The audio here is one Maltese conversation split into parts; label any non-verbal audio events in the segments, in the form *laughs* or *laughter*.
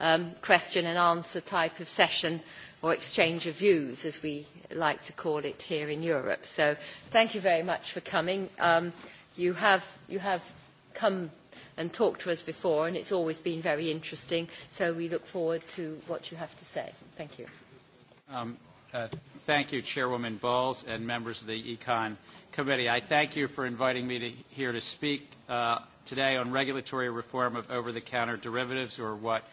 um, question and answer type of session or exchange of views, as we like to call it here in Europe. So thank you very much for coming. Um, you, have, you have come and talked to us before, and it's always been very interesting. So we look forward to what you have to say. Thank you. Um, uh, thank you, Chairwoman Balls and members of the Econ Committee. I thank you for inviting me to, here to speak uh, today on regulatory reform of over-the-counter derivatives, or what –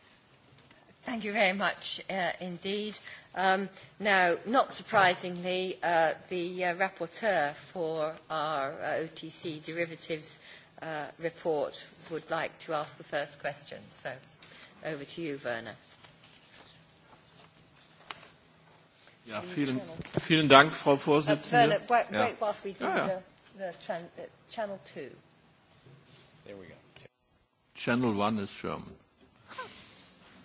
Thank you very much uh, indeed. Um, now, not surprisingly, uh, the uh, rapporteur for our uh, OTC derivatives uh, report would like to ask the first question. So over to you, Werner. Ja, vielen, vielen Dank, Frau Vorsitzende. Uh, Werner, wait, ja. wait whilst we do ja, ja. the, the tran uh, channel two. There we go. Channel one is German.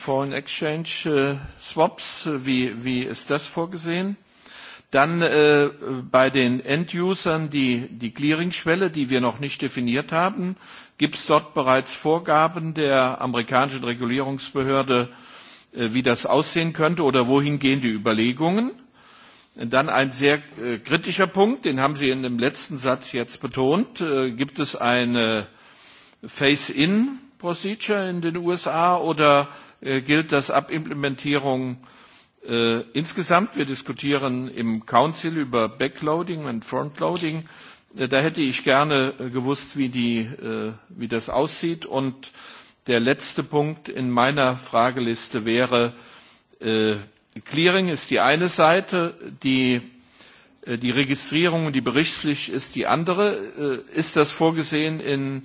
Foreign Exchange äh, Swaps, äh, wie, wie ist das vorgesehen? Dann äh, bei den End-Usern die, die Schwelle, die wir noch nicht definiert haben, gibt es dort bereits Vorgaben der amerikanischen Regulierungsbehörde, äh, wie das aussehen könnte oder wohin gehen die Überlegungen? Dann ein sehr äh, kritischer Punkt, den haben Sie in dem letzten Satz jetzt betont, äh, gibt es eine Face-in-Procedure in den USA oder Äh, gilt das ab Implementierung äh, insgesamt. Wir diskutieren im Council über Backloading und Frontloading. Äh, da hätte ich gerne äh, gewusst, wie, die, äh, wie das aussieht. Und der letzte Punkt in meiner Frageliste wäre, äh, Clearing ist die eine Seite, die äh, die Registrierung und die Berichtspflicht ist die andere. Äh, ist das vorgesehen in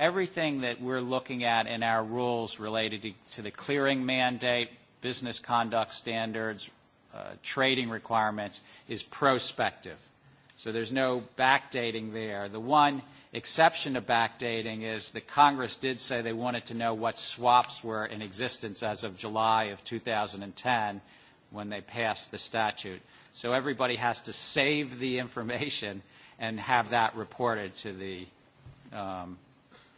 everything that we're looking at in our rules related to, to the clearing mandate, business conduct standards, uh, trading requirements is prospective. So there's no backdating there. The one exception to backdating is that Congress did say they wanted to know what swaps were in existence as of July of 2010 when they passed the statute. So everybody has to save the information and have that reported to the um,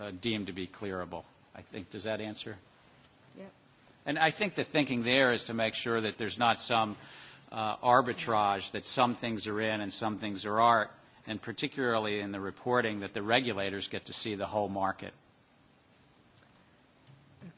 uh, deemed to be clearable. I think, does that answer? Yeah. And I think the thinking there is to make sure that there's not some uh, arbitrage that some things are in and some things are art, and particularly in the reporting that the regulators get to see the whole market.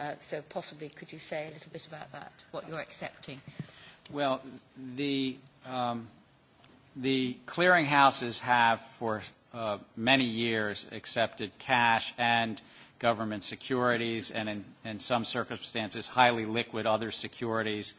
Uh, so possibly could you say a little bit about that, what you're accepting? Well, the, um, the clearinghouses have for uh, many years accepted cash and government securities and in, in some circumstances highly liquid other securities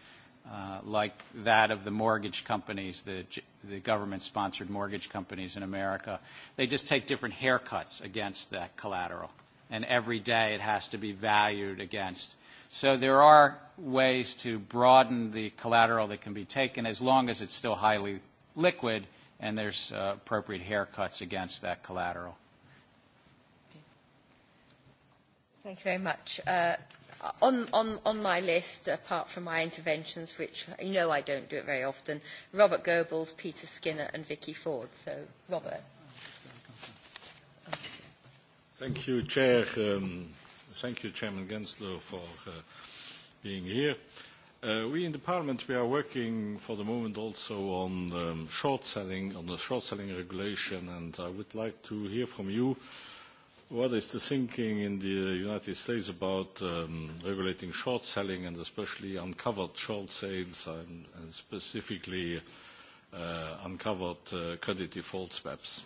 uh, like that of the mortgage companies, the, the government-sponsored mortgage companies in America. They just take different haircuts against that collateral and every day it has to be valued against. So there are ways to broaden the collateral that can be taken as long as it's still highly liquid and there's uh, appropriate haircuts against that collateral. Thank you very much. Uh, on, on, on my list, apart from my interventions, which you know I don't do it very often, Robert Goebbels, Peter Skinner and Vicky Ford. So, Robert. Thank you, Chair. Um, thank you, Chairman Gensler, for uh, being here. Uh, we in the Parliament, we are working for the moment also on um, short selling, on the short selling regulation, and I would like to hear from you what is the thinking in the United States about um, regulating short selling and especially uncovered short sales and, and specifically uh, uncovered uh, credit default swaps?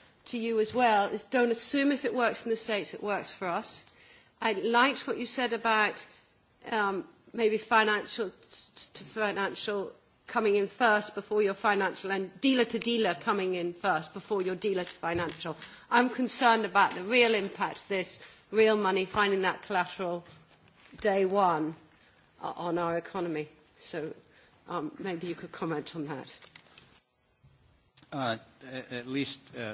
to you as well is don't assume if it works in the States, it works for us. I liked what you said about um, maybe financial to financial coming in first before your financial and dealer to dealer coming in first before your dealer to financial. I'm concerned about the real impact of this, real money, finding that collateral day one uh, on our economy. So um, maybe you could comment on that. Uh, at least uh,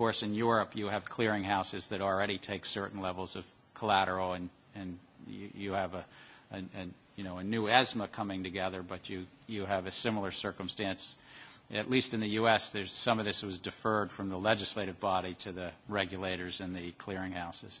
course, in Europe, you have clearinghouses that already take certain levels of collateral, and, and you, you have a, a, a, you know, a new ESMA coming together, but you, you have a similar circumstance. At least in the U.S., there's, some of this was deferred from the legislative body to the regulators and the clearinghouses.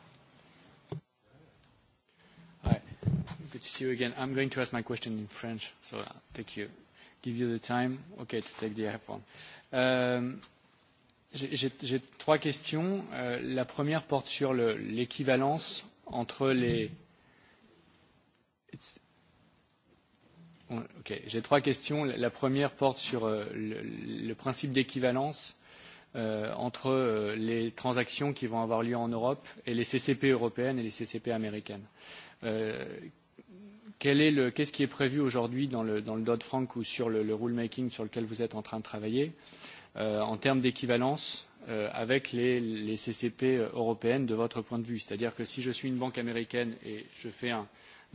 good to see you again. I'm going to ask my question in French, so I'll take you, give you the time, okay, to take the iPhone. Euh, J'ai trois questions. Euh, la première porte sur l'équivalence entre les... It's... Ok, j'ai trois questions. La première porte sur euh, le, le principe d'équivalence euh, entre euh, les transactions qui vont avoir lieu en Europe et les CCP européennes et les CCP américaines. Euh, Qu'est-ce qui est prévu aujourd'hui dans le, dans le Dodd-Frank ou sur le, le rulemaking sur lequel vous êtes en train de travailler euh, en termes d'équivalence euh, avec les, les CCP euh, européennes de votre point de vue C'est-à-dire que si je suis une banque américaine et je fais un,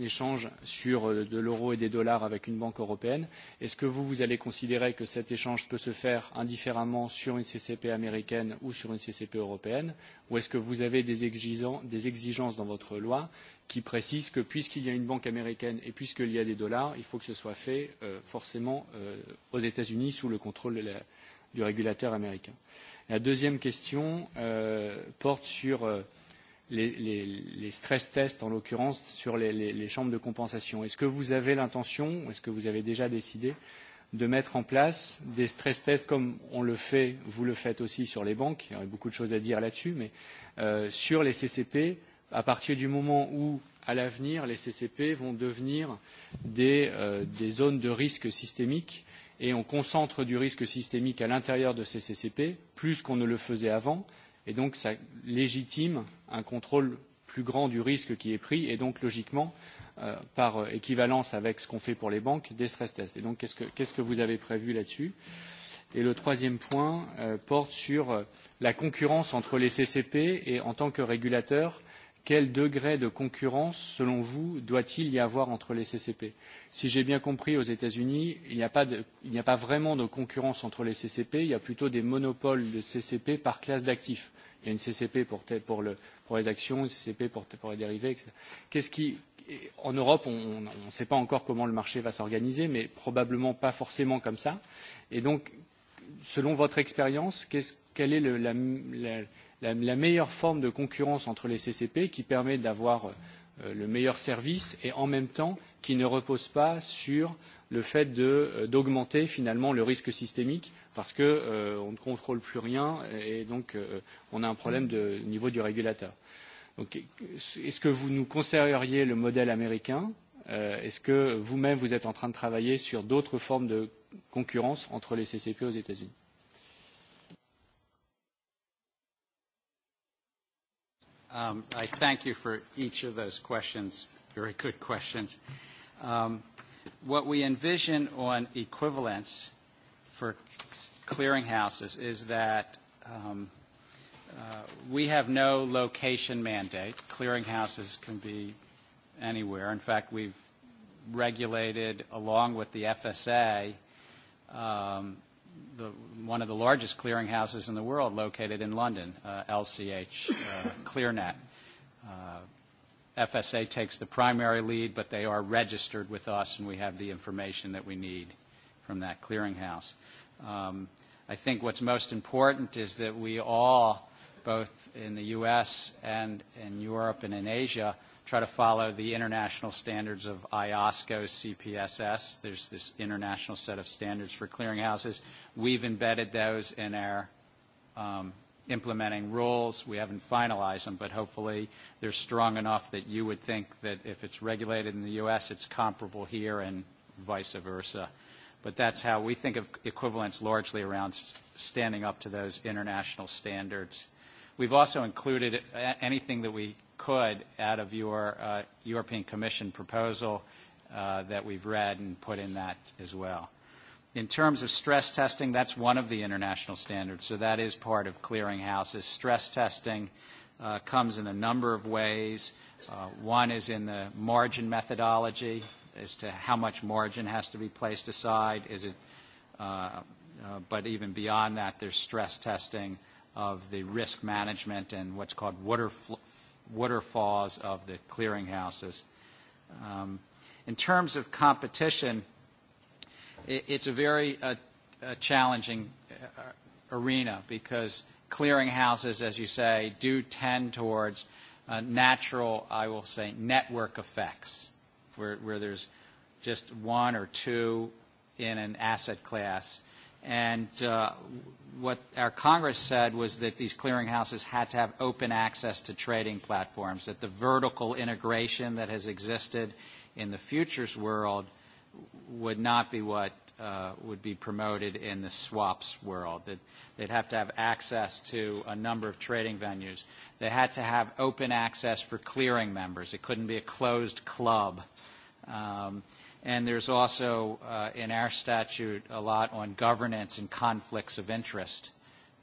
échange sur euh, de l'euro et des dollars avec une banque européenne. Est-ce que vous, vous allez considérer que cet échange peut se faire indifféremment sur une CCP américaine ou sur une CCP européenne Ou est-ce que vous avez des, exigeants, des exigences dans votre loi qui précisent que puisqu'il y a une banque américaine et puisqu'il y a des dollars, il faut que ce soit fait euh, forcément euh, aux États-Unis sous le contrôle de la, du régulateur américain La deuxième question euh, porte sur... Euh, les, les, les stress tests, en l'occurrence, sur les, les, les chambres de compensation. Est-ce que vous avez l'intention, est-ce que vous avez déjà décidé de mettre en place des stress tests comme on le fait, vous le faites aussi sur les banques, il y aurait beaucoup de choses à dire là-dessus, mais euh, sur les CCP, à partir du moment où, à l'avenir, les CCP vont devenir des, euh, des zones de risque systémique et on concentre du risque systémique à l'intérieur de ces CCP, plus qu'on ne le faisait avant, et donc ça légitime un contrôle plus grand du risque qui est pris et donc logiquement euh, par euh, équivalence avec ce qu'on fait pour les banques des stress tests. Et donc qu'est-ce que, qu'est-ce que vous avez prévu là-dessus Et le troisième point euh, porte sur euh, la concurrence entre les CCP et en tant que régulateur, quel degré de concurrence, selon vous, doit-il y avoir entre les CCP Si j'ai bien compris, aux États-Unis, il n'y a, pas de, il a pas vraiment de concurrence entre les CCP, il y a plutôt des monopoles de CCP par classe d'actifs. Il y a une CCP pour, pour, le, pour les actions, une CCP pour, pour les dérivés, etc. Qu'est-ce qui, en Europe, on ne sait pas encore comment le marché va s'organiser, mais probablement pas forcément comme ça. Et donc, selon votre expérience, qu est quelle est le, la, la, la, la meilleure forme de concurrence entre les CCP qui permet d'avoir euh, le meilleur service et en même temps qui ne repose pas sur euh, le fait euh, d'augmenter finalement le risque systémique parce que euh, on ne contrôle plus rien et donc euh, on a un problème de niveau du régulateur. Donc est-ce que vous nous conseilleriez le modèle américain euh, Est-ce que vous-même vous êtes en train de travailler sur d'autres formes de concurrence entre les CCP aux États-Unis Um, I thank you for each of those questions, very good questions. Um, what we envision on equivalence for clearinghouses is that um, uh, we have no location mandate. Clearinghouses can be anywhere. In fact, we've regulated, along with the FSA, um, the, one of the largest clearinghouses in the world located in London, uh, LCH uh, ClearNet. Uh, FSA takes the primary lead, but they are registered with us, and we have the information that we need from that clearinghouse. Um, I think what's most important is that we all, both in the U.S. and in Europe and in Asia, try to follow the international standards of IOSCO CPSS. There's this international set of standards for clearinghouses. We've embedded those in our um, implementing rules. We haven't finalized them, but hopefully they're strong enough that you would think that if it's regulated in the U.S., it's comparable here and vice versa. But that's how we think of equivalence largely around standing up to those international standards. We've also included anything that we could out of your uh, European Commission proposal uh, that we've read and put in that as well. In terms of stress testing, that's one of the international standards, so that is part of clearinghouses. Stress testing uh, comes in a number of ways. Uh, one is in the margin methodology as to how much margin has to be placed aside. Is it, uh, uh, but even beyond that, there's stress testing of the risk management and what's called water waterfalls of the clearinghouses. Um, in terms of competition, it, it's a very uh, uh, challenging uh, uh, arena because clearing houses, as you say, do tend towards uh, natural, I will say, network effects, where, where there's just one or two in an asset class. And uh, what our Congress said was that these clearinghouses had to have open access to trading platforms, that the vertical integration that has existed in the futures world – would not be what uh, would be promoted in the swaps world. That they'd have to have access to a number of trading venues. They had to have open access for clearing members. It couldn't be a closed club. Um, and there's also uh, in our statute a lot on governance and conflicts of interest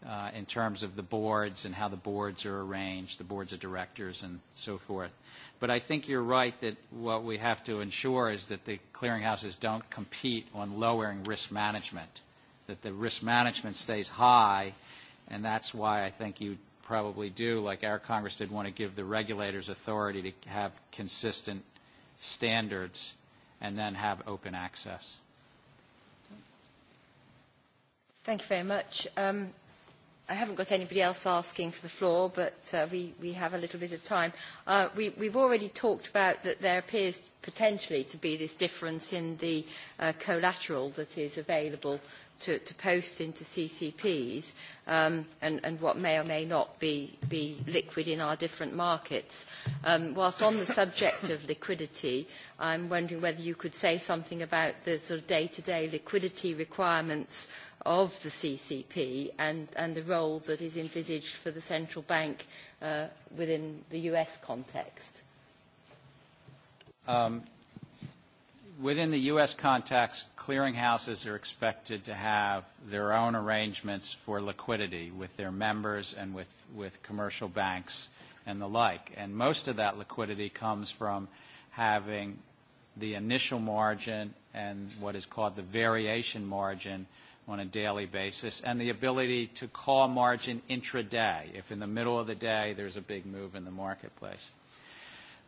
uh, in terms of the boards and how the boards are arranged, the boards of directors and so forth. But I think you're right that what we have to ensure is that the clearinghouses don't compete on lowering risk management, that the risk management stays high, and that's why I think you probably do, like our Congress did want to give the regulators authority to have consistent standards and then have open access. Thank you very much. Um, I haven't got anybody else asking for the floor, but uh, we, we have a little bit of time. Uh, we, we've already talked about that there appears potentially to be this difference in the uh, collateral that is available to, to post into CCPs um, and, and what may or may not be, be liquid in our different markets. Um, whilst on the subject of liquidity, I'm wondering whether you could say something about the sort of day-to-day -day liquidity requirements of the CCP and, and the role that is envisaged for the central bank uh, within the US context? Um, within the U.S. context, clearinghouses are expected to have their own arrangements for liquidity with their members and with, with commercial banks and the like. And most of that liquidity comes from having the initial margin and what is called the variation margin on a daily basis, and the ability to call margin intraday if in the middle of the day there's a big move in the marketplace.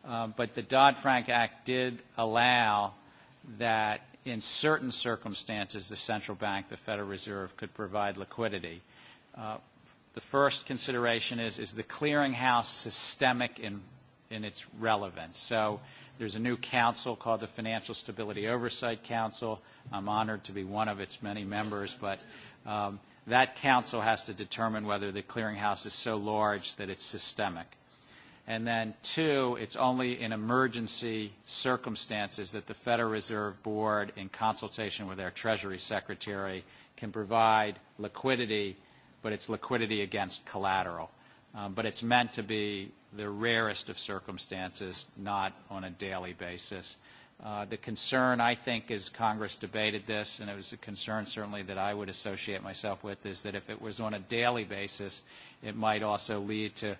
Um, but the Dodd-Frank Act did allow that in certain circumstances the central bank, the Federal Reserve, could provide liquidity. Uh, the first consideration is, is the clearinghouse systemic in, in its relevance? So There's a new council called the Financial Stability Oversight Council. I'm honored to be one of its many members, but um, that council has to determine whether the clearinghouse is so large that it's systemic. And then two, it's only in emergency circumstances that the Federal Reserve Board, in consultation with their Treasury Secretary, can provide liquidity, but it's liquidity against collateral um, but it's meant to be the rarest of circumstances, not on a daily basis. Uh, the concern, I think, as Congress debated this, and it was a concern certainly that I would associate myself with, is that if it was on a daily basis, it might also lead to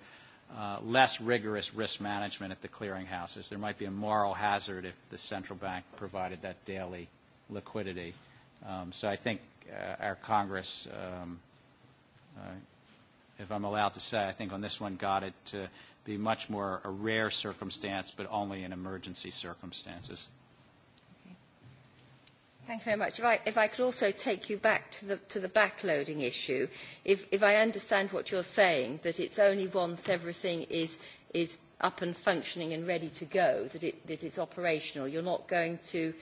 uh, less rigorous risk management at the clearinghouses. There might be a moral hazard if the central bank provided that daily liquidity. Um, so I think uh, our Congress um, uh, if I'm allowed to say. I think on this one, got it to be much more a rare circumstance, but only in emergency circumstances. Thank you very much. If I, if I could also take you back to the, to the backloading issue, if, if I understand what you're saying, that it's only once everything is, is up and functioning and ready to go, that, it, that it's operational. You're not going to,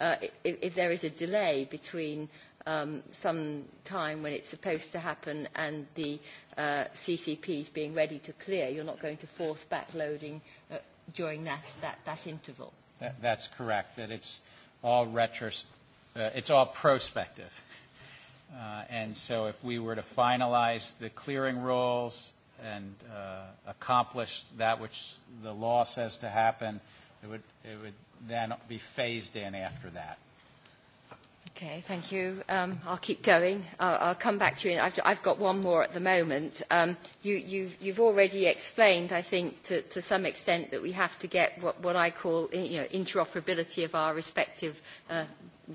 uh, if, if there is a delay between um, some time when it's supposed to happen and the uh, CCP is being ready to clear. You're not going to force backloading uh, during that, that, that interval. That, that's correct, that it's all retros, uh, it's all prospective. Uh, and so if we were to finalize the clearing rules and uh, accomplish that which the law says to happen, it would, it would then be phased in after that. Okay, thank you. Um, I'll keep going. I'll, I'll come back to you. I've, I've got one more at the moment. Um, you, you've, you've already explained, I think, to, to some extent that we have to get what, what I call you know, interoperability of our respective uh,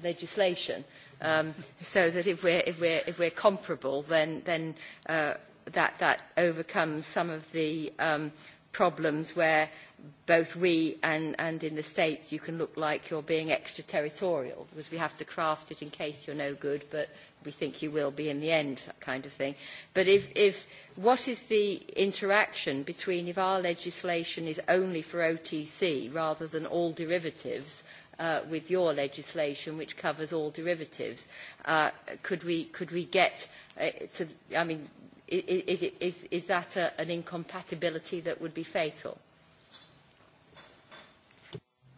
legislation um, so that if we're, if we're, if we're comparable, then, then uh, that, that overcomes some of the um, problems where – both we and, and in the States, you can look like you're being extraterritorial because we have to craft it in case you're no good, but we think you will be in the end, that kind of thing. But if, if what is the interaction between if our legislation is only for OTC rather than all derivatives, uh, with your legislation, which covers all derivatives, uh, could we could we get uh, to? I mean, is, is, it, is, is that a, an incompatibility that would be fatal?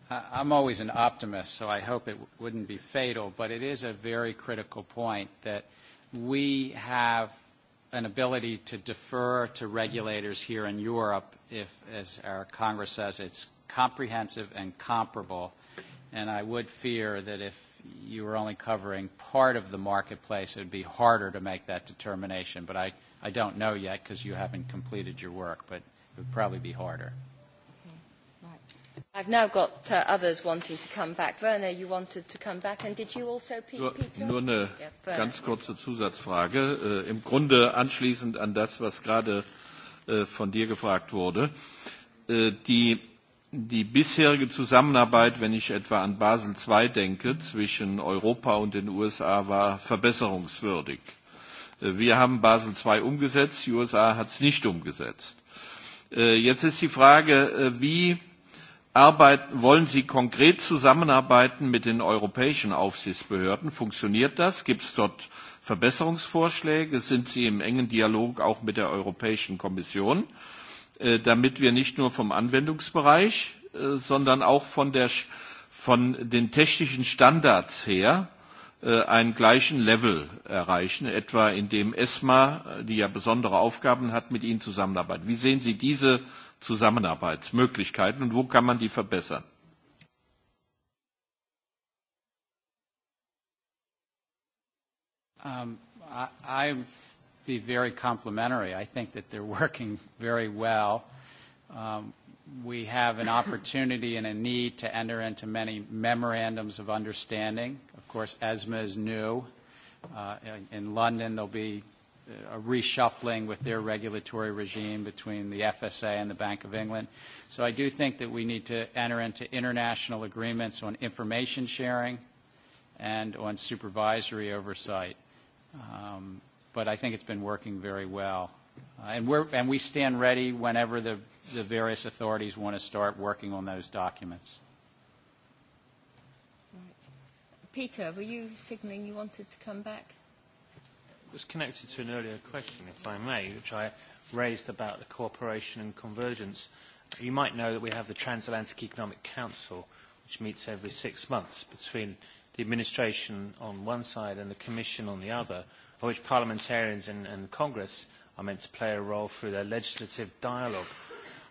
I'm always an optimist, so I hope it wouldn't be fatal, but it is a very critical point that we have an ability to defer to regulators here in Europe if, as our Congress says, it's comprehensive and comparable. And I would fear that if you were only covering part of the marketplace, it would be harder to make that determination. But I, I don't know yet because you haven't completed your work, but it would probably be harder. I've now got uh, others wanting to come back. Werner, you wanted to come back, and did you also, Peter? Nur, eine ganz kurze Zusatzfrage, äh, im Grunde anschließend an das, was gerade äh, von dir gefragt wurde. Äh, die, die bisherige Zusammenarbeit, wenn ich etwa an Basel II denke, zwischen Europa und den USA war verbesserungswürdig. Äh, wir haben Basel II umgesetzt, die USA hat es nicht umgesetzt. Äh, jetzt ist die Frage, äh, wie wollen Sie konkret zusammenarbeiten mit den europäischen Aufsichtsbehörden? Funktioniert das? Gibt es dort Verbesserungsvorschläge? Sind Sie im engen Dialog auch mit der Europäischen Kommission, äh, damit wir nicht nur vom Anwendungsbereich, äh, sondern auch von, der, von den technischen Standards her äh, einen gleichen Level erreichen, etwa indem ESMA, die ja besondere Aufgaben hat, mit Ihnen zusammenarbeitet. Wie sehen Sie diese Zusammenarbeitsmöglichkeiten und wo kann man die verbessern? Um, I, I be very complimentary. I think that they're *laughs* working very well. Um, we have an opportunity and a need to enter into many memorandums of understanding. Of course, ESMA is new. Uh, in, in London, there'll be a reshuffling with their regulatory regime between the FSA and the Bank of England. So I do think that we need to enter into international agreements on information sharing and on supervisory oversight. Um, but I think it's been working very well. Uh, and, we're, and we stand ready whenever the, the various authorities want to start working on those documents. Right. Peter, were you signaling you wanted to come back? was connected to an earlier question, if I may, which I raised about the cooperation and convergence. You might know that we have the Transatlantic Economic Council, which meets every six months between the administration on one side and the Commission on the other, for which parliamentarians and, and Congress are meant to play a role through their legislative dialogue.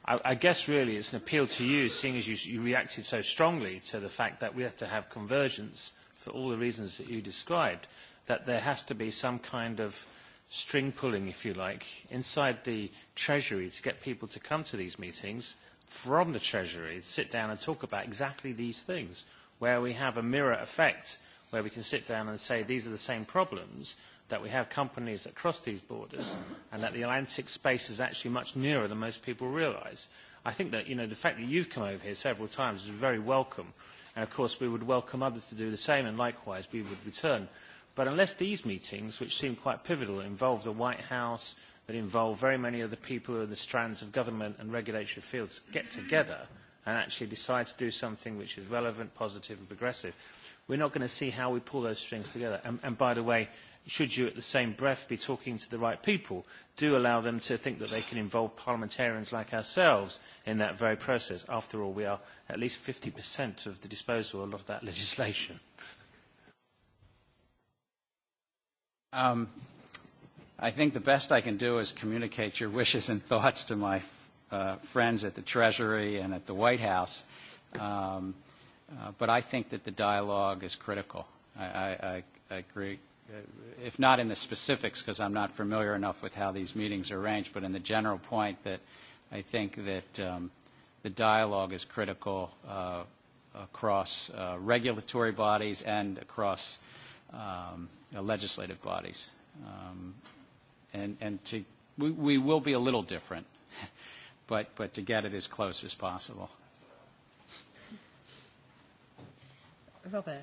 I, I guess really it's an appeal to you, seeing as you, you reacted so strongly to the fact that we have to have convergence for all the reasons that you described that there has to be some kind of string pulling, if you like, inside the Treasury to get people to come to these meetings from the Treasury to sit down and talk about exactly these things, where we have a mirror effect, where we can sit down and say these are the same problems, that we have companies that cross these borders, and that the Atlantic space is actually much nearer than most people realise. I think that you know, the fact that you've come over here several times is very welcome, and of course we would welcome others to do the same, and likewise we would return But unless these meetings, which seem quite pivotal, involve the White House, that involve very many of the people who are the strands of government and regulatory fields, get together and actually decide to do something which is relevant, positive and progressive, we're not going to see how we pull those strings together. And, and by the way, should you at the same breath be talking to the right people, do allow them to think that they can involve parliamentarians like ourselves in that very process. After all, we are at least 50% of the disposal of of that *laughs* legislation. Um, I think the best I can do is communicate your wishes and thoughts to my uh, friends at the Treasury and at the White House. Um, uh, but I think that the dialogue is critical. I, I, I agree, uh, if not in the specifics, because I'm not familiar enough with how these meetings are arranged, but in the general point that I think that um, the dialogue is critical uh, across uh, regulatory bodies and across um, uh, legislative bodies. Um, and and to, we, we will be a little different, *laughs* but, but to get it as close as possible. Robert.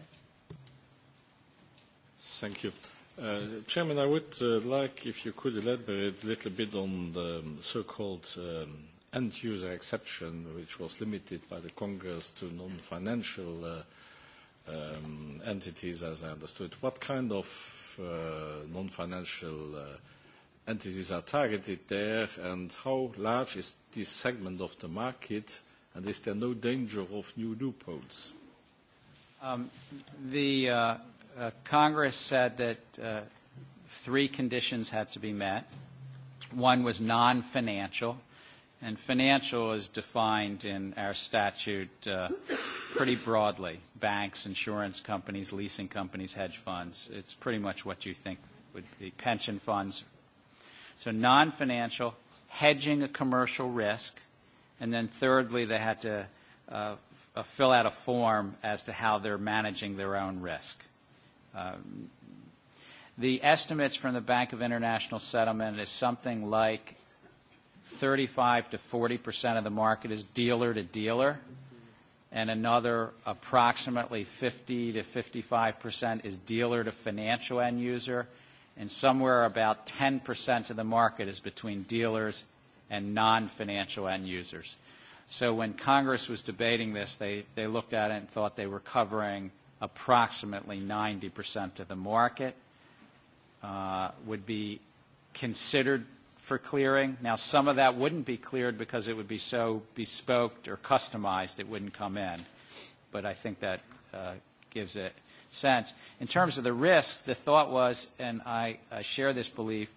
Thank you. Uh, Chairman, I would uh, like if you could elaborate a little bit on the um, so-called um, end-user exception, which was limited by the Congress to non-financial uh, um, entities, as I understood. What kind of uh, non-financial uh, entities are targeted there, and how large is this segment of the market, and is there no danger of new loopholes? Um, the uh, uh, Congress said that uh, three conditions had to be met. One was non-financial. And financial is defined in our statute uh, pretty broadly. Banks, insurance companies, leasing companies, hedge funds. It's pretty much what you think would be pension funds. So non-financial, hedging a commercial risk. And then thirdly, they had to uh, uh, fill out a form as to how they're managing their own risk. Um, the estimates from the Bank of International Settlement is something like 35 to 40 percent of the market is dealer to dealer, and another approximately 50 to 55 percent is dealer to financial end user, and somewhere about 10 percent of the market is between dealers and non-financial end users. So when Congress was debating this, they, they looked at it and thought they were covering approximately 90% of the market uh, would be considered for clearing. Now, some of that wouldn't be cleared because it would be so bespoke or customized it wouldn't come in. But I think that uh, gives it sense. In terms of the risk, the thought was, and I, I share this belief,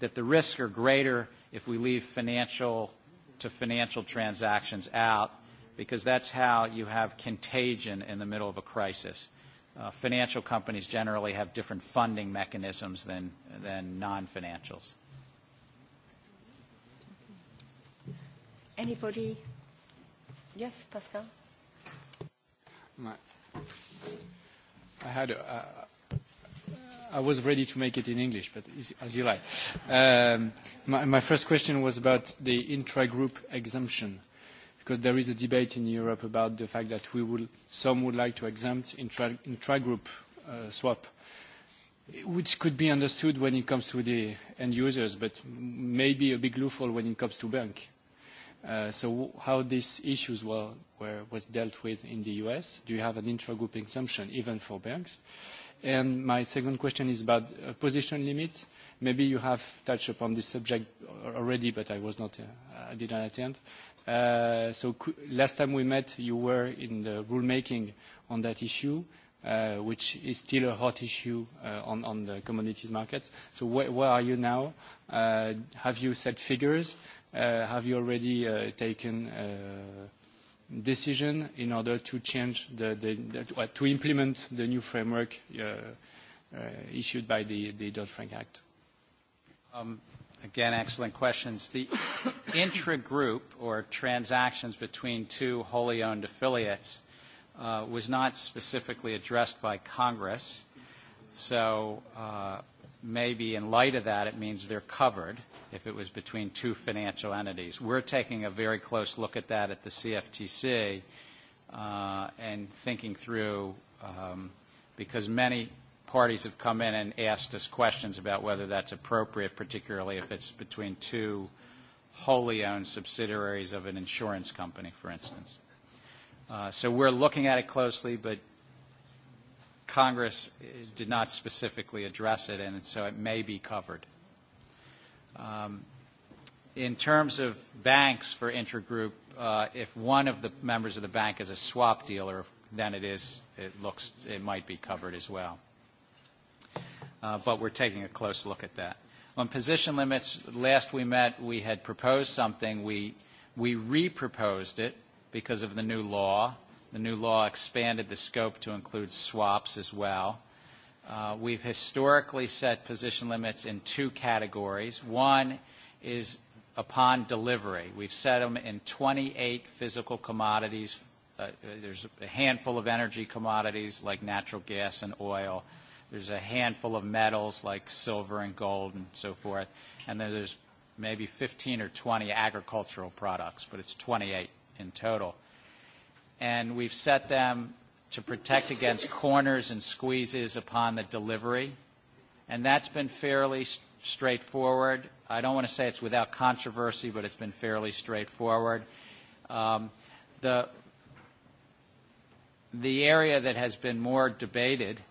that the risks are greater if we leave financial to financial transactions out because that's how you have contagion in the middle of a crisis. Uh, financial companies generally have different funding mechanisms than, than non-financials. Anybody? Yes, Pascal? My, I had a, uh, I was ready to make it in English, but as you like. Um, my, my first question was about the intra-group exemption, because there is a debate in Europe about the fact that we will, some would like to exempt intra, intra-group uh, swap, which could be understood when it comes to the end users, but maybe a big loophole when it comes to bank. Uh, so how these issues were, were, was dealt with in the US? Do you have an intra-group exemption even for banks? And my second question is about uh, position limits. Maybe you have touched upon this subject already, but I was not, uh, I didn't attend. Uh, so last time we met, you were in the rulemaking on that issue, uh, which is still a hot issue uh, on, on the commodities markets. So wh where are you now? Uh, have you set figures? uh, have you already uh, taken uh, decision in order to change the, the, the uh, to implement the new framework uh, uh, issued by the, the Dodd-Frank Act? Um, again, excellent questions. The *coughs* intra-group or transactions between two wholly owned affiliates uh, was not specifically addressed by Congress. So uh, maybe in light of that, it means they're covered if it was between two financial entities. We're taking a very close look at that at the CFTC uh, and thinking through, um, because many parties have come in and asked us questions about whether that's appropriate, particularly if it's between two wholly owned subsidiaries of an insurance company, for instance. Uh, so we're looking at it closely, but Congress uh, did not specifically address it, and so it may be covered. Um, in terms of banks for intergroup, uh, if one of the members of the bank is a swap dealer, then it is, it looks, it might be covered as well. Uh, but we're taking a close look at that. On position limits, last we met, we had proposed something. We, we re-proposed it because of the new law. The new law expanded the scope to include swaps as well. Uh, we've historically set position limits in two categories. One is upon delivery. We've set them in 28 physical commodities. Uh, there's a handful of energy commodities like natural gas and oil. There's a handful of metals like silver and gold and so forth. And then there's maybe 15 or 20 agricultural products, but it's 28 in total. And we've set them to protect against corners and squeezes upon the delivery. And that's been fairly straightforward. I don't want to say it's without controversy, but it's been fairly straightforward. Um, the, the area that has been more debated –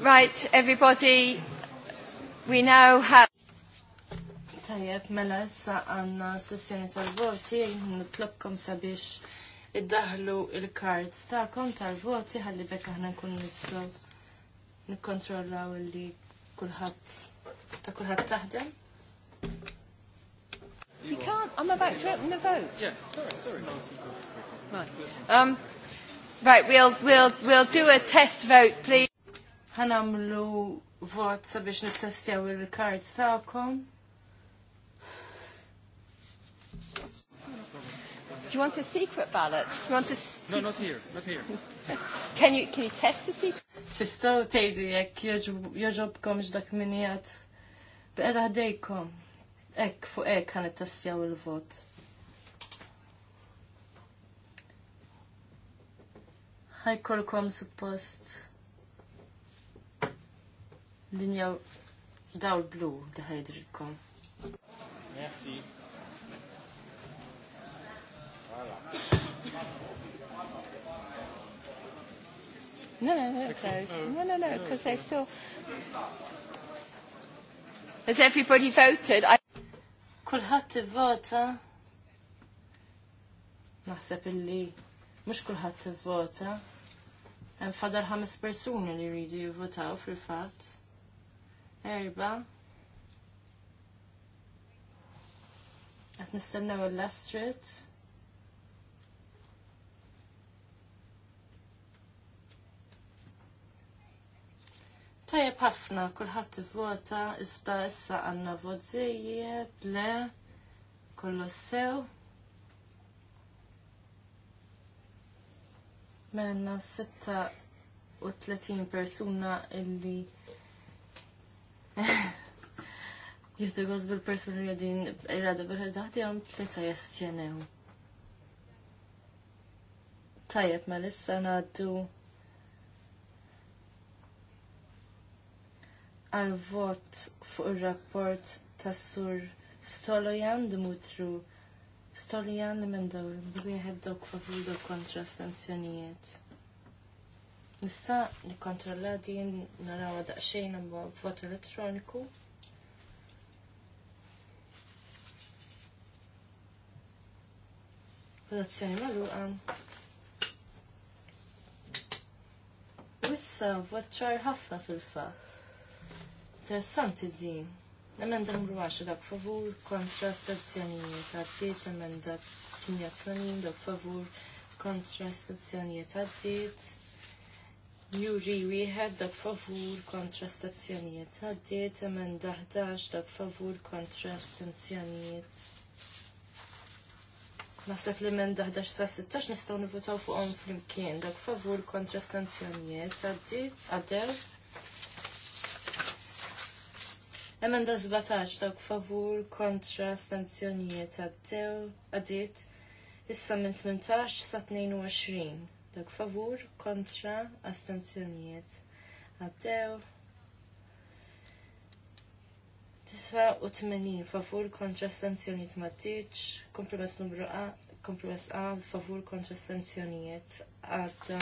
Right, everybody, we now have... Tajjeb, mela issa għanna sessjoni tal-voti, n nitlobkom sabiex iddaħlu il-cards kom tal-voti għalli bekk aħna nkun nistu n nikkontrollaw li kulħadd ta' kulħadd taħdem. We can't. I'm about to open the vote. Yeah, sorry, sorry. Right. Um, right, we'll, we'll, we'll do a test vote, please ħanamlu vot sabiex nittestjaw il kart ta'kom. Do you want a secret ballot? Do you want a No, not here, not here. *laughs* can you can you test the secret? Tistaw tejdu jekk joġobkom x'dak minijat. Bqeda ħdejkom. Hekk fuq hekk ħan ittestjaw il-vot. Ħajkolkom suppost linja dawl blu li ħajdrilkom. Merci. Voilà. No, no, no, close. Oh. No, no, no, because oh. they still... Has everybody voted? I... Kul Kulħat vota. Naħseb illi mux kulħat vota. Fadal ħames persuni li jridu jivvotaw fil-fat erba. Għat nistennaw l-lastrit. Tajab ħafna, kullħat vota, iżda issa għanna vodzijiet, le, kullu sew. Menna mela 36 persuna illi Jifdu għoz bil-person li għadin irrada bħal daħti għam tleta jastjenew. Tajab, ma lissa għaddu għal-vot fuq il-rapport tas sur Stolojan Mutru Stolojan li mendaw, bħu jħed dok favur dok kontra sanzjonijiet. Nista nikkontrolla din naraw daqsxejn b'vot elettroniku. Votazzjoni magħluqa. Wissa ċar ħafna fil-fatt. Interessanti din. Emenda numru 10 dak favur kontra stazzjonijiet għaddiet, emenda 88 dak favur kontra stazzjonijiet għaddiet. Juri wieħed dak favur kontra stazzjonijiet. Għaddiet emenda 11 dak favur kontra stazzjonijiet. Naħseb li emenda daħdax sa 16 nistgħu nivutaw fuqhom flimkien dak favur kontra stazzjonijiet. Għaddiet għaddew. Emenda 17 dak favur kontra stazzjonijiet. Għaddew għaddiet issa minn 18 sa 22. Dak favur kontra astenzjonijiet għaddew. 89 favur kontra astenzjonijiet matiċ, kompromess numru A, kompromess A favur kontra astenzjonijiet għadda.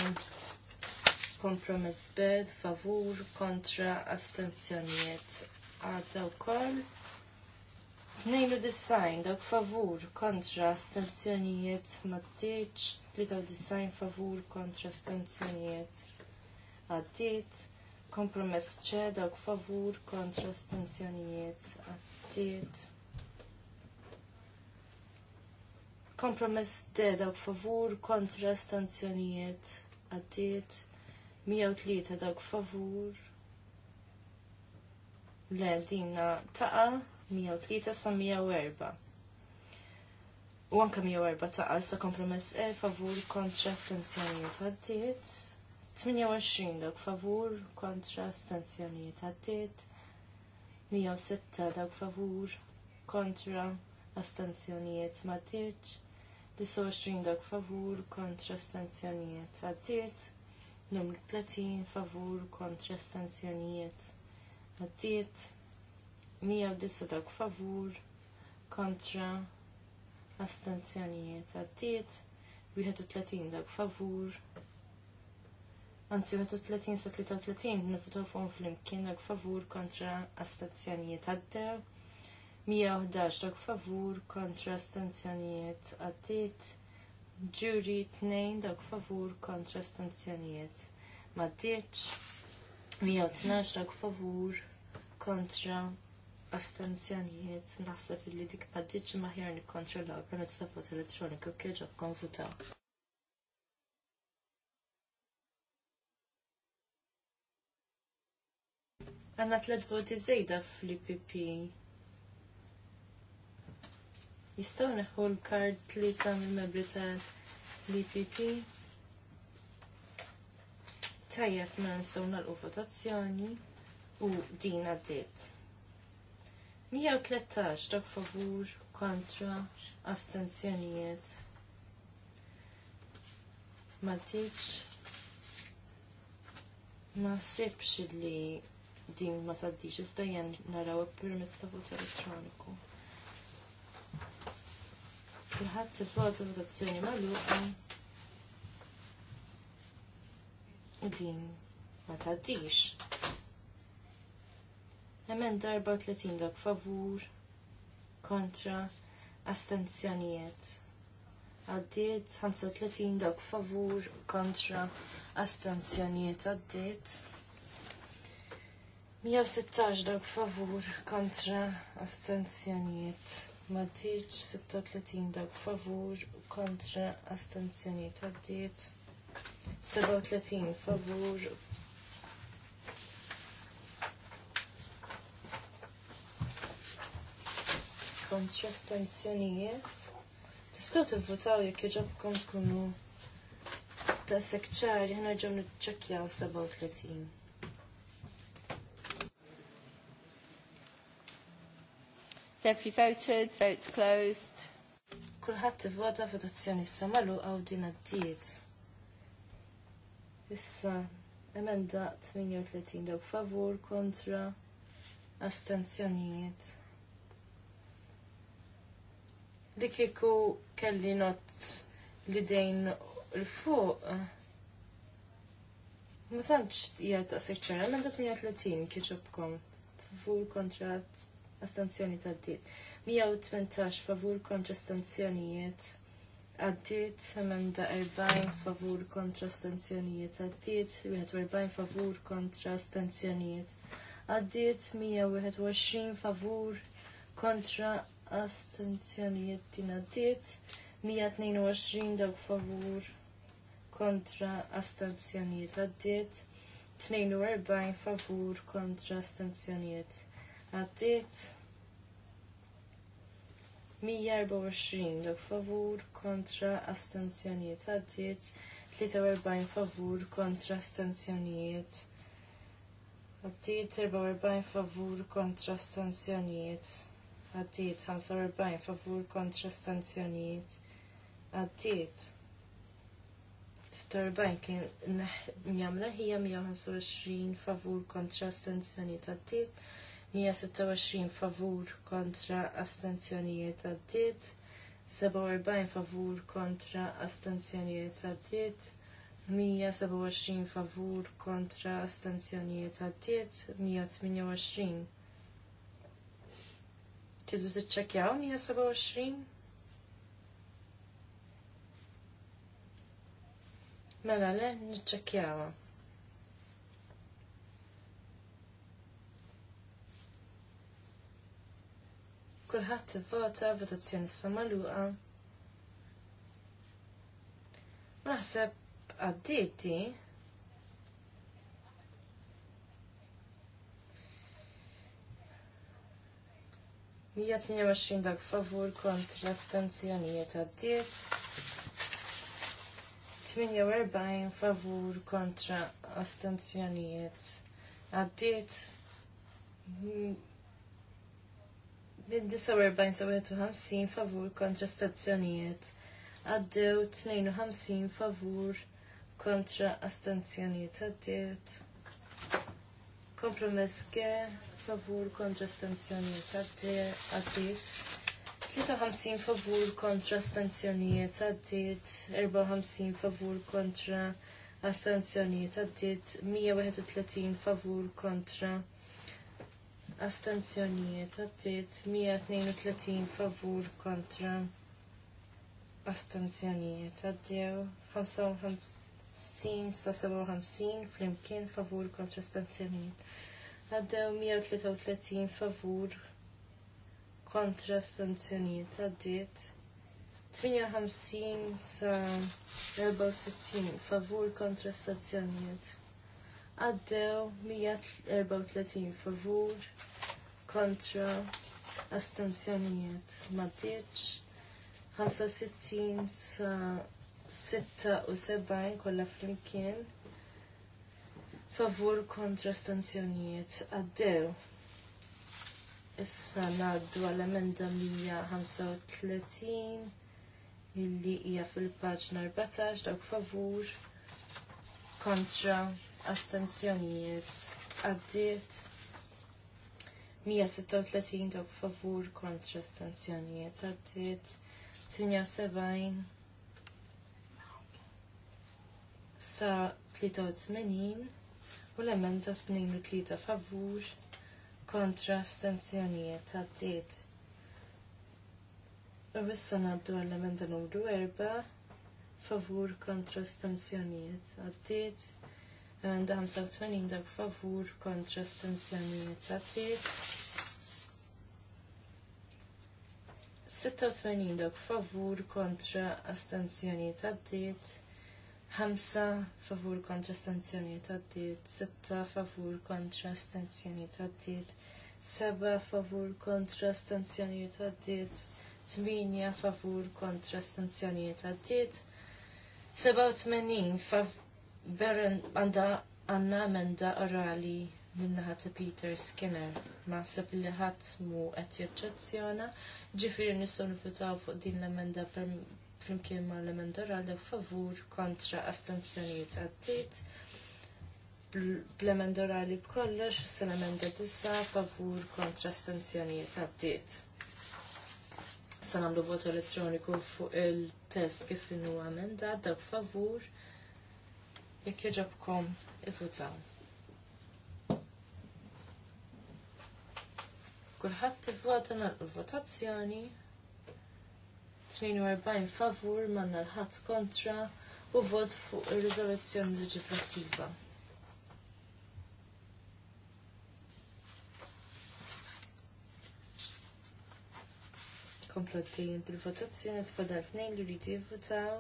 Kompromess B favur kontra astenzjonijiet għadda u koll. Nejnu design, dak favur, kontra, stanzjonijiet, mattiċ, tlidaw design, favur, kontra, stanzjonijiet, għaddit, kompromess ċe, dak favur, kontra, stanzjonijiet, għaddit. Kompromess de dak favur, kontra, stanzjonijiet, għaddit, tlita, dak favur, le, dinna, taqa, 103 sa 104. U anka 104 ta' kompromess E favur kontra stenzjonijiet għaddiet. 28 dawk favur kontra stenzjonijiet għaddiet. 106 dawk favur kontra astenzjonijiet maddiet. 29 dawk favur kontra astenzjonijiet għaddiet. Numru 30 favur kontra astenzjonijiet għaddiet. 109 dak favur kontra astenzjonijiet għaddiet 31 dak favur Anzi, 30 sa 33 nifutaw fuqhom flimkien dak favur kontra astenzjonijiet għaddew, 111 dak favur kontra astazzjonijiet għaddiet ġuri 2 dak favur kontra astazzjonijiet maddiċ, 112 dak favur kontra astenzjonijiet naħseb li dik għaddiċ maħjar nikkontrollaw permezz ta' vot elettroniku kieġa konfuta. Għanna tlet voti zejda fl-IPP. Jistaw neħu l-kard li ta' membri ta' l-IPP? Tajjeb ma' nistgħu nagħlqu votazzjoni u din għaddiet. 113 dak favur kontra astenzjonijiet. Ma tiċ ma sibx li din ma taddix iżda jen naraw permezz ta' vot elettroniku. Il-ħadd il-vot votazzjoni magħluqa din ma taddiċ. Emenda 34 dak favur kontra astenzjonijiet. Għaddiet 35 dak favur kontra astenzjonijiet għaddiet. 116 dak favur kontra astenzjonijiet. Matiċ 36 dak favur kontra astenzjonijiet għaddiet. 37 favur kontra stanzjonijiet. Tistaw tivvotaw jekk jġobkom tkunu ta' sekċar, jħana ġo nċekjaw 37. So if you voted, votes closed. Kulħadd vota votazzjoni issa samalu għaw din għaddiet. Issa emenda 38 daw favur kontra astenzjonijiet li kieku kelli not li dejn l-fuq. Mutant hija ta' seċċera, minn da' 38 kieġobkom favur kontra astanzjoni ta' d dit 118 favur kontra stanzjonijiet għaddit, emenda 40 favur kontra stanzjonijiet għaddit, 41 favur kontra stanzjonijiet għaddit, 121 favur kontra astenzjonijiet din għaddiet, 122 dawk favur kontra astenzjonijiet għaddiet, 42 favur kontra astenzjonijiet għaddiet, 124 dawk favur kontra astenzjonijiet għaddiet, 43 favur kontra astenzjonijiet għaddiet 44 favur kontra stanzjonijiet għaddiet 45 favur kontra stanzjoniet għaddiet 46 kien njamla hija 125 e favur kontra stanzjoniet għaddiet 126 e favur kontra astenzjonijiet għaddiet 47 e favur kontra astenzjonijiet għaddiet 127 favur kontra astenzjonijiet għaddiet 128 Tidu t-ċekjaw nija 27? Mela le, n-ċekjaw. nċekjawa. Kulħadd vota votazzjoni samaluqa. magħluqa. Naħseb għaddieti 128 dak favur kontra stanzjonijiet għaddiet. 48 favur kontra astenzjonijiet għaddiet. Mid 49 51 favur kontra stazzjonijiet għaddew 52 favur kontra astenzjonijiet għaddiet. Kompromess ge favur kontra stanzjonijiet għaddiet. 53 favur kontra stanzjonijiet għaddiet. 54 favur kontra astanzjonijiet għaddiet. 131 favur kontra astanzjonijiet għaddiet. 132 favur kontra astanzjonijiet għaddew. 55 sa 57 flimkien favur kontra stanzjonijiet għaddew 133 favur kontra stanzjoniet għaddiet 58 sa 64 favur kontra stazzjoniet għaddew 134 favur kontra astanzjonijiet maddiċ 65 sa 76 kolla flimkien favur kontra stanzjonijiet għaddew. Issa naddu għal-emenda 135 illi hija fil-paġna 14 dawk favur kontra astenzjonijiet għaddiet 136 dawk favur kontra astenzjonijiet għaddiet 78 sa 83 U l-emenda tlieta favur kontra stenzjonijiet għaddiet. U issa naddu għall-emenda numru 4 favur kontra stenzjonijiet għaddiet. Emenda 85 dak favur kontra stenzjonijiet għaddiet. 86 dak favur kontra astenzjonijiet għaddiet. Ħamsa favur kontra stanzjoniet għaddiet, sitta favur kontra stanzjoniet għaddiet, seba favur kontra stanzjoniet għaddiet, tminja favur kontra stanzjoniet għaddiet, seba u tmenin favur Beren għanda għanna amenda orali minnaħat Peter Skinner ma sepp li ħadd mu qed jirċazzjona ġifieri nistgħu fitaw fuq din l-emenda flimkien ma' l-emend orali favur kontra astenzjonijiet għaddit. bl emendorali orali b'kollox, s-emenda tissa favur kontra astenzjonijiet għaddit. Sa nagħmlu vot elettroniku fuq il-test kif inhu emenda da favur jekk jogħġobkom ivvutaw. Kulħadd ivvota nagħlqu votazzjoni. votazzjoni 42 favur manna l-ħat kontra u vot fuq il-rizoluzzjoni leġislattiva. Komplottin bil-votazzjoni fadal tnejn li rridu jivvotaw.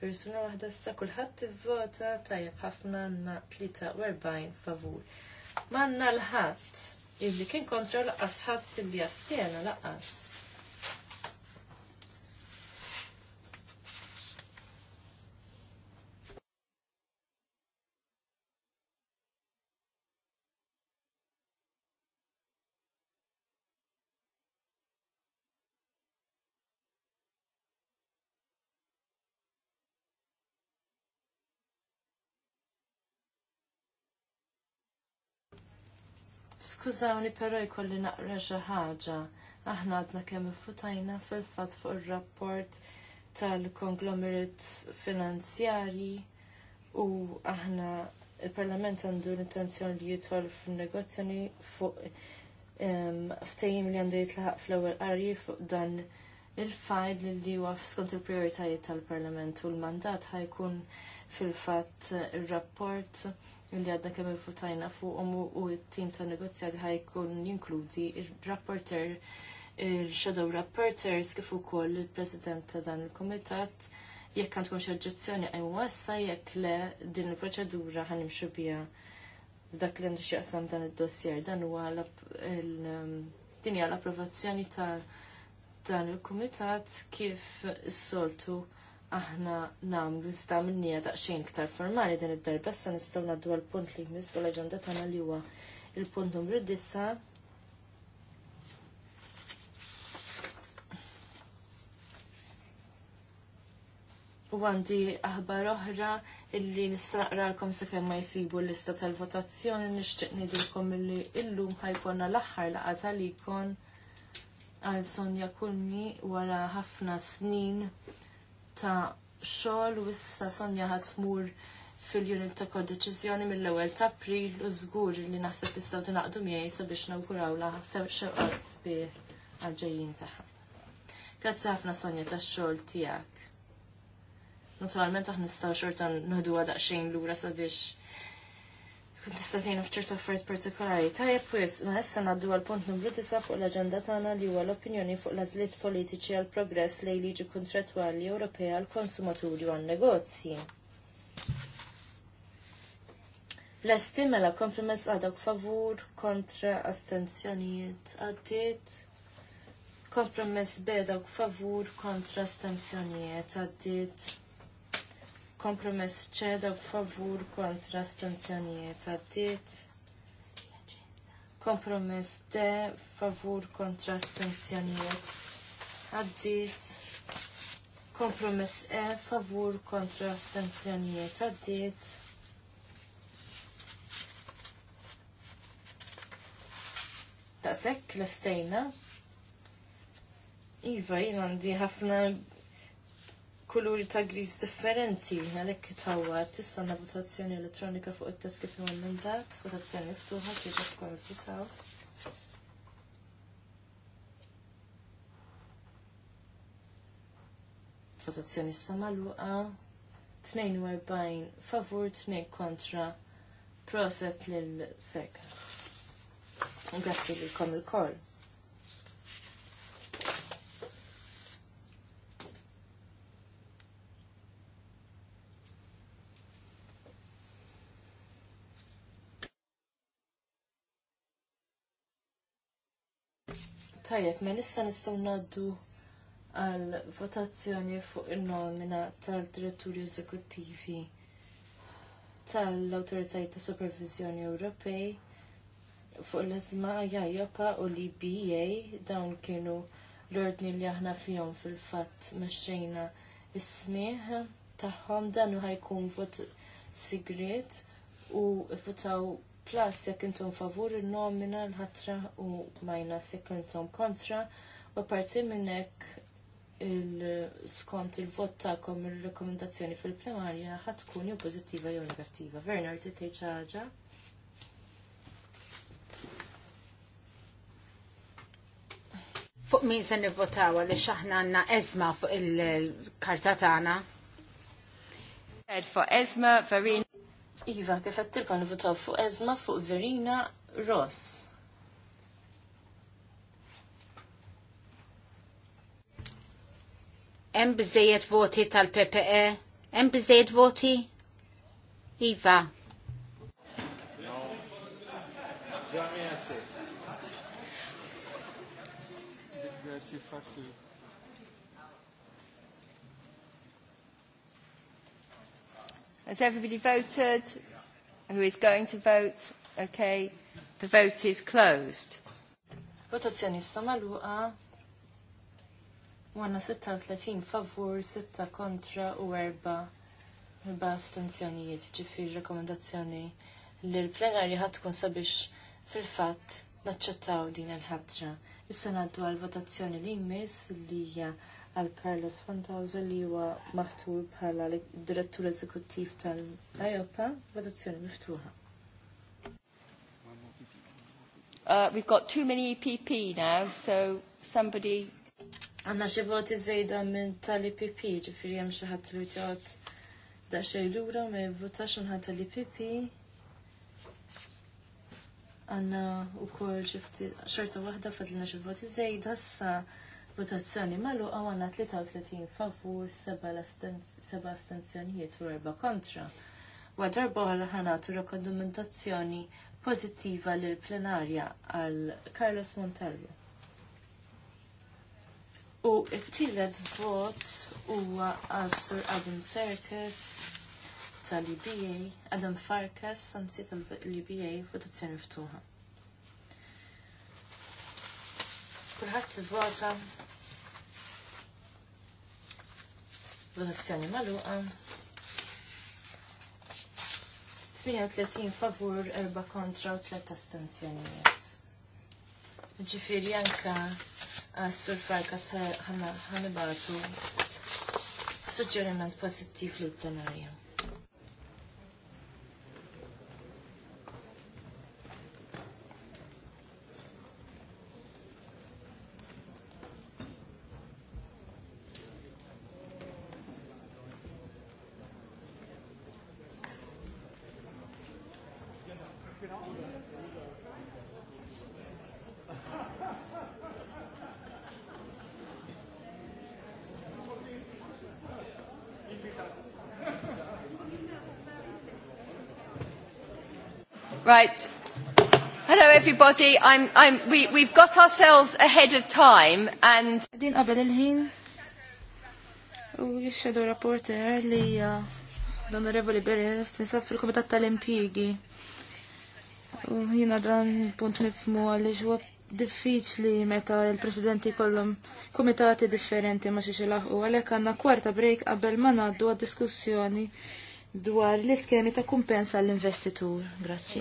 Persuna waħda issa kulħadd t-vota tajjeb ħafna na 43 favur. Manna l ħat illi kien kontra laqas ħadd li jastjena laqas. Skużawni però jkolli naqra xi ħaġa. Aħna għadna kemm iffutajna fil-fatt fuq ir-rapport tal-konglomerates finanzjarji u aħna il-Parlament għandu l-intenzjoni li jitol f'negozjoni fuq ftejim li għandu jitlaħaq fl-ewwel qari fuq dan il-fajl li huwa skont il-prijoritajiet tal-Parlament u l-mandat ħajkun fil-fatt ir-rapport li għadda kemm infutajna fuqhom u t-tim ta' negozjati ħajkun jinkludi il-rapporter il-shadow rapporters kif ukoll il-president ta' dan il-komitat jekk għandkom xi oġġezzjoni qajmu wassa jekk le din il-proċedura ħanimxu biha f'dak li għandu x'jaqsam dan id-dossier dan huwa um, din hija l-approvazzjoni ta' dan il-kumitat kif s-soltu aħna namlu iżda minnija daqsxejn ktar formali din id-darba sa nistgħu ngħaddu għal punt li jmiss bħala l-aġenda tagħna li huwa il-punt numru 9. U għandi aħbar oħra illi l-kom sakemm ma jsibu l-lista tal-votazzjoni nixtieq ngħidilkom illi illum ħajkonna l-aħħar laqata li ikon għal Sonja Kulmi wara ħafna snin ta' xogħol u issa Sonja ħadd mur fil-unit ta' kodeċiżjoni mill-ewwel ta' April u żgur li naħseb tistgħu tingħaqdu miegħi sabiex nawguraw la' sew xewqat sbieħ għal-ġejjin tagħha. Grazzi ħafna Sonja tax-xogħol tiegħek. Naturalment aħna nistgħu xorta nħdu daqsxejn lura sabiex tista' tgħin f'ċertu affarijiet partikolari. Tajjeb pwis, ma issa ngħaddu għal punt numru tisa fuq l-aġenda tagħna li huwa l-opinjoni fuq l azliet politiċi għal progress lejn liġi kontrattwali Ewropea għal konsumaturi u għan-negozji. L-esti mela kompromess għadak favur kontra astenzjonijiet għaddit. Kompromess bedak favur kontra astenzjonijiet għaddit kompromess ċeda favur kontra stanzjonijiet għaddit. Kompromess de favur kontra stanzjonijiet għaddit. Kompromess e favur kontra stanzjonijiet għaddit. sekk l-estejna. Iva, jina għandi ħafna kuluri ta' gris differenti, għalhekk tawwa tistanna votazzjoni elettronika fuq it-test kif huwa votazzjoni ftuħa kif tkun votaw. votazzjoni samaluqa 42 favur 2 kontra proset lil sek. Grazzi li kom il-koll. Tajjeb, ma nista nistgħu ngħaddu għal votazzjoni fuq il-nomina tal-diretturi eżekuttivi tal-Awtoritajiet ta' Supervizjoni Ewropej fuq l-ezma Jajopa u l-IBA dawn kienu l-ordni li aħna fihom fil-fatt mexxejna is-smieħ tagħhom dan u ħajkun vot sigret u votaw plus jekk intom favur il-nomina l-ħatra u majna jekk intom kontra u parti minnek il-skont il-vot ta'kom il-rekomendazzjoni fil-plenarja ħad tkun jew pożittiva jew negattiva. Verna ti tgħid xi ħaġa? Fuq min se nivvotaw għaliex aħna għandna ezma fuq il-karta tagħna? For Esma, Farin. Iva, kif qed tilkom votaw fuq Ezma fuq Verina Ross. Hemm biżejjed voti tal-PPE? Hemm biżejjed voti? Iva. Grazie, fatti. Has everybody voted? Who is going to vote? Okay, the vote is closed. Votazzjoni s-samaluqa. Għanna 36 favur, 6 kontra u 4 erba astenzjonijiet. Ġifir rekomendazzjoni li l-plenarja ħatkun sabiex fil-fatt naċċettaw din il-ħatra. Issa naddu għal votazzjoni li jmiss li hija għal Carlos Fantauza li huwa maħtur bħala direttur eżekuttiv tal ajopa votazzjoni miftuħa. Uh, we've got too many EPP now, so somebody... Għanna xe voti zejda minn tal-EPP, ġifiri jem xaħat li tjot da xej lura me votax minn l epp Għanna u kol xorta wahda fadlina xe voti zejda, sa' Votazzjoni malu għawanna 33 favur, 7 astenzjonijiet u 4 kontra. Wadar boħal ħanatu rekomendazzjoni pozittiva l plenarja għal Carlos Montalvo. U it-tielet vot huwa għal Sur Adam Serkes tal-IBA, Adam Farkas, anzi tal-IBA, votazzjoni ftuħa. kulħadd ivvota. Votazzjoni magħluqa. 38 favur, 4 kontra u 3 astenzjonijiet. Ġifieri anke għas-sur ah, Farkas ħanibatu suġġeriment pożittiv lill-plenarja. Right. Hello everybody. I'm I'm we we've got ourselves ahead of time and Din qabel il-ħin u jixxedu rapporter li dan uh, Revoli Beres tinsaf fil-Komitat tal-Impjigi. U jina dan punt nifmu għalli ġwa diffiċli meta il-presidenti kollum komitati differenti ma xiex laħu għalek għanna kwarta break qabel ma naddu għad diskussjoni dwar l-iskemi ta' kumpensa l-investitur. grazie.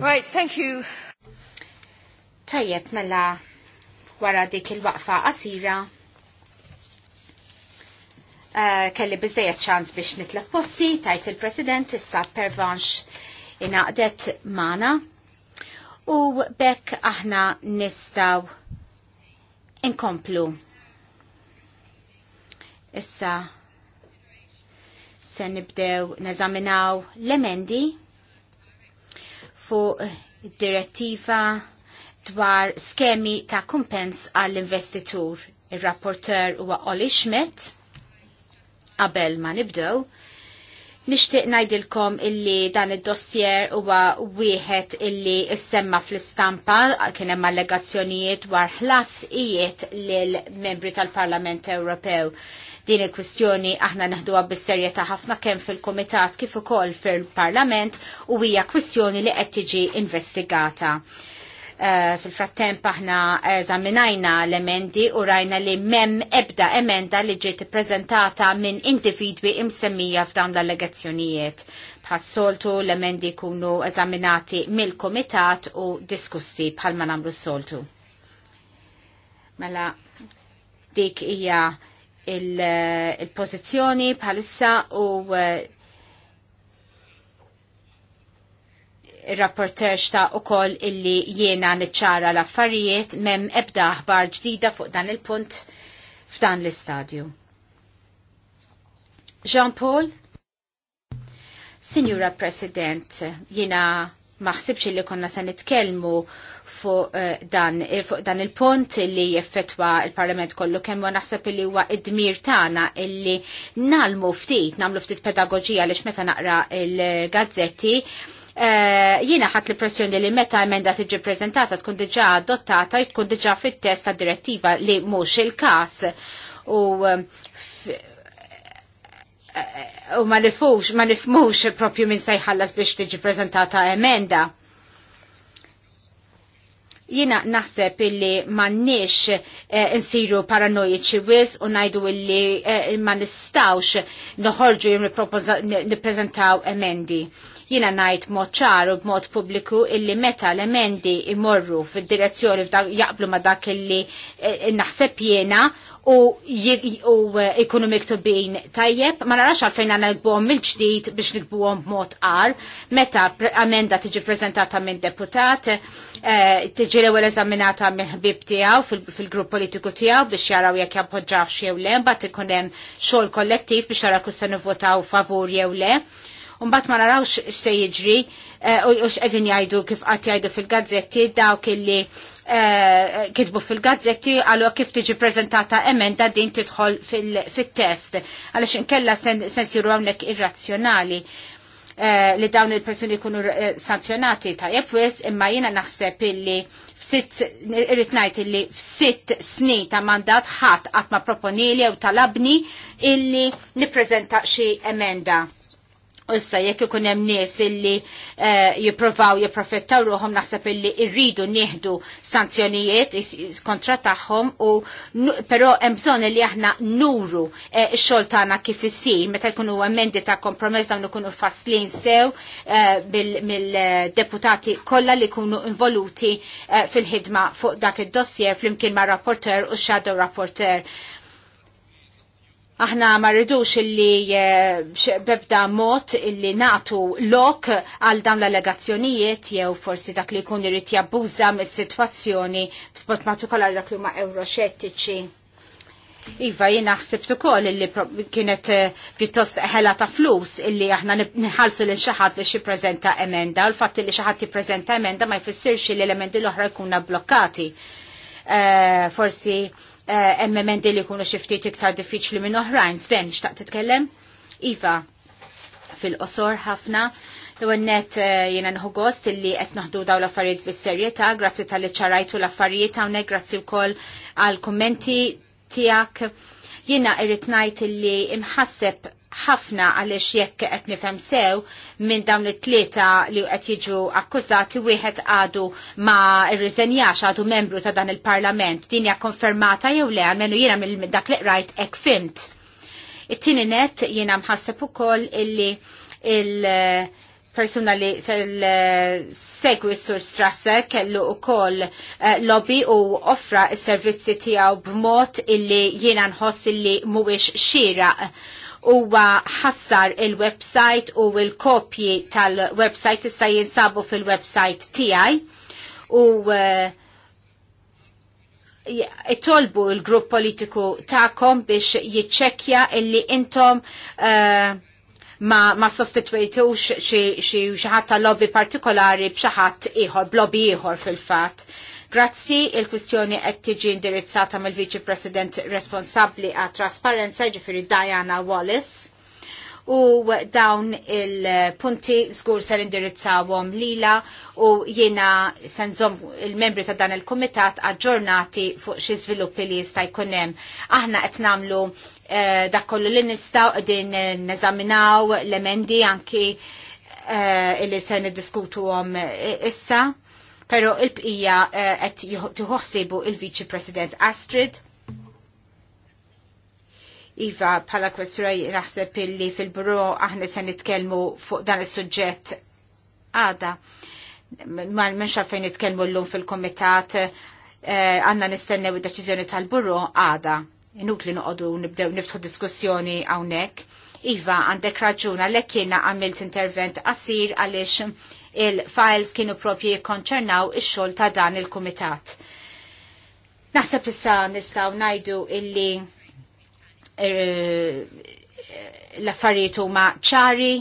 Right, thank you. Tajjeb mela wara dik il-waqfa qasira. Uh, kelli bizzejja ċans biex nitlef posti, tajt il-President issa pervanx inaqdet mana u bekk aħna nistaw inkomplu. Issa se nibdew neżaminaw l-emendi fuq direttiva dwar skemi ta' kumpens għall-investitur. Il-rapporter huwa Oli Schmidt. Qabel ma nibdew, Nixtieq ngħidilkom illi dan id-dossier huwa wieħed illi issemma fl-istampa kien hemm allegazzjonijiet dwar ħlasijiet lil membri tal-Parlament Ewropew din il-kwistjoni aħna naħduha bis-serjetà ħafna kemm fil-Kumitat kif ukoll fil-Parlament u hija kwistjoni li qed tiġi investigata. Eh, fil-frattemp aħna eżaminajna l-emendi u rajna li mem ebda emenda li ġiet prezentata minn individwi imsemmija f'dawn l-allegazzjonijiet. Bħas-soltu l-emendi kunu eżaminati mill-komitat u diskussi bħal ma namlu s-soltu. Mela, dik hija eh, il-pozizjoni bħalissa u eh, il-rapporter xta' u koll illi jiena niċċara l-affarijiet mem ebda aħbar ġdida fuq dan il-punt f'dan l-istadju. Jean-Paul? Signora President, jiena maħsibx li konna se nitkellmu fuq eh, dan, eh, fu dan il-punt li jeffetwa il-Parlament kollu kemm u naħseb li huwa id-dmir tagħna illi nalmu ftit, nagħmlu ftit pedagogija għaliex meta naqra il-gazzetti Eh, jiena ħadt l-impressjoni li meta emenda tiġi prezentata tkun diġà adottata tkun diġa' fit-test ta' direttiva li mhux il-każ. U eh, eh, u ma nifux, ma nifmux propju minn sajħallas biex tiġi prezentata emenda. Jina naħseb illi mannix eh, insiru paranoiċi wis u najdu illi eh, ma nistawx noħorġu jim niprezentaw emendi. Jina najt mod ċar u b'mod publiku illi meta l-emendi imorru f'direzzjoni jaqblu ma dak illi eh, naħseb jena u eh, ikunu miktubin tajjeb, ma narax għalfejn għanna nikbuħom mil-ġdijt biex nikbuħom b'mod għar, meta amenda tiġi prezentata minn deputat, eh, tiġi l-ewel eżaminata minn ħbib tijaw fil-grupp politiku tijaw biex jaraw jek jappoġġaw xiew le, bat ikunem xol kollettiv biex jaraw kussa votaw favur jew le Umbat ma narawx se jiġri eh, u uh, x'qegħdin jgħidu kif qatt jgħidu fil-gazzetti dawk illi uh, kitbu fil-gazzetti għallu kif tiġi prezentata emenda din tidħol fil-test fil għaliex inkella sen, jiru hawnhekk irrazzjonali. Uh, li dawn il-persuni jkunu uh, sanzjonati ta' jepwis imma jina naħseb illi f'sitt irrit ngħid illi f'sitt snin ta' mandat ħadd qatt ma proponili jew talabni illi niprezenta xi emenda. Issa jekk ikun hemm nies illi eh, jippruvaw jipprofittaw ruhom naħseb illi rridu nieħdu sanzjonijiet kontra tagħhom u però hemm bżonn li aħna nuru eh, x-xogħol tagħna kif isir meta jkunu emendi ta' kompromess dawn ikunu faslin sew mill-deputati eh, kollha li jkunu involuti fil-ħidma fuq dak id-dossier flimkien ma' rapporter u shadow rapporter aħna ma rridux illi eh, bebda mod illi natu lok għal dawn l-allegazzjonijiet jew forsi dak li jkun irid jabbuża mis-sitwazzjoni b'sport partikolari dak li huma euroxettiċi. Iva jina ħsibt ukoll illi kienet eh, pjuttost ħela ta' flus illi aħna nħalsu lil xi ħadd biex jippreżenta emenda u l-fatt li xi ħadd jippreżenta emenda ma jfissirx li l-emendi l-oħra jkunna blokkati. Uh, forsi Eh, emmemendi li kunu xiftit iktar diffiċli minn oħrajn. Sven, xtaqt titkellem? Iva, fil-qosor ħafna. L-għennet eh, jena nħu gost illi qed naħdu daw l-affarijiet bis-serjetà, grazzi tal-li ċarajtu l-affarijiet hawnhekk, grazzi wkoll għal kummenti tiegħek. Jiena irrid ngħid illi imħasseb ħafna għaliex jekk qed nifhem sew minn dawn it-tlieta li qed jiġu akkużati wieħed għadu ma rriżenjax għadu membru ta' dan il-Parlament. Din hija konfermata jew le għalmenu jiena minn dak li qrajt hekk fimt. It-tieni net jiena mħasseb ukoll illi il- persuna li segwi sur strasse kellu u koll eh, lobby u offra s servizzi tijaw b'mod illi jiena nħoss illi muwix xira huwa ħassar il-website u il-kopji tal-website issa jinsabu fil-website tiegħi u eh, itolbu il grupp politiku ta'kom biex jiċċekkja illi intom eh, ma, ma sostituitux xi ħadd ta' lobby partikolari b'xi ħadd ieħor, blobby ieħor fil-fatt. Grazzi, il-kwistjoni qed tiġi indirizzata mill-Viċi President responsabbli għat trasparenza, ġifiri Diana Wallace. U dawn il-punti żgur se l-indirizzawom lila u jiena senżom il-membri ta' dan il-komitat aġġornati fuq xi sviluppi li jista' jkun hemm. Aħna qed nagħmlu eh, dak kollu li nistgħu qegħdin neżaminaw l-emendi anki eh, illi se niddiskutuhom eh, issa pero il-bqija eh, qed tħossibu il-Viċi President Astrid. Iva, bħala kwestura naħseb illi fil-buru aħna se nitkellmu fuq dan is-suġġett għada. Ma nmenx għalfejn nitkellmu llum fil-komitat eh, għanna nistennew id-deċiżjoni tal-buru għada. Inuk li noqogħdu nibdew niftħu diskussjoni hawnhekk. Iva, għandek raġuna lekk jiena għamilt intervent qasir għaliex il-files kienu propju jikkonċernaw ix-xogħol ta' dan il-kumitat. Naħseb issa nistgħu ngħidu illi eh, l-affarijiet huma ċari,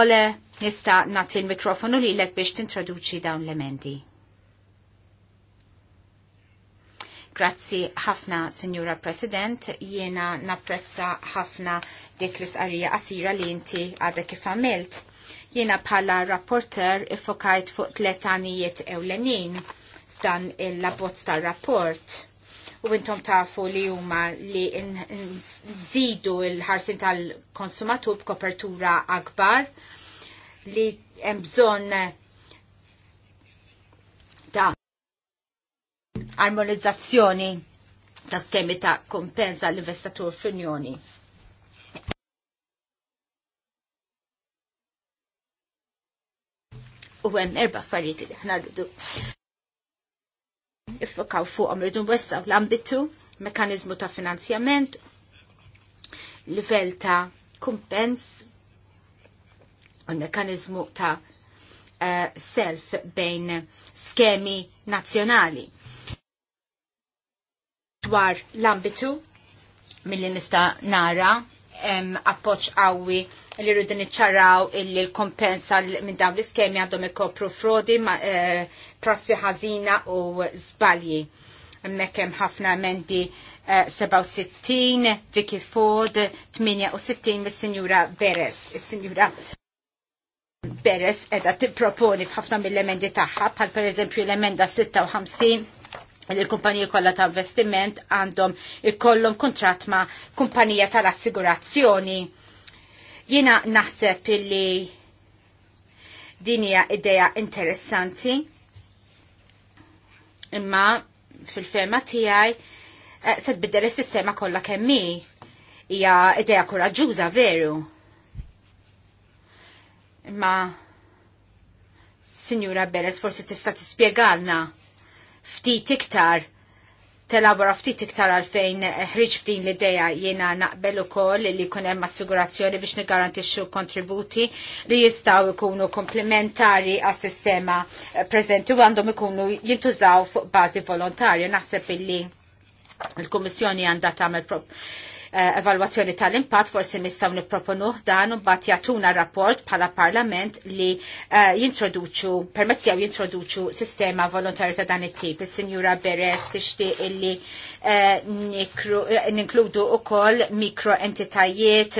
ole nista' nagħti l-mikrofonu lilek biex tintroduċi dawn l-emendi. Grazzi ħafna, Signora President, jiena napprezza ħafna dik l-isqarija qasira li inti għadha kif għamilt Jiena bħala rapporter ifokajt fuq tlet għanijiet ewlenin f'dan il-labbozz tal-rapport u intom tafu li huma li nżidu il-ħarsin tal-konsumatur b'kopertura akbar li hemm bżonn ta' armonizzazzjoni ta' skemi ta' kompensa l-investatur fl-Unjoni. u hemm erba' affarijiet li ħna rridu. Iffokaw fuqhom rridu nwessaw l-ambitu, mekkaniżmu ta' finanzjament, livell ta' kumpens u l ta' uh, self bejn skemi nazzjonali dwar l-ambitu mill-li nista nara appoċ qawwi li rridu niċċaraw illi l-kompensa minn dawn l-iskemi għandhom ikopru frodi, eh, prassi ħażina u żbalji. Hemmhekk hemm ħafna emendi 67, eh, Vicky Ford, 68 mis-Sinjura Beres. Is-Sinjura Beres edha tipproponi f'ħafna mill-emendi tagħha per pereżempju l-emenda 56 il-kumpanija kollha ta' investiment għandhom ikollhom kuntratt ma' kumpanija tal-assigurazzjoni. Jiena naħseb illi din hija idea interessanti imma fil-fema tiegħi eh, se tbiddel is-sistema kollha kemm hija idea koraġġuża veru. Imma Signora Beres forsi tista' tispjegalna ftit iktar telabora ftit iktar għalfejn ħriġ b'din l-ideja jiena naqbel ukoll li jkun hemm assigurazzjoni biex nigarantixxu kontributi li jistgħu jkunu komplementari għas sistema preżenti u għandhom ikunu jintużaw fuq bażi volontarja naħseb illi il-Kummissjoni għandha tagħmel Eh, evalwazzjoni tal-impatt forsi nistgħu nipproponuh dan u mbagħad jagħtuna rapport bħala Parlament li eh, jintroduċu permezz jew jintroduċu sistema volontarju ta' dan it-tip. Is-Sinjura Beres tixtieq illi eh, ninkludu ukoll mikroentitajiet,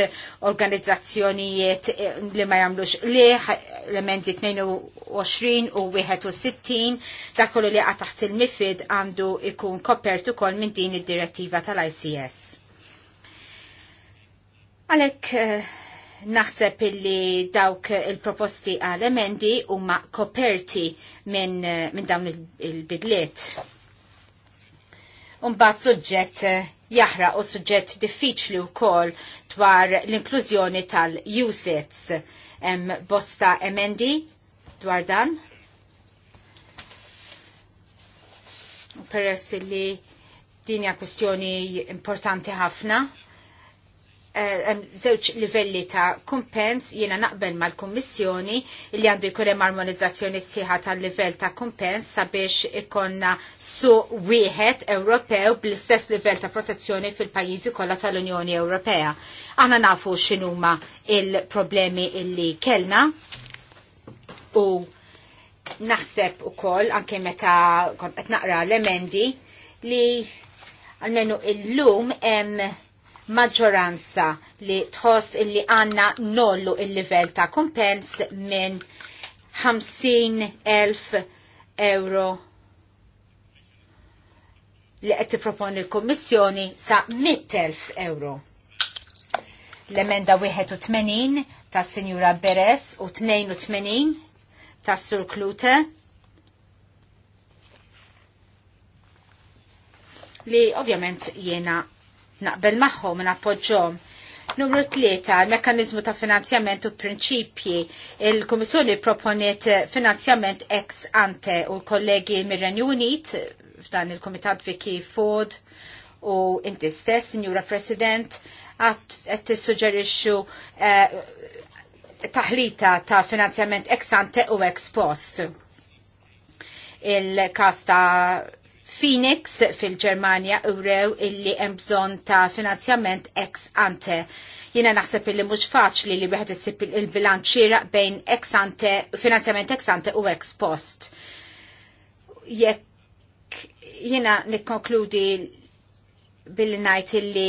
organizzazzjonijiet li ma jagħmlux l elementi 22 u 61, dak kollu li għataħt il-mifid għandu ikun kopertu kol minn din id-direttiva tal-ICS. Għalek eh, naħseb illi dawk il-proposti għal emendi huma koperti minn eh, min dawn il-bidliet. Umbat suġġett eh, jahra u suġġett diffiċli u kol dwar l-inklużjoni tal-usits. Em, bosta emendi dwar dan? Peress li dinja kwestjoni importanti ħafna Eh, żewġ livelli ta' kumpens jiena naqbel mal-Kummissjoni li għandu jkun hemm armonizzazzjoni sħiħa tal-livell ta' kumpens sabiex ikonna su wieħed Ewropew bl-istess livell ta' protezzjoni fil-pajjiżi kollha tal-Unjoni Ewropea. Aħna nafu x'inhuma il-problemi illi kellna u naħseb ukoll anke meta qed naqra l-emendi li għalmenu illum hemm maġġoranza li tħoss illi għanna nollu il-livell ta' kompens minn 50.000 euro li qed tipproponi l-Kummissjoni sa 100.000 euro. L-emenda 81 tas Sinjura Beres u 82 tas Sur Klute li ovvjament jiena naqbel magħhom nappoġġhom. Numru 3, il mekanizmu ta' finanzjament u prinċipji. Il-Kummissjoni proponiet finanzjament ex ante u l-kollegi mir-Renju Unit f'dan il-Komitat Viki Ford u inti stess, Signora President, għed tissuġġerixxu eh, taħlita ta' finanzjament ex ante u ex post il-kas ta' Phoenix fil-Germania urew illi hemm bżonn ta' finanzjament ex ante. Jiena naħseb illi mhux faċli li wieħed issib il-bilanċ xieraq bejn ex ante, finanzjament ex ante u ex post. Jekk jiena nikkonkludi billi ngħid illi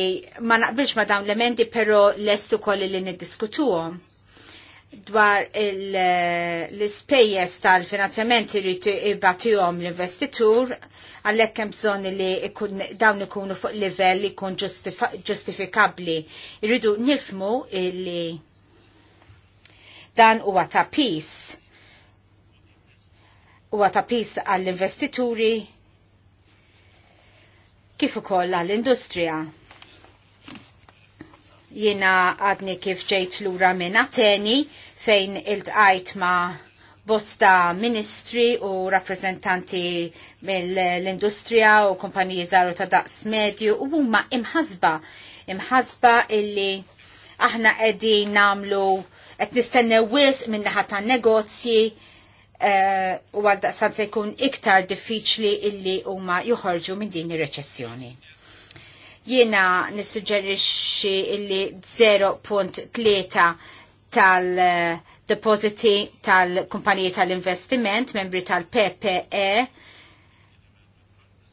ma naqbilx ma dawn l-emendi però lest ukoll li niddiskutuhom dwar l-spejjes eh, tal-finanzjament irrit ibatijom l-investitur għallek hemm bżonn li dawn ikunu fuq livell li jkun ġustifikabbli. Irridu nifmu li dan huwa ta' pis. Huwa ta' pis għall-investituri kif ukoll għall-industrija jina għadni kif ġejt lura minn Ateni fejn il-tqajt ma' bosta ministri u rappresentanti mill-industrija u kumpaniji zaru ta' daqs medju u huma imħasba imħazba illi aħna qegħdin namlu qed nistennew wis minna naħa tan negozji eh, u għal daqsan se jkun iktar diffiċli illi huma joħorġu minn din ir-reċessjoni. Jiena nissuġġerixxi illi 0.3 tal-depositi tal-kumpaniji tal-investiment, membri tal-PPE,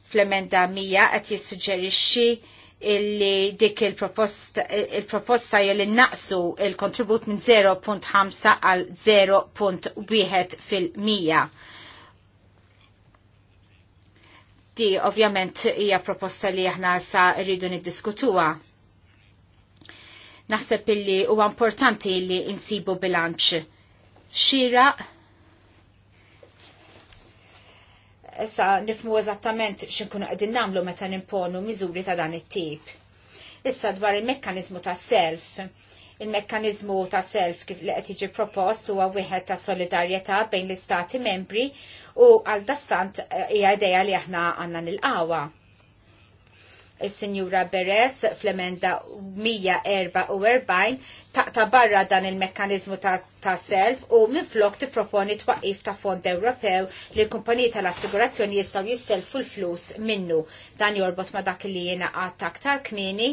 fl-emenda Mija qed jissuġġerixxi illi dik il-proposta il jelli naqsu il-kontribut minn 0.5 għal 0.1 fil mija Di ovvjament hija proposta li aħna sa rridu niddiskutuha. Naħseb illi huwa importanti li insibu bilanċ. Xira Issa nifmu eżattament xinkunu qegħdin nagħmlu meta nimponu miżuri ta' dan it-tip. Issa dwar il-mekkaniżmu ta' self, il-mekkanizmu ta' self kif li qed jiġi propost huwa wieħed ta' solidarjetà bejn l-istati membri u għal dastant eh, hija idea li aħna għandna nilqawha il-Sinjura Beres fl-emenda 144 taqta barra dan il-mekkanizmu ta', ta self u minflok tipproponi twaqif ta' fond Ewropew li l-kumpaniji tal-assigurazzjoni jistgħu jisselfu l-flus minnu. Dan jorbot ma' dak li jena għatta aktar kmieni.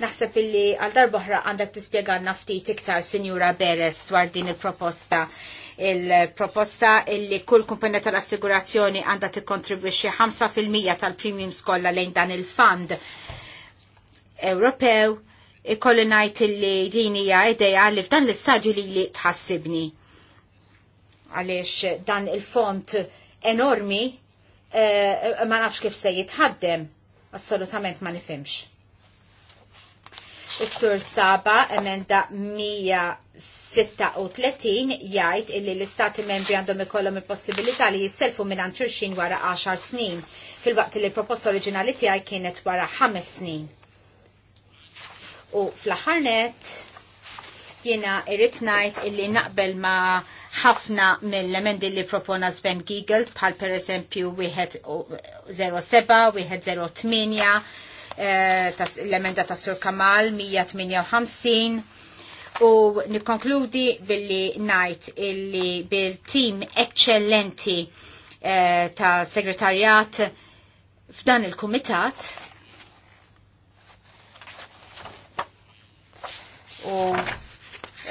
Naħseb illi għal darboħra għandek tispjegalna ftit iktar Sinjura Beres dwar din il-proposta il-proposta illi kull kumpanija tal-assigurazzjoni għandha tikkontribwixxi 5% tal-premiums kollha lejn dan il-fund Ewropew ikolli ngħid illi din hija idea li f'dan l istaġu li li tħassibni. Għaliex dan il-font enormi eh, ma nafx kif se jitħaddem, assolutament ma nifimx. Is-sur Saba emenda 136 jgħid illi l-istati membri għandhom ikollhom il-possibilità li jisselfu minn xulxin wara 10 snin, fil-waqt li l-proposta oriġinali tiegħi kienet wara 5 snin. U fl-aħħar net jiena irrid ngħid illi naqbel ma' ħafna mill-emendi li propona Sven Giegeld bħal per eżempju 107, 108 Eh, l-emenda ta' Sur Kamal 158 u nikonkludi billi najt illi bil-tim eccellenti eh, ta' segretarjat f'dan il-komitat u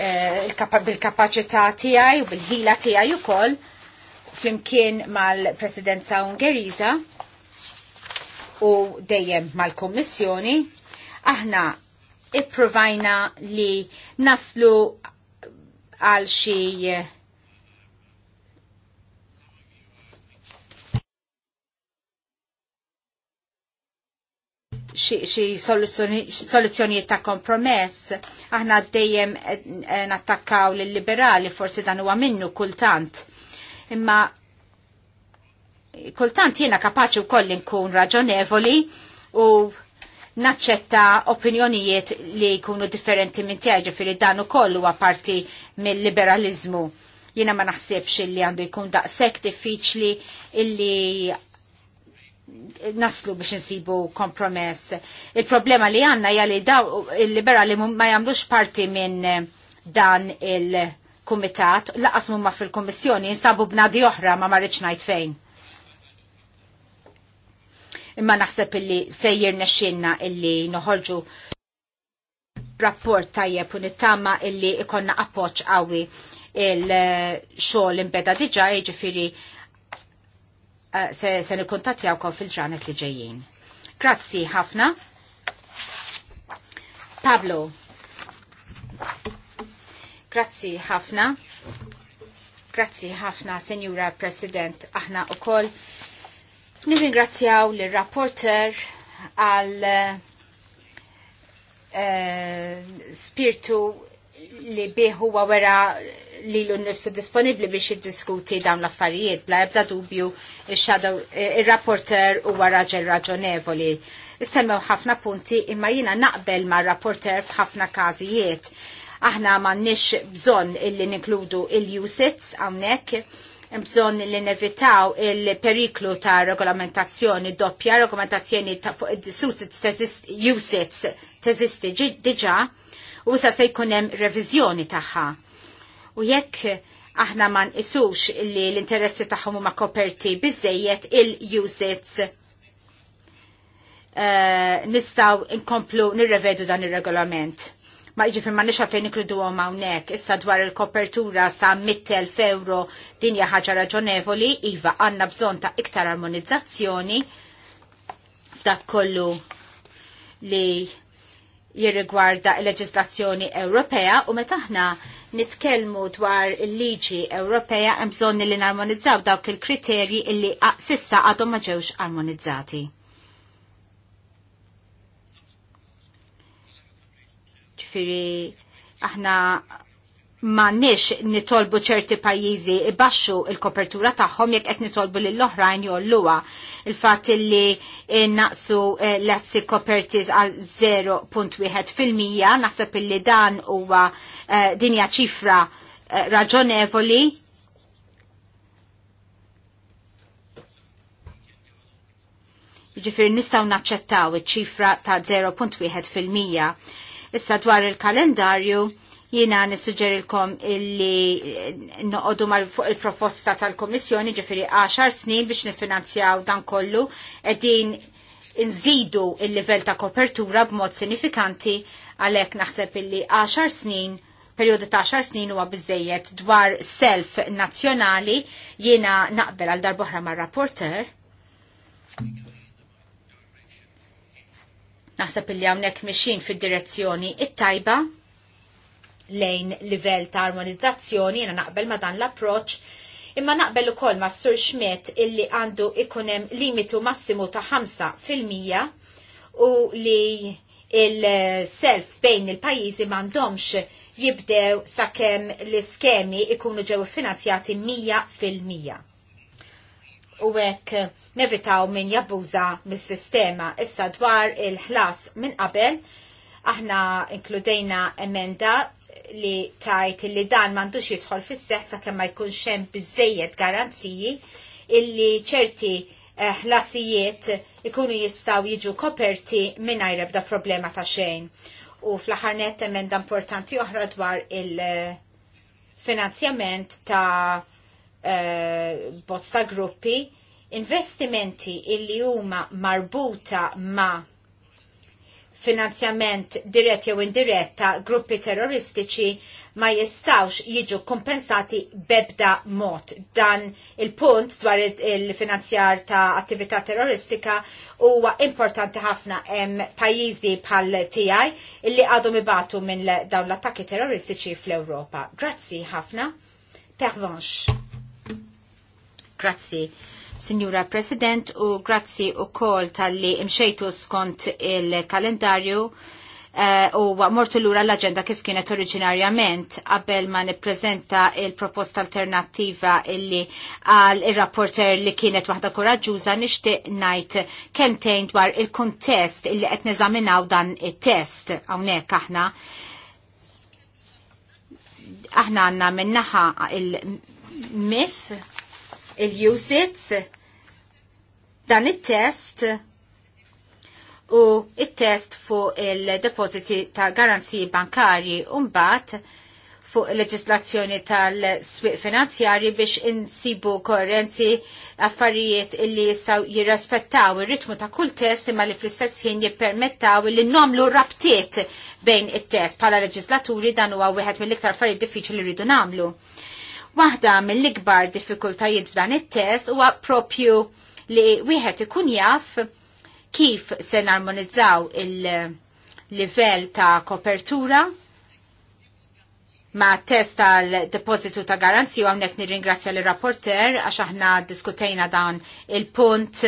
eh, bil-kapacità tiegħi u bil-ħila tiegħi ukoll flimkien mal-presidenza Ungeriża u dejjem mal-Kommissjoni, aħna ipprovajna li naslu għal xi xie soluzzjonijiet ta' kompromess. Aħna dejjem eh, eh, nattakkaw lill liberali forsi dan huwa minnu kultant. Imma kultant jiena kapaċi wkoll nkun raġonevoli u naċċetta opinjonijiet li jkunu differenti minn tiegħi ġifieri dan ukoll huwa parti mill-liberaliżmu. Jiena ma naħsibx li għandu jkun daqshekk diffiċli illi naslu biex nsibu kompromess. Il-problema li għanna hija li daw il-liberali ma jagħmlux parti minn eh, dan il-kumitat, laqas mumma fil kummissjoni nsabu b'nadi oħra ma marriċ ngħid fejn imma naħseb illi sejjer nexxinna illi noħorġu rapport tajjeb u nittama illi ikonna appoċ qawwi il-xogħol imbeda diġà jiġifieri eh, se, se nikkuntattjawkom fil-ġranet li ġejjin. Grazzi ħafna. Pablo. Grazzi ħafna. Grazzi ħafna, Senjura President, aħna u koll Nirringrazzjaw l-rapporter għal eh, spirtu li bieħu għawera li l unnifsu disponibli biex jiddiskuti dawn l-affarijiet bla ebda dubju eh, il-rapporter u raġel raġonevoli. Semmew ħafna punti imma jina naqbel ma' rapporter f'ħafna kazijiet. Aħna ma' nix bżon illi ninkludu il-usits għamnek bżon li nevitaw il-periklu ta' regolamentazzjoni doppja, regolamentazzjoni ta' fuq susits usits teżisti diġa, u sa' se jkunem revizjoni taħħa. U jekk aħna man isux li l-interessi taħħom ma' koperti bizzejiet il-usits eh, nistaw inkomplu nirrevedu dan il-regolament ma iġi ma nixa fejn ikludu għom għawnek, issa dwar il-kopertura sa' 100.000 euro dinja ħagġa raġonevoli, iva għanna bżon ta' iktar armonizzazzjoni f'dak kollu li jirrigwarda il-leġislazzjoni Ewropea u meta ħna nitkellmu dwar il-liġi Ewropea hemm bżonn li narmonizzaw dawk il-kriterji illi sissa għadhom ma ġewx armonizzati. ġifiri aħna ma nix nitolbu ċerti pajjiżi ibaxxu il-kopertura tagħhom jekk qed nitolbu lil oħrajn jolluha. Il-fatt li naqsu eh, lessi kopertiż għal 0.1 fil-mija naħseb illi dan huwa eh, dinja ċifra eh, raġonevoli Ġifir nistaw naċċettaw iċ-ċifra ta' 0.1 fil-mija Issa dwar il-kalendarju, jina nissuġerilkom illi noqodu mal fuq il-proposta tal-Komissjoni ġifiri 10 snin biex nifinanzjaw dan kollu edin nżidu il-livell ta' kopertura b'mod sinifikanti għalek naħseb illi 10 snin periodu ta' 10 snin huwa biżejjed dwar self nazzjonali jiena naqbel għal darbohra mar rapporter Naħseb illi hawnhekk mixin fid-direzzjoni it-tajba lejn livell ta' armonizzazzjoni, jiena naqbel ma' dan l-approċ, imma naqbel ukoll ma' Sur Schmidt illi għandu ikunem limitu massimu ta' 5% u li il-self bejn il-pajizi mandomx jibdew sakemm l-iskemi ikunu ġew finanzjati 100% u hekk nevitaw min jabbuża mis-sistema issa dwar il-ħlas minn qabel aħna inkludejna emenda li tajt li dan m'għandux jidħol fis-seħħ sakemm ma jkunx hemm biżejjed garanziji illi ċerti eh, ħlasijiet ikunu jistaw jiġu koperti mingħajr ebda problema ta' xejn. U fl-aħħar emenda importanti oħra dwar il-finanzjament eh, ta' Eh, bosta gruppi, investimenti illi huma marbuta ma' finanzjament dirett jew indirett ta' gruppi terroristiċi ma jistawx jiġu kompensati bebda mod. Dan il-punt dwar il-finanzjar ta' attività terroristika huwa importanti ħafna hemm pajjiżi bħal tiegħi illi għadhom ibatu minn dawn l-attakki terroristiċi fl-Ewropa. Grazzi ħafna. Pervenche. Grazzi. Signora President, u grazzi u kol tal-li imxejtu skont il-kalendarju uh, u mortu l-ura l-agenda kif kienet oriġinarjament qabel ma nipprezenta il-proposta alternativa illi għal il-rapporter li kienet waħda koraġuża nixtieq ngħid kemtejn dwar il-kontest illi qed neżaminaw dan it-test hawnhekk aħna. Aħna għandna minnaħa il-MIF il-usits dan it-test u it-test fuq il-depositi ta' garanziji bankarji umbat fuq il-leġislazzjoni tal-swiq finanzjari biex insibu korrenzi affarijiet illi jistaw jirrespettaw il-ritmu ta' kull test imma li fl-istess ħin jippermettaw li nomlu rabtiet bejn it-test pala leġislaturi dan huwa wieħed mill-iktar affarijiet diffiċli li rridu namlu. Waħda mill-ikbar diffikultajiet f'dan it-test huwa propju li wieħed ikun jaf kif se narmonizzaw il-livell ta' kopertura ma' test tal-depositu ta' garanzi u għamnek nirringrazzja l rapporter għax aħna diskutejna dan il-punt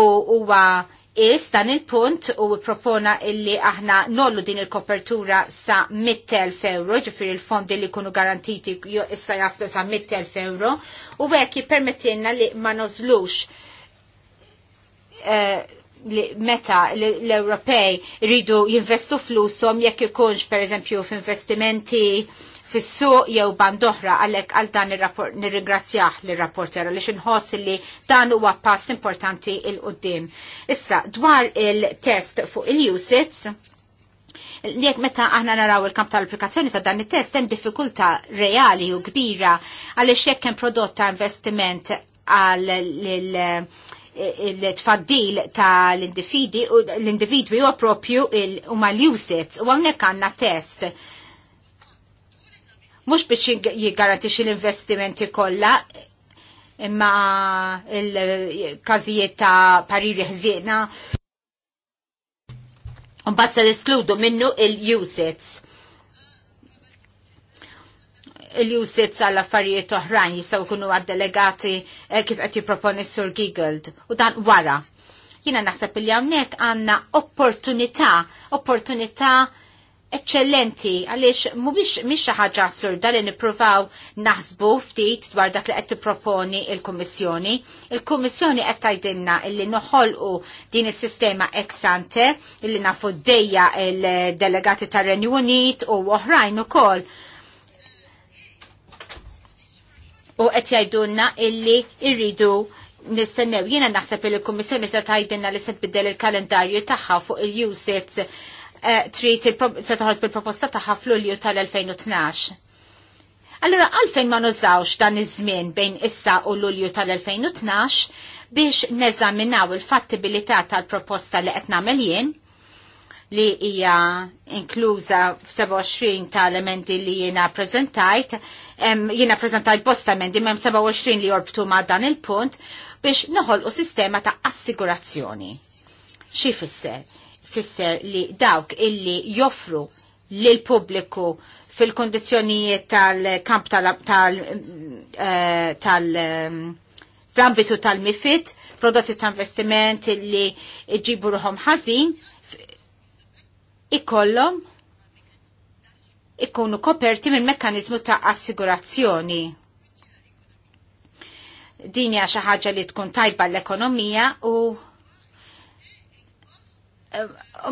u huwa is dan il-punt u propona illi aħna nollu din il-kopertura sa 100.000 euro, ġifir il-fondi li kunu garantiti issa jaslu sa 100.000 euro, u għek jipermettinna li ma nozlux eh, li meta l-Ewropej ridu jinvestu flusom jekk ikunx per eżempju f'investimenti investimenti fis-suq jew oħra għalhekk għal dan ir-rapport nirringrazzjah lir-rapporter għaliex inħoss li dan huwa pass importanti il qudiem Issa dwar il-test fuq il-usits li jek meta aħna naraw il-kamp tal-applikazzjoni ta' dan it-test hemm diffikultà reali u kbira għaliex hekk hemm prodott ta' investiment għal il-tfaddil ta' l-individwi u l-individwi huwa propju huma l-usits u hawnhekk għandna test mux biex jiggarantix l-investimenti kolla, imma il-kazijiet ta' pariri ħżiena. Mbagħad se l-iskludu minnu il-usits. Il-usits għall affarijiet oħrajn jistgħu jkunu għad-delegati eh, kif qed jipproponi Sur Giggled u dan wara. Jiena naħseb li hawnhekk għandna opportunità, opportunità eccellenti għaliex mhumiex mhix xi ħaġa assurda li nippruvaw naħsbu ftit dwar dak li qed tipproponi il-Kummissjoni. Il-Kummissjoni qed tgħidilna illi noħolqu din is-sistema ex ante illi nafu d dejja il-delegati tar-Renju Unit u oħrajn ukoll. U qed jgħidulna illi rridu nistennew. Jiena naħseb il-Kummissjoni se tgħidilna li se tbiddel il-kalendarju tagħha fuq il usits Eh, trid se toħroġ bil-proposta tagħha f'Lulju tal-2012. Allura għalfejn ma nużawx dan iż-żmien bejn issa u Lulju tal-2012 biex neżaminaw il-fattibilità tal-proposta li qed nagħmel jien li hija inkluża f-27 tal-emendi li jiena preżentajt, jiena preżentajt bosta emendi m'hemm 27 li jorbtu ma' dan il-punt biex noħolqu sistema ta' assigurazzjoni. Xi fisser? tfisser li dawk illi joffru lil pubbliku fil-kondizjonijiet tal-kamp tal-ambitu eh, ehm, tal-mifit, prodotti ta' investiment li ġibu ruħom ħażin, ikollhom ikunu koperti minn mekkanizmu ta' assigurazzjoni. Dini għaxa ħaġa li tkun tajba l-ekonomija u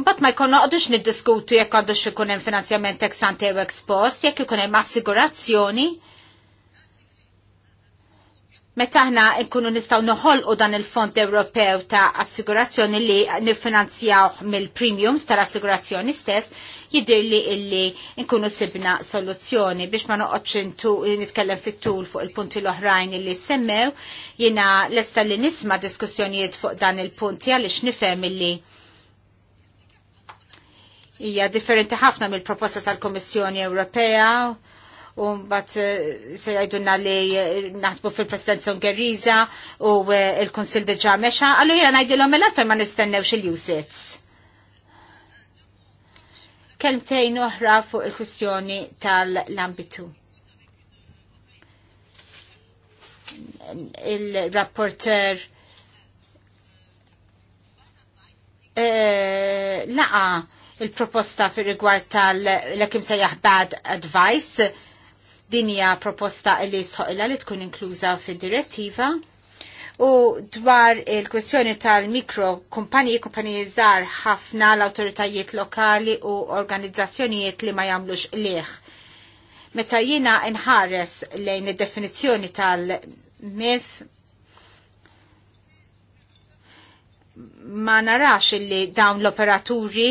Mbatt ma jkun għadux niddiskutu jekk għadux ikun hemm finanzjament ex ante u ex post, jekk ikun hemm assigurazzjoni. Meta aħna nkunu nistgħu noħolqu dan il-Fond Ewropew ta' assigurazzjoni li niffinanzjaw mill-premiums tal-assigurazzjoni stess, jidir li illi nkunu sibna soluzzjoni biex ma noqgħodx nitkellem fit-tul fuq il-punti l-oħrajn illi semmew, jiena lesta li nisma' diskussjonijiet fuq dan il-punti għaliex nifhem illi hija differenti ħafna mill-proposta tal-Kommissjoni Ewropea u mbagħad eh, se jgħidulna li eh, naħsbu fil-Presidenza Ungheriża u eh, l-Kunsill diġà mexa, allura ngħidilhom mela fejn ma nistennewx il-usits. Kelmtejn oħra fuq il-kwistjoni tal-ambitu. Il-rapporter laqa il-proposta fir rigward tal-lekim sejjaħ bad advice dinja proposta li stħoqila li tkun inkluża fi direttiva u dwar il-kwestjoni tal-mikro kumpani, kumpanji żgħar ħafna l-awtoritajiet lokali u organizzazzjonijiet li ma jagħmlux liħ. Meta jiena nħares lejn id-definizzjoni tal-MIF ma narax li dawn l-operaturi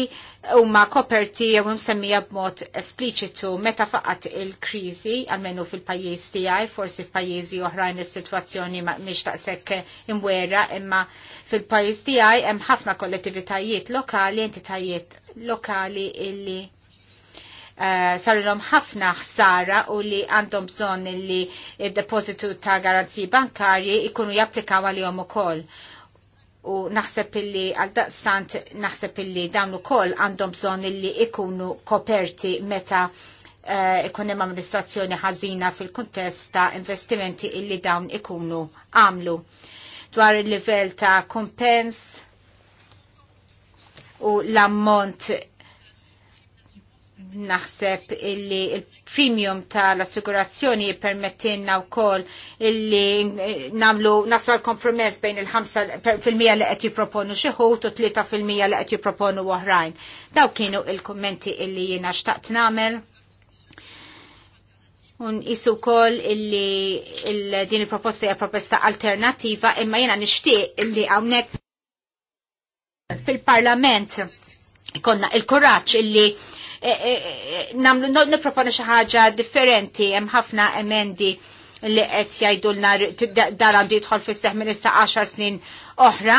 huma koperti jew msemmija b'mod espliċitu meta faqat il-kriżi għalmenu fil-pajjiż tiegħi, forsi f'pajjiżi oħrajn is-sitwazzjoni mhix taqshekk imwera, imma fil-pajjiż tiegħi hemm ħafna kollettivitajiet lokali, entitajiet lokali illi uh, eh, sarilhom ħafna ħsara u li għandhom bżonn li d depożitu ta' garanziji bankarji ikunu japplikaw għalihom ukoll u naħseb illi għal daqstant naħseb illi dawn ukoll għandhom bżonn illi ikunu koperti meta uh, hemm amministrazzjoni ħażina fil-kuntest ta' investimenti illi dawn ikunu għamlu. Dwar il-livell ta' kumpens u l-ammont naħseb illi il-premium tal-assigurazzjoni permettinna u koll illi namlu nasra l-kompromess bejn il-5% li qed jiproponu xieħut u 3% li qed jiproponu oħrajn. Daw kienu il-kommenti illi jiena xtaqt namel. Un isu kol illi il din il-proposta hija proposta alternativa imma jiena nixtieq illi hawnhekk fil-parlament konna il-kuraċ illi Eh, eh, eh, namlu niproponi xi ħaġa differenti hemm ħafna emendi li qed jgħidulna dar għandu jidħol fis-seħ minn issa 10 snin oħra,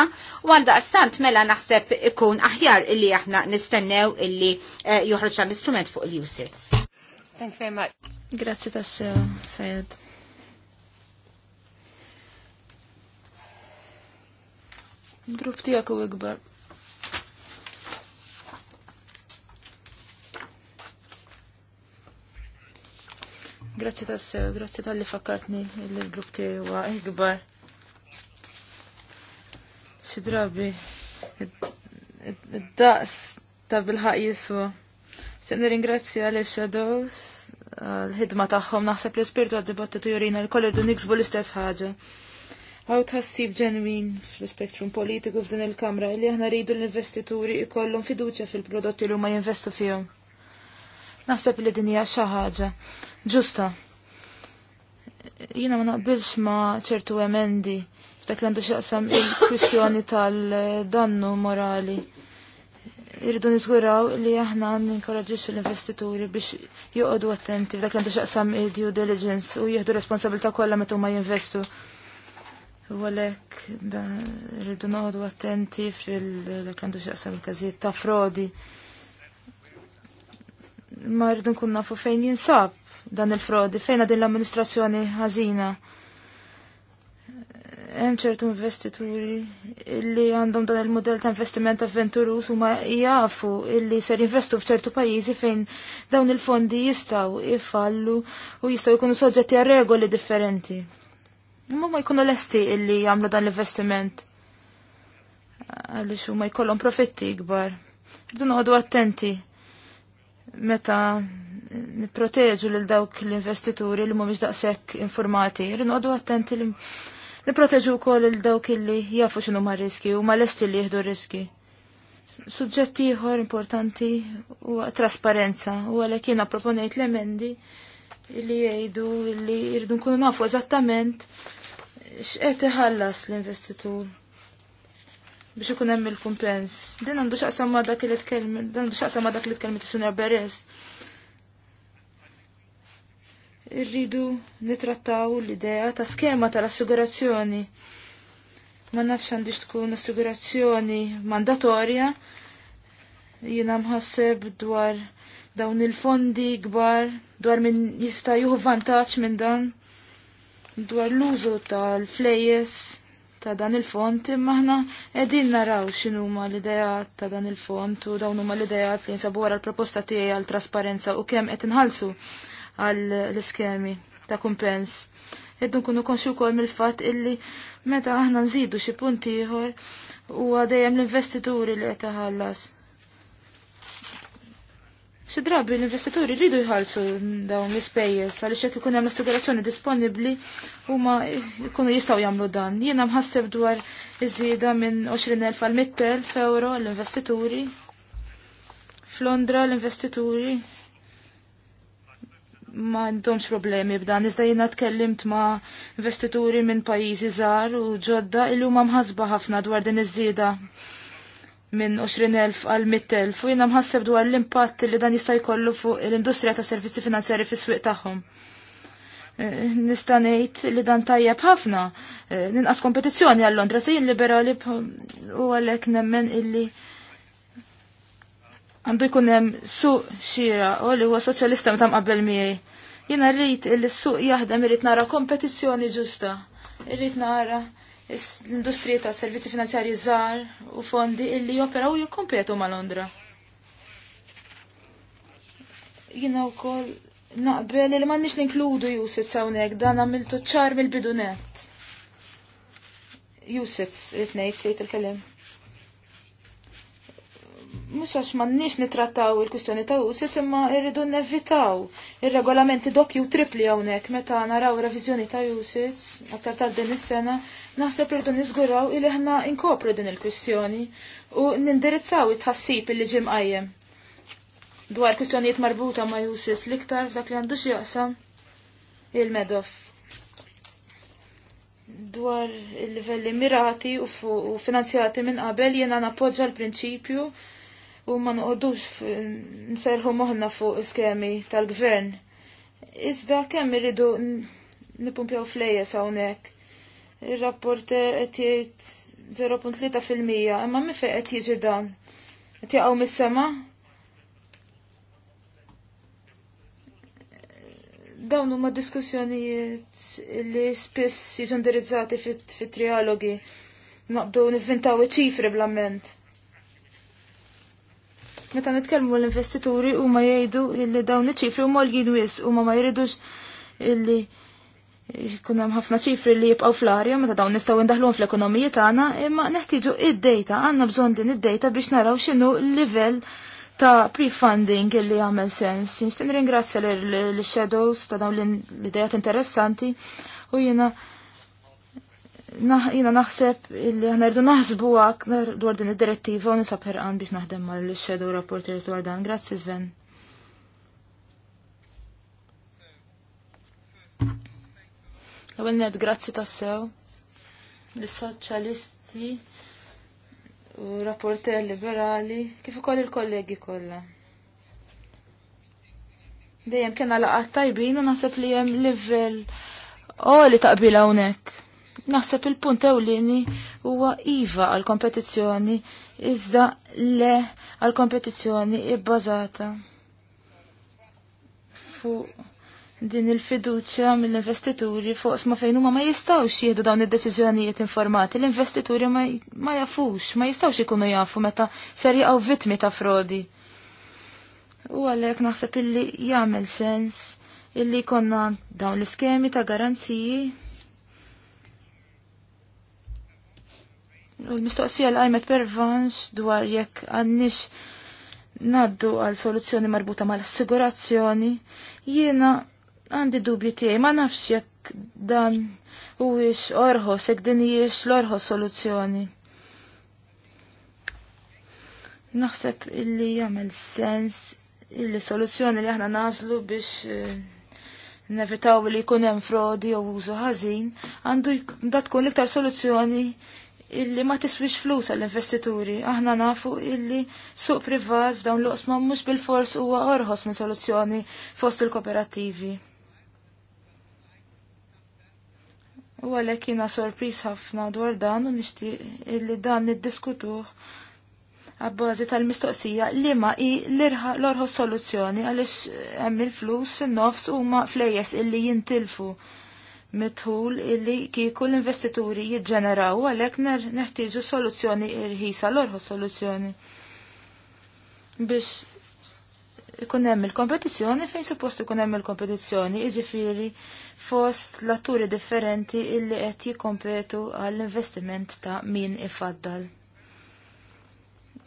u għal mela naħseb ikun aħjar illi aħna nistennew illi joħroġ dan l-istrument fuq il-usits. Thank you very much. Grazzi tas Sajed. Grupp tijak u ikbar. Grazzi sew, grazzi tal-li fakkartni il-grupp tiegħu ikbar. Eh, Xi drabi id-daqs ta' bil-ħaq jiswa. Se nirringrazzja l shadows l-ħidma tagħhom naħseb li spirtu għad-dibattitu jurina l kollir dun niksbu l-istess ħaġa. Għaw tħassib ġenwin fl-spektrum politiku f'din il-kamra li aħna rridu l-investituri ikollhom fiduċja fil-prodotti li huma jinvestu fihom. Naħseb li din hija xi ħaġa ġusta. Jiena ma naqbilx ma' ċertu emendi dak li għandu xaqsam il-kwissjoni tal-dannu morali. Irridu nizguraw li aħna ninkoraġġix l-investituri biex joqogħdu attenti f'dak li għandu xaqsam il-due diligence u jieħdu responsabilità kollha meta huma jinvestu. U għalhekk irridu noqogħdu attenti fil-dak għandu xaqsam il-każijiet ta' frodi ma rridu nkun nafu fejn jinsab dan il-frodi, fejn din l-amministrazzjoni ħażina. Hemm ċertu investituri illi għandhom dan il-modell ta' investiment avventurus u ma jafu illi ser jinvestu f'ċertu pajjiżi fejn dawn il-fondi jistgħu ifallu u jistgħu jkunu soġġetti għal regoli differenti. Imma ma jkunu lesti illi jagħmlu dan l-investiment għaliex huma jkollhom profitti ikbar. Rridu noqogħdu attenti meta niproteġu lil dawk l-investituri li mhumiex daqshekk informati, rinqodu attenti li niproteġu wkoll lil dawk illi jafu x'inhu ma' riski u ma lesti li jieħdu riski. Suġġett ieħor importanti huwa trasparenza u għalhekk jiena proponejt l-emendi li jgħidu li jridu nkunu nafu eżattament x'qed iħallas l-investitur biex ikun hemm il-kumpens. Din għandu x'aqsam ma' dak li tkellem, dan għandu x'aqsam ma' dak li tkellmet tisuna Beres. Irridu nitrattaw l-idea ta' skema tal-assigurazzjoni. Ma nafx għandix tkun assigurazzjoni mandatorja. Jiena mħasseb dwar dawn il-fondi kbar dwar min jista' juhu vantaġġ minn dan dwar l-użu tal-flejes ta' dan il-font imma ħna qegħdin naraw x'inhuma l-idejat ta' dan il-font u dawn huma l-idejat li nsabu għara l-proposta tiegħi għal trasparenza u kemm qed inħallsu għal l-iskemi ta' kumpens. Eddun nkunu konxu wkoll mill-fatt illi meta aħna nżidu xi punt ieħor huwa dejjem l-investituri li qed iħallas Si drabi l-investituri rridu jħallsu dawn l-ispejjeż għaliex jekk ikun hemm assigurazzjoni disponibbli huma jkunu jistgħu jagħmlu dan. Jiena mħasseb dwar iż-żieda minn 20,000 għal 100,000 f'euro l-investituri. Flondra l-investituri ma għandhomx problemi b'dan, iżda jiena tkellimt ma' investituri minn pajjiżi żgħar u ġodda illi huma mħasba ħafna dwar din iż-żieda minn 20.000 għal 100.000 u jina mħasseb dwar l-impatt li dan jista' jkollu fuq l-industrija ta' servizzi finanzjari fis-swieq tagħhom. Eh, nista' ngħid li dan tajjeb ħafna. Eh, ninqas kompetizzjoni għal Londra se jien liberali u għalhekk nemmen illi għandu jkun hemm suq xira u li huwa soċjalista meta mqabbel miegħi. Jina rrid illi s-suq jaħdem irrid nara kompetizzjoni ġusta. Irrid nara l-industrija ta' servizzi finanzjarji żgħar u fondi illi joperaw jikkompetu ma' Londra. Jina wkoll naqbel li m'għandniex ninkludu Jusitz hawnhekk dan għamiltu ċar mill-bidunet. Usits rid ngħid tgħid il-kelim. Mhux għax m'għandniex nitrattaw il-kwistjoni ta' Usits imma rridu nevitaw ir-regolamenti doppju tripli hawnhekk meta naraw reviżjoni ta' usits aktar tard din is-sena Naħseb irdu niżguraw illi aħna inkopru din il-kwistjoni u nindirizzaw it-ħassib illi ġim qajjem dwar kwistjonijiet marbuta ma' Jusis liktar f'dak li għandu jaqsam il-medof dwar il-livelli mirati u finanzjati minn qabel jiena nappoġġa l-prinċipju u ma noqogħdux nserħu moħna fuq skemi tal-gvern. Iżda kemm irridu nipumpjaw flejjes hawnhekk il-rapporter qed jgħid 0.3% imma mi fejn qed jiġi dan? Qed jaqgħu mis-sema? Dawn huma diskussjonijiet li spiss jiġu indirizzati fit-trialogi. Naqdu nivvintaw iċifri bl-ament. Meta nitkellmu l-investituri huma jgħidu li dawn iċ-ċifri huma l-għin huma ma jridux illi Kun hemm ħafna ċifri li jibqgħu fl-arja meta dawn nistgħu ndaħluhom fl-ekonomiji tagħna, imma neħtieġu id-data, għandna bżonn din id-data biex naraw x'inhu l-livell ta' pre-funding li għamel sens. Nixtin ringrazzja l-shadows ta' dawn l-idejat interessanti u jiena jina naħseb li ħana rridu naħsbu għak dwar din id-direttiva u nisab għan biex naħdem mal shadow reporters dwar dan. Grazzi Sven. Għabennet grazzi tassew l-soċjalisti u rapporter liberali kif ukoll il-kollegi kollha. Dejjem kena laqgħat tajbin u naħseb li hemm livell oh li taqbil hawnhekk. Naħseb il-punt ewlieni huwa iva għal kompetizzjoni iżda le għal kompetizzjoni ibbażata fuq din il-fiduċja mill-investituri fuq ma fejn huma ma jistgħux jieħdu dawn id-deċiżjonijiet informati. L-investituri ma, jafux, ma jistgħux ikunu jafu meta ser jaqgħu vittmi ta' frodi. U għalhekk naħseb illi jagħmel sens illi konna dawn l-iskemi ta' garanziji U l-mistoqsija l-għajmet pervanx dwar jekk għannix naddu għal soluzzjoni marbuta mal assigurazzjoni jiena għandi dubju tiegħi ma nafx jekk dan huwiex orħos jekk din hijiex l-orħos soluzzjoni. Naħseb illi jagħmel sens illi soluzzjoni li aħna nażlu biex eh, nevitaw li jkun hemm frodi jew użu ħażin għandu da tkun l-iktar soluzzjoni illi ma tiswix flus għall-investituri. Aħna nafu illi suq privat f'dawn l-oqsma mhux bil-fors huwa orħos minn soluzzjoni fost il koperattivi U għalek jina sorpris ħafna dwar dan u nishti illi dan niddiskutuħ għabbażi tal-mistoqsija li ma i l-orħu soluzzjoni għalix hemm il-flus fin-nofs u ma flejes illi jintilfu mitħul illi kiku l-investituri jiġġeneraw għalek neħtieġu soluzzjoni irħisa l-orħu soluzzjoni biex ikun hemm il-kompetizzjoni fejn suppost ikun hemm il-kompetizzjoni, jiġifieri fost l-atturi differenti illi qed jikkompetu għall-investiment ta' min ifaddal.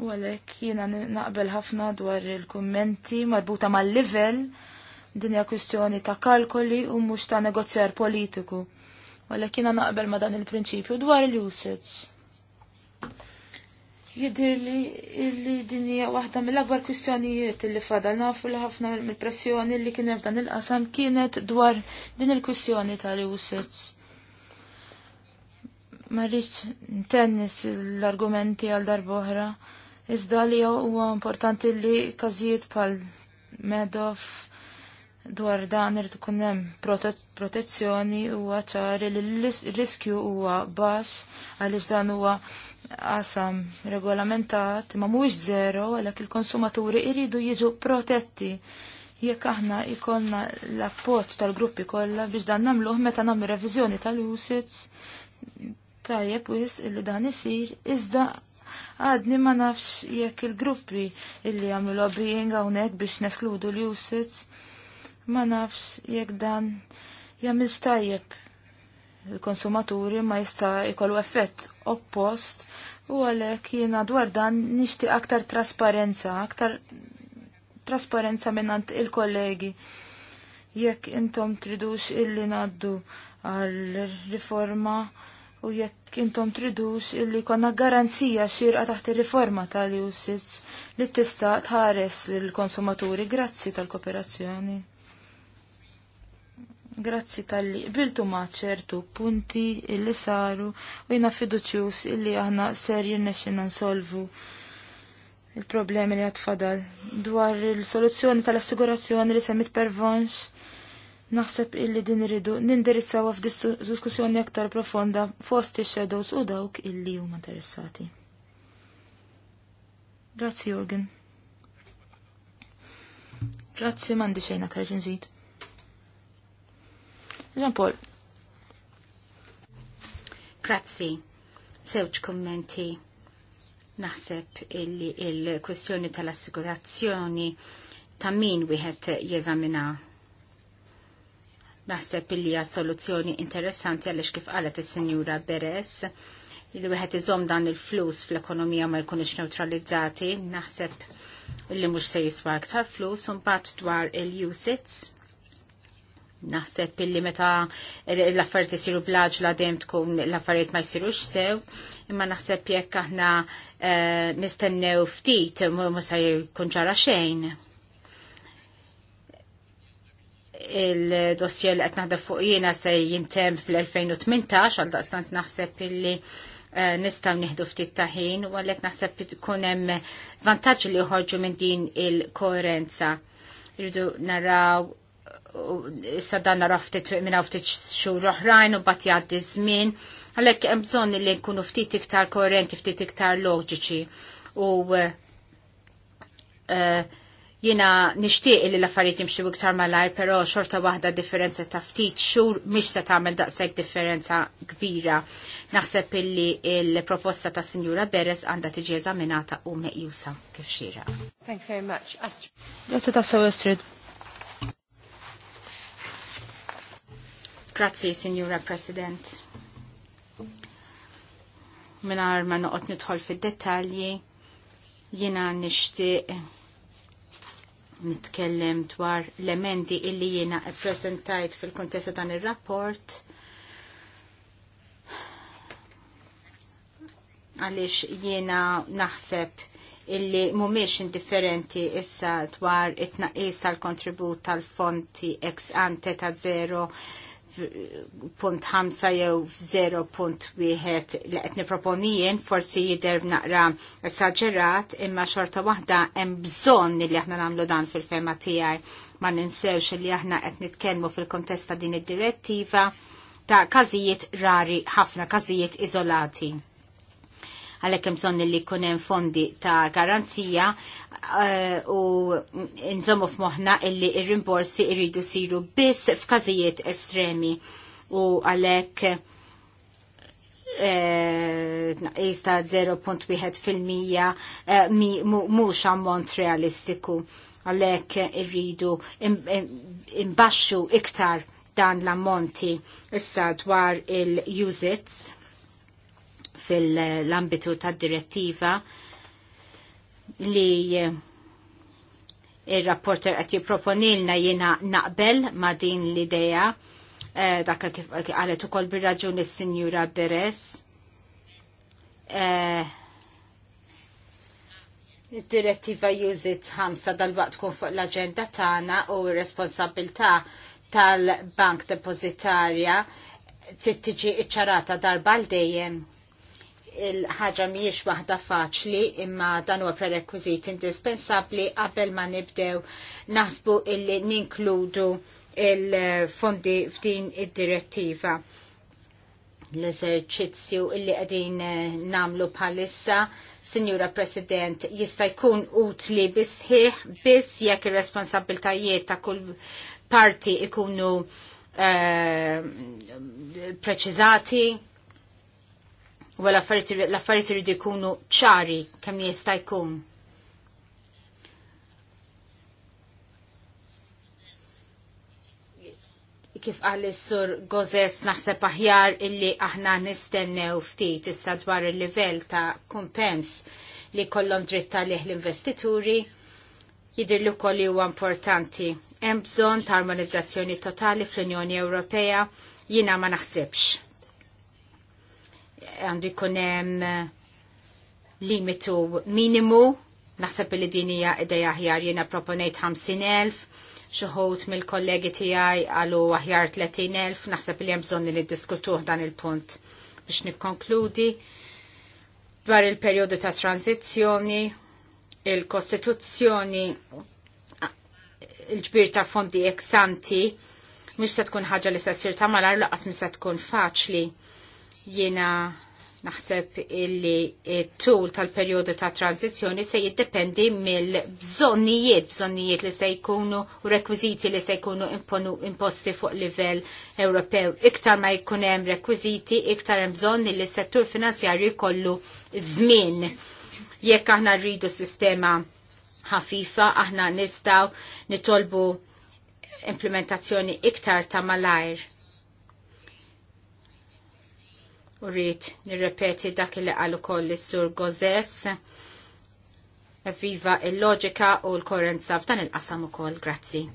U għalhekk jiena naqbel ħafna dwar il-kummenti marbuta mal-livell din hija kwistjoni ta' kalkoli u mhux ta' negozjar politiku. U Għalhekk jiena naqbel ma' dan il-prinċipju dwar il-usage Jidir li illi hija waħda mill-akbar kwistjonijiet li fadalna nafu li ħafna mill-pressjoni li kienem dan il-qasam kienet dwar din il-kwistjoni tal-usits. Marriċ tennis l-argumenti għal darboħra, iżda li huwa importanti li kazijiet pal Medov dwar dan irid ikun hemm protezzjoni huwa ċari li l-riskju huwa baxx għaliex dan huwa qasam regolamentat ma mhux zero għalhekk il-konsumaturi jridu jiġu protetti jekk aħna jkollna l-appoġġ tal-gruppi kollha biex dan nagħmluh meta nagħmlu reviżjoni tal usits tajjeb wis illi dan isir iżda għadni ma nafx jekk il-gruppi illi għamlu lobbying hawnhekk biex neskludu l usits ma nafx jekk dan jagħmilx tajjeb il-konsumaturi ma jista' jkollu effett oppost u għalhekk jina dwar dan nixtieq aktar trasparenza, aktar trasparenza minnant il-kollegi. Jekk intom tridux illi naddu għal-riforma u jekk intom tridux illi konna garanzija xirqa taħt ir-riforma tal-usage li tista tħares il-konsumaturi grazzi tal-kooperazzjoni. Grazzi tal-li biltu ċertu punti illi saru u jina fiduċjus illi aħna ser jirnexin nsolvu il-problemi li għatfadal. Dwar il-soluzzjoni tal-assigurazzjoni li semmit vonx naħseb illi din irridu nindirissaw f'diskussjoni aktar profonda fost ix-shadows u dawk illi huma interessati. Grazzi Jorgen. Grazzi m'għandi xejn aktar nżid. Jean Grazzi. Sewċ kommenti. Naħseb il-kwestjoni il tal-assigurazzjoni ta' min wieħed jeżamina. Naħseb illi hija soluzzjoni interessanti għaliex kif qalet is-Sinjura Beres li wieħed iżomm dan il-flus fl-ekonomija ma jkunux neutralizzati, naħseb illi mhux se jiswa aktar flus, u mbagħad dwar il-usits naħseb illi meta l-affarijiet isiru la dejjem tkun l-affarijiet ma jsirux sew, imma naħseb jekk aħna eh, nistennew ftit ma se jkun ġara xejn. Il-dossier li qed naħdem fuq jiena se jintemm fl-2018 għal daqstant naħseb illi eh, nistaw nieħdu ftit ta' ħin u għalhekk naħseb tkun hemm vantaġġ li joħorġu minn din il-koerenza. Irridu naraw sadanna danna raftit minna ftit xhur oħrajn u bat jgħaddi żmien, għalhekk hemm bżonn li nkunu ftit iktar koerenti, ftit iktar loġiċi u eh, jiena nixtieq li l-affarijiet jimxu iktar malajr, però xorta waħda differenza ta' ftit xhur mhix se tagħmel daqshekk differenza kbira. Naħseb illi il-proposta ta' Sinjura Beres għandha tiġi eżaminata u meqjusa kif xira. Thank you very much. Astrid. Grazie ta' Astrid. Grazzi, Signora President. Minar ma noqot nidħol fid-dettalji, jina nishtiq nitkellem dwar l-emendi illi jiena prezentajt fil-kontesta dan il-rapport għalix jiena naħseb illi mumiex indifferenti issa dwar it-naqis tal-kontribut tal-fonti ex ante ta' zero punt 5 jew 0.1 li qed niproponijien forsi jidher naqra esaġerat imma xorta waħda hemm bżonn li aħna nagħmlu dan fil-fema tiegħi ma ninsewx li aħna qed nitkellmu fil-kontest ta' din id-direttiva ta' każijiet rari ħafna każijiet iżolati għalhekk hemm bżonn li jkun hemm fondi ta' garanzija eh, u nżommu f'moħħna illi ir-rimborsi jridu siru biss f'każijiet estremi u għalhekk 0.1 fil 0.1% mhux ammont realistiku għalhekk irridu imbaxxu iktar dan l-ammonti issa dwar il-usits fil-ambitu tad direttiva li eh, il-rapporter għati proponilna jena naqbel ma din l-ideja eh, dakka kif għalet u kol birraġun il-Sinjura Beres e, direttiva jużit ħamsa dal-waqt kun fuq l-agenda tagħna u r-responsabilità tal-bank depozitarja tittiġi iċċarata darba l dejjem il-ħaġa mhijiex waħda faċli imma dan huwa prerekwiżit indispensabbli qabel ma nibdew naħsbu illi ninkludu il-fondi f'din id-direttiva. L-eżerċizzju illi qegħdin eh, namlu bħalissa Signora President, jista' jkun utli bisħiħ biss jekk ir-responsabiltajiet ta' kull parti ikunu uh, preċiżati, u l-affarijiet irid jkunu ċari kemm jista' jkun. kif għal sur Gozes naħseb aħjar illi aħna nistennew ftit issa dwar il-livell ta' kumpens li kollhom dritt talih l-investituri jidir li huwa importanti. Hemm bżonn ta' armonizzazzjoni totali fl-Unjoni Ewropea jina ma naħsibx għandu jkunem eh, limitu minimu, naħseb li din hija deja aħjar jiena proponejt 50,000, xoħut mill-kollegi tiegħi għalu ħjar 30,000, naħseb li hemm li diskutuħ dan il-punt biex nikkonkludi dwar il-perjodu ta' tranzizjoni, il-kostituzzjoni, il-ġbir ta' fondi eksanti, mhux se tkun ħaġa li se ssir ta' malar laqas mi se tkun faċli Jiena naħseb illi tul tal-perjodu ta' tranzizjoni se jiddependi mill-bżonnijiet, bżonnijiet li se jkunu u rekwiziti li se jkunu imposti fuq livell Ewropew. Iktar ma jkun hemm rekwiziti, iktar hemm bżonn li settur finanzjarju jkollu żmien. Jekk aħna rridu sistema ħafifa, aħna nistgħu nitolbu implementazzjoni iktar ta' malajr u rrit nirrepeti dak li qalu koll is-sur Gozes. Viva il-loġika u l korenza f'dan il-qasam ukoll. Grazzi.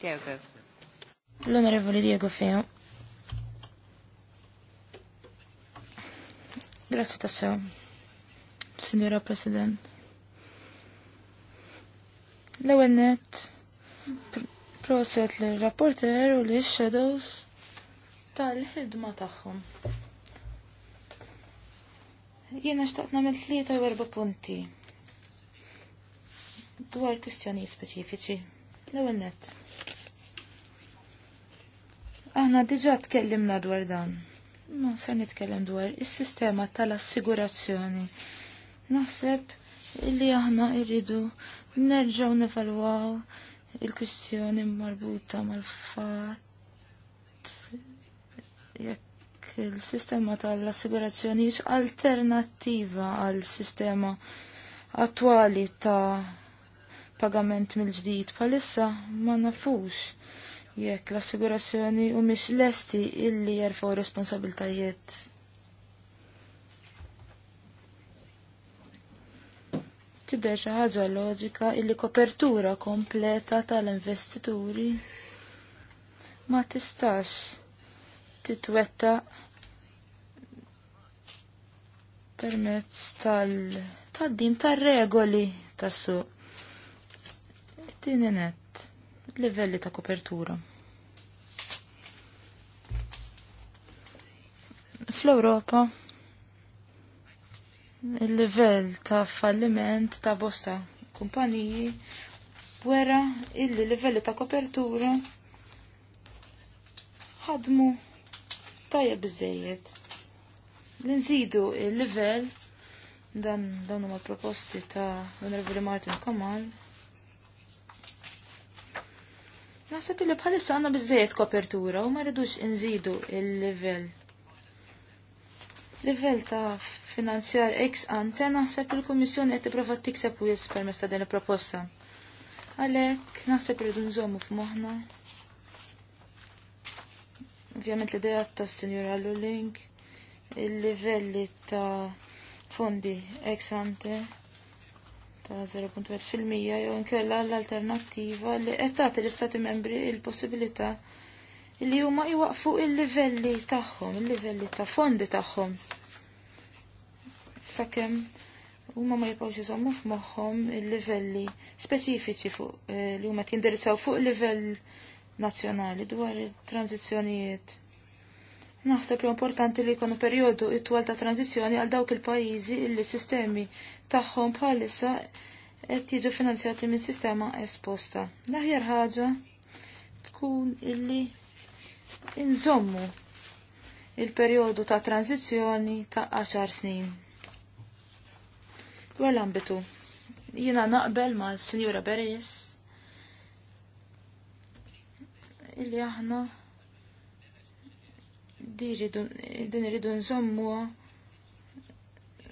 Diego. L-Onorevoli Diego Feo. Grazie tassew, Signora President. l nett. Proset li rapporter u li shadows tal-ħidma tagħhom. Jiena xtaqt nagħmel tlieta u erba' punti dwar kwistjoni speċifiċi. L-ewwel nett. Aħna diġà tkellimna dwar dan. Ma se nitkellem dwar is-sistema tal-assigurazzjoni. Naħseb li aħna irridu nerġgħu nevalwaw il-kwistjoni marbuta mal-fatt jekk il-sistema tal-assigurazzjoni alternattiva għal sistema attwali ta' pagament mill-ġdid palissa ma nafux jekk l-assigurazzjoni u mhix lesti illi jerfgħu responsabiltajiet tidher xi ħaġa loġika illi kopertura kompleta tal-investituri ma tistax titwetta permezz tal-taddim tar-regoli tas-suq. it net, livelli ta' kopertura. Fl-Europa, il-level ta' falliment ta' bosta kumpaniji wera illi livelli ta' kopertura ħadmu tajja bizzejiet. L-nżidu il-level dan dan huma proposti ta' Onorevoli Martin Kamal. Naħseb li bħalissa għandna bizzejiet kopertura u ma rridux inżidu il-level. Level ta' finanzjar ex ante naħseb il-Kummissjoni qed tipprova tikseb wis permezz ta' din il-proposta. Għalhekk naħseb irridu nżommu f'moħħna. Ovvjament l-idea tas-Sinjura Luling, il-livelli ta' fondi ex ante ta' 0.1% jew inkella l-alternattiva li qed tagħti l-Istati membri il-possibilità li huma jwaqfu il-livelli tagħhom, il-livelli ta' fondi tagħhom sakemm huma ma jibqgħux iżommu f'moħħhom il-livelli speċifiċi fuq eh, li huma tindirizzaw fuq livell nazzjonali dwar it-tranzizzjonijiet. Naħseb li importanti li jkunu perjodu it-twal ta' tranzizzjoni għal dawk il-pajjiżi illi sistemi tagħhom bħalissa qed jiġu finanzjati minn sistema esposta. L-aħjar ħaġa tkun illi inżommu il-perjodu ta' tranzizzjoni ta' 10 snin dwar l-ambitu. Jina naqbel ma' Sinjura Beres illi aħna din iridu nżommuha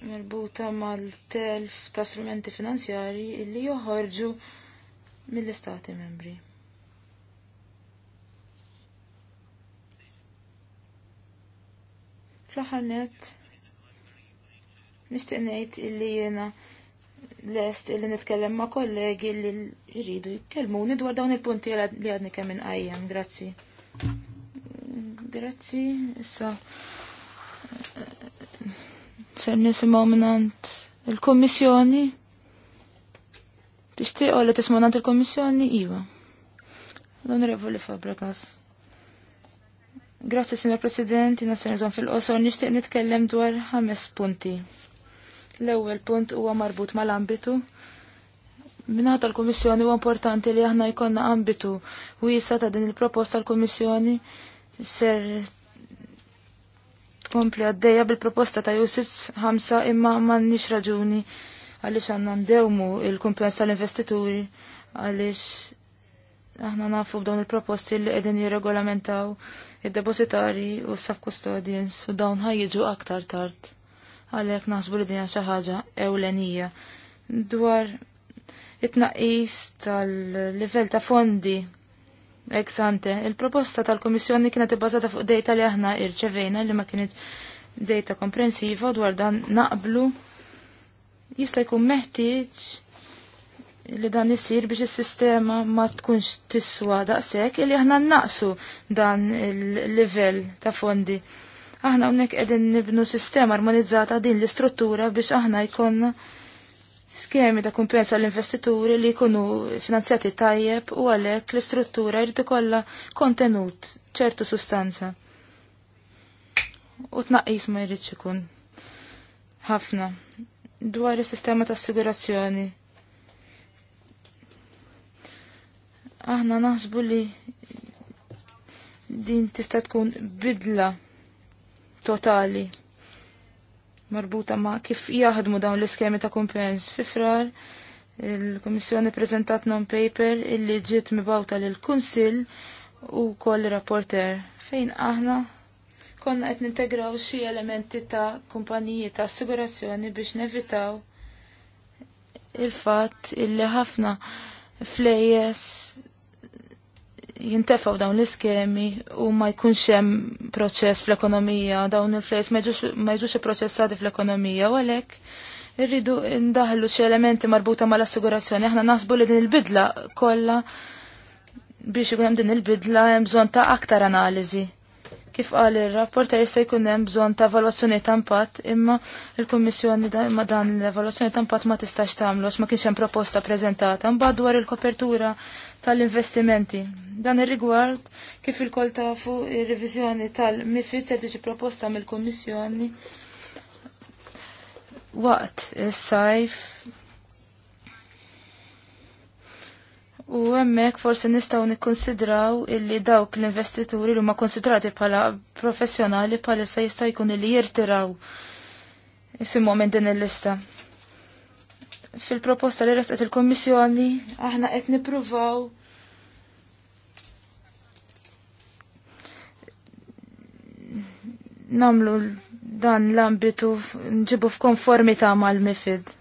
marbuta mal-telf ta' strumenti finanzjari illi joħorġu mill-istati membri. fl Nixtieq ngħid illi jiena lest illi nitkellem ma' kollegi li jridu jitkellmuni dwar dawn il-punti li għadni kemm għajjem. Grazzi. Grazzi, issa. Ser nisimgħu minant il-Kommissjoni. Tixtiequ li tisma' il-Kommissjoni? Iva. L-Onorevoli Fabregas. Grazzi, Signor President, jina ser fil-qosor nixtieq nitkellem dwar ħames punti. L-ewwel punt huwa marbut mal-ambitu. Minħat tal-Kummissjoni huwa importanti li aħna jkollna ambitu wiesa ta' din il-proposta tal-Kummissjoni ser tkompli għaddejja bil-proposta ta' Jusit ħamsa imma m'għandniex raġuni għaliex għandna ndewmu il-kumpens tal-investituri għaliex aħna nafu b'dawn il-proposti li qegħdin jirregolamentaw id-depositari u s sub custodians u dawn ħajjiġu aktar tard għalhekk naħsbu li dinja xi ħaġa ewlenija dwar it-tnaqqis tal-livell ta' fondi ex ante. Il-proposta tal-Komissjoni kienet ibbażata fuq dejta li aħna irċevejna li ma kienet dejta komprensiva dwar dan naqblu jista' jkun meħtieġ li dan isir biex is-sistema ma tkunx tiswa daqshekk li aħna naqsu dan il-livell ta' fondi. Aħna hawnhekk qegħdin nibnu sistema armonizzata din l-istruttura biex aħna jkollna skemi ta' kumpensa l-investituri li jkunu finanzjati tajjeb u għalhekk l-istruttura jrid ikollha kontenut ċertu sustanza. U tnaqqis ma jridx ikun ħafna dwar is-sistema ta' assigurazzjoni. Aħna naħsbu li din tista' tkun bidla totali marbuta ma' kif jaħdmu dawn l-iskemi ta' kumpens. Fifrar, il-Komissjoni prezentat non-paper illi ġiet mibawta l-Kunsil u koll rapporter fejn aħna konna qed nintegraw xi elementi ta' kumpaniji ta' assigurazzjoni biex nevitaw il-fatt illi ħafna flejes jintefaw dawn l-iskemi u ma jkunx hemm proċess fl-ekonomija, dawn il-flejs ma jġux proċessati fl-ekonomija u għalhekk irridu ndaħlu xi elementi marbuta mal-assigurazzjoni. Aħna naħsbu li din il-bidla kollha biex ikun hemm din il-bidla hemm bżonn ta' aktar analiżi. Kif qal ir-rapporter jista' jkun hemm bżonn ta' evalwazzjoni ta' impatt, imma il-Kummissjoni imma dan l-evalwazzjoni ta' impatt ma tistax tagħmlux, ma kienx hemm proposta preżentata. Mbagħad dwar il-kopertura tal-investimenti. Dan ir-rigward kif il-kol tafu ir revizjoni tal-MIFID se tiġi proposta mill-Kummissjoni waqt is-sajf U hemmhekk forsi nistgħu nikkonsidraw illi dawk l-investituri li huma konsidrati bħala professjonali bħalissa jista' jkun li jirtiraw isimhom minn din il-lista fil-proposta li restet il-Kommissjoni aħna qed nippruvaw namlu dan l-ambitu nġibu f'konformità mal-mifid.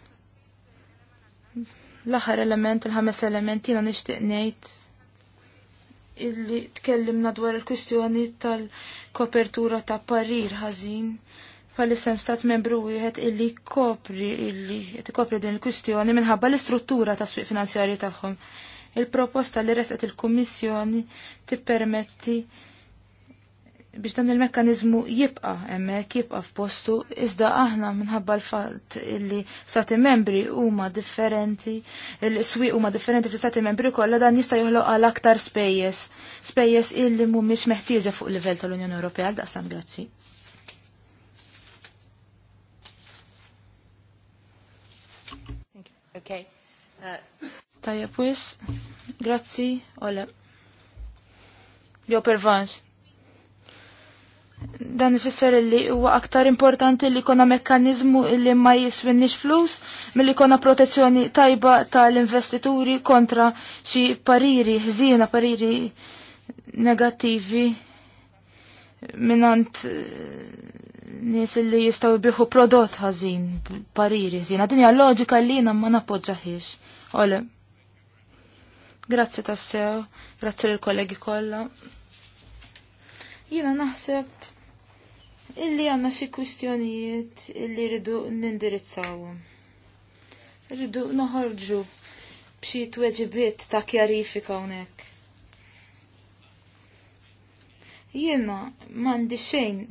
L-aħħar element, il-ħames element, jina nixtieq ngħid illi tkellimna dwar il-kwistjoni tal-kopertura ta' parir ħażin pal sem stat membru wieħed illi kopri illi qed ikopri din il-kwistjoni minħabba l-istruttura ta' swieq finanzjarji tagħhom. Il-proposta li resqet il-Kummissjoni tippermetti biex dan il-mekkanizmu jibqa hemmhekk jibqa f'postu iżda aħna minħabba l-fatt illi stati membri huma differenti, il-swieq huma differenti fl-stati membri kollha dan jista' joħloq għal aktar spejjeż, spejjeż illi mhumiex meħtieġa fuq livell tal-Unjoni Ewropea għal daqstan grazzi. Okay. Uh, Tajja pwis, grazzi, ole. Jo vans. Dan ifisser li huwa aktar importanti li kona mekkanizmu li ma jiswinnix flus milli kona protezzjoni tajba tal-investituri kontra xi pariri, ħżina pariri negattivi minant eh, nis li jistgħu biħu prodott ħażin, pariri ħażin. Din hija loġika li jiena ma nappoġġaħiex. Ole. Grazzi tas-sew, grazzi lill kollegi kollha. Jiena naħseb illi għandna xi kwistjonijiet illi rridu nindirizzawhom. Rridu noħorġu b'xi tweġibiet ta' kjarifika hawnhekk. Jiena m'għandi xejn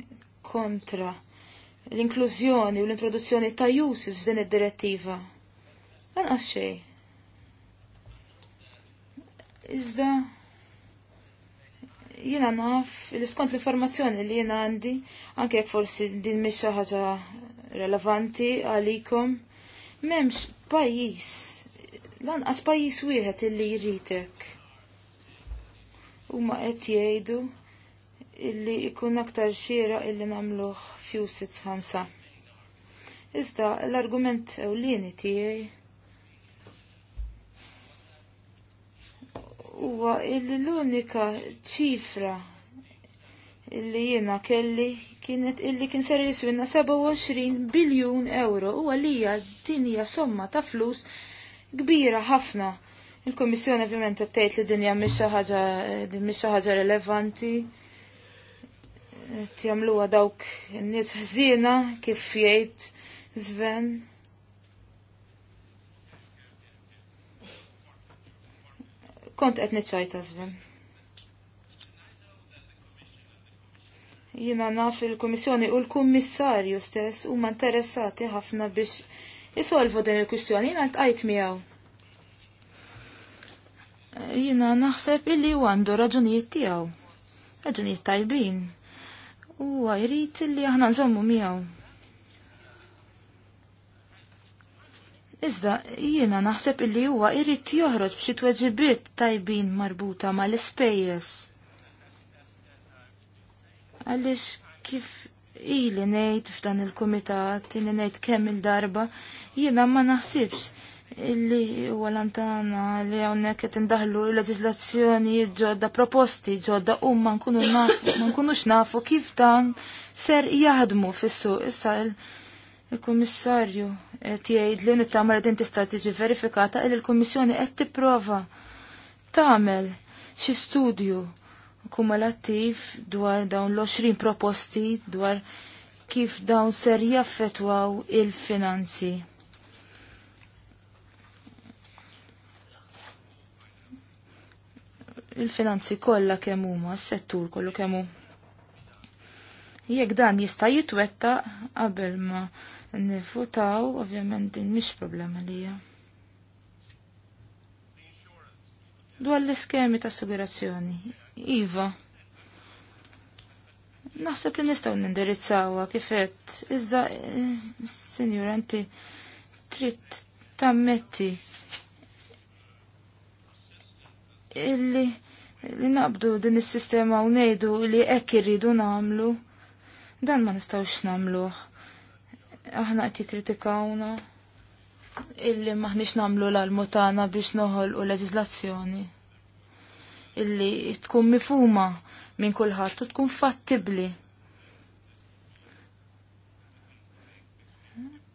kontra l-inklużjoni u l-introduzzjoni ta' uses f'din id-direttiva. Lanqas xejn. Iżda jiena naf l skont l-informazzjoni li jiena għandi, anke jekk forsi din mhix xi ħaġa relevanti għalikom, m'hemmx pajjiż lanqas pajjiż wieħed illi jritek. Huma qed jgħidu illi ikun aktar xira illi namluħ fjusit 6 Iżda l-argument ewlieni tiegħi huwa illi l-unika ċifra illi jiena kelli kienet illi kien ser jiswinna 27 biljun euro u għalija din hija somma ta' flus kbira ħafna. il komissjoni ovvjament tgħid li dinja mis xi ħaġa relevanti jamluwa dawk n-nis ħzina kif jgħid Sven. Kont qed niċċajta Sven. Jina naf il-Kummissjoni u l-Kummissarju stess huma interessati ħafna biex jisolvu din il-kwistjoni, jina l-tqajt miegħu. Jina naħseb illi għandu raġunijiet tiegħu, raġunijiet tajbin huwa jrid li aħna nżommu miegħu. Iżda jiena naħseb illi huwa jrid joħroġ b'xi tweġibiet tajbin marbuta mal-ispejjeż. Għaliex kif ili ngħid f'dan il-kumitat, ili ngħid kemm il-darba, jiena ma naħsibx illi huwa lantana li hawnhekk qed indaħlu l leġislazzjoni ġodda proposti ġodda u man kunu xnafu ma nkunux nafu kif dan ser jaħdmu fis-suq issa il-kummissarju qed jgħid li unita maradin tista' tiġi verifikata li l-Kummissjoni qed tipprova tagħmel xi studju kumulattiv dwar dawn l-20 proposti dwar kif dawn ser jaffetwaw il-finanzi il-finanzi kollha kemm huma, s-settur kollu kemm hu. Jekk dan jista' jitwetta qabel ma nifutaw, ovvjament din mhix problema hija. Dwar l-iskemi ta' assigurazzjoni. Iva. Naħseb li nistgħu nindirizzawa kifet, iżda sinjur anti trid tammetti illi li naqbdu din is-sistema u ngħidu li hekk irridu nagħmlu, dan ma nistgħux nagħmluh. Aħna qed jikkritikawna illi maħniex nagħmlu l mutana biex biex noħolqu l-leġislazzjoni illi tkun mifuma minn kulħadd u tkun fattibbli.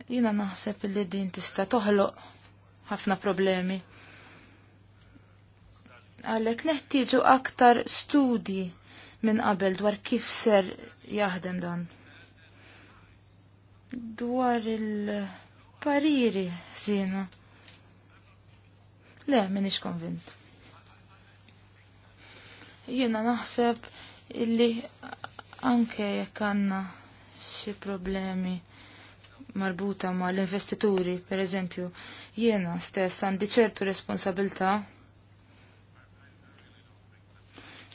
Jina naħseb illi din tista' toħloq ħafna problemi għallek neħtieġu aktar studji minn qabel dwar kif ser jaħdem dan. Dwar il-pariri sina. Le, minix konvint. Jena naħseb illi anke jekk għanna xi problemi marbuta ma l-investituri, per eżempju, jiena stess għandi ċertu responsabilta'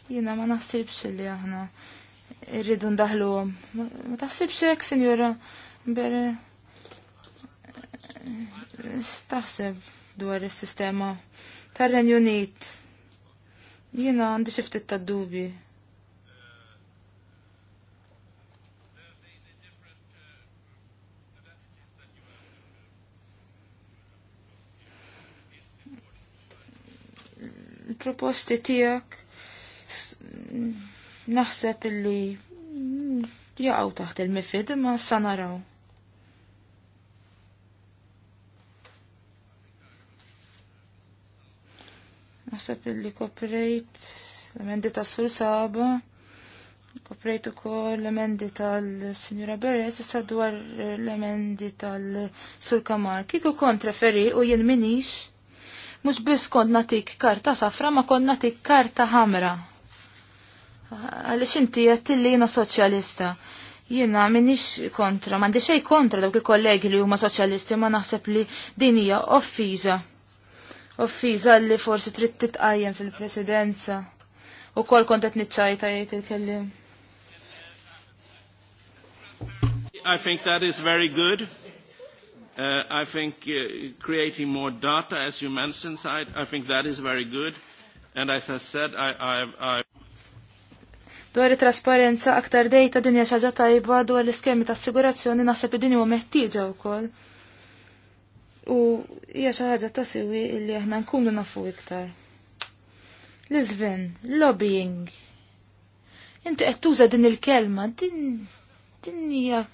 Jina ma naħsibx li aħna irridu ndaħlu. Ma taħsibx hekk, senjora, bere Staħseb dwar is-sistema tar-Renju Unit. Jiena għandi xi ftit dubi il-proposti tijak naħseb illi jaqgħu taħt il-mifid imma sa naraw. Naħseb illi koprejt l-emendi ta' sur saba, koprejt ukoll l-emendi tal-Sinjura Beres, issa dwar l-emendi tal-Sur Kamar. Kiku kont referi u jien minix, mhux biss kont natik karta safra, ma kont natik karta ħamra għaliex inti qed illina soċjalista. Jiena minix kontra, m'għandi xej kontra dawk il-kollegi li huma soċjalisti ma naħseb li din hija offiża. li forsi trid titqajjem fil-presidenza. U kol kontet nitċajta jgħid il-kellim. I think that is very good. Uh, I think uh, creating more data, as you mentioned, I, I think that is very good. And as I said, I, I, I dwar it-trasparenza aktar dejta din hija xaġa tajba dwar l-iskemi ta' assigurazzjoni naħseb din huwa meħtieġa wkoll. U hija xi ħaġa ta' siwi illi aħna nkunu nafu iktar. L-iżven, lobbying. Inti qed tuża din il-kelma, din din hija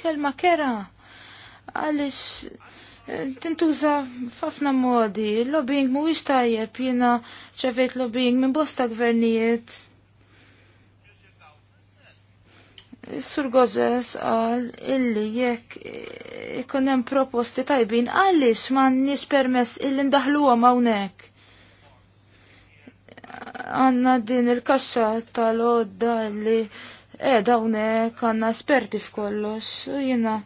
kelma kera għaliex eh, tintuża f'ħafna modi. Lobbying mhuwiex tajjeb jiena ċevejt lobbying minn bosta gvernijiet Sur Gozes għal illi jekk ikun hemm proposti tajbin għaliex m'għandniex permess illi ndaħluhom hawnhekk. Għandna din il-kaxxa tal-odda li qiegħda hawnhekk għandna esperti f'kollox u jiena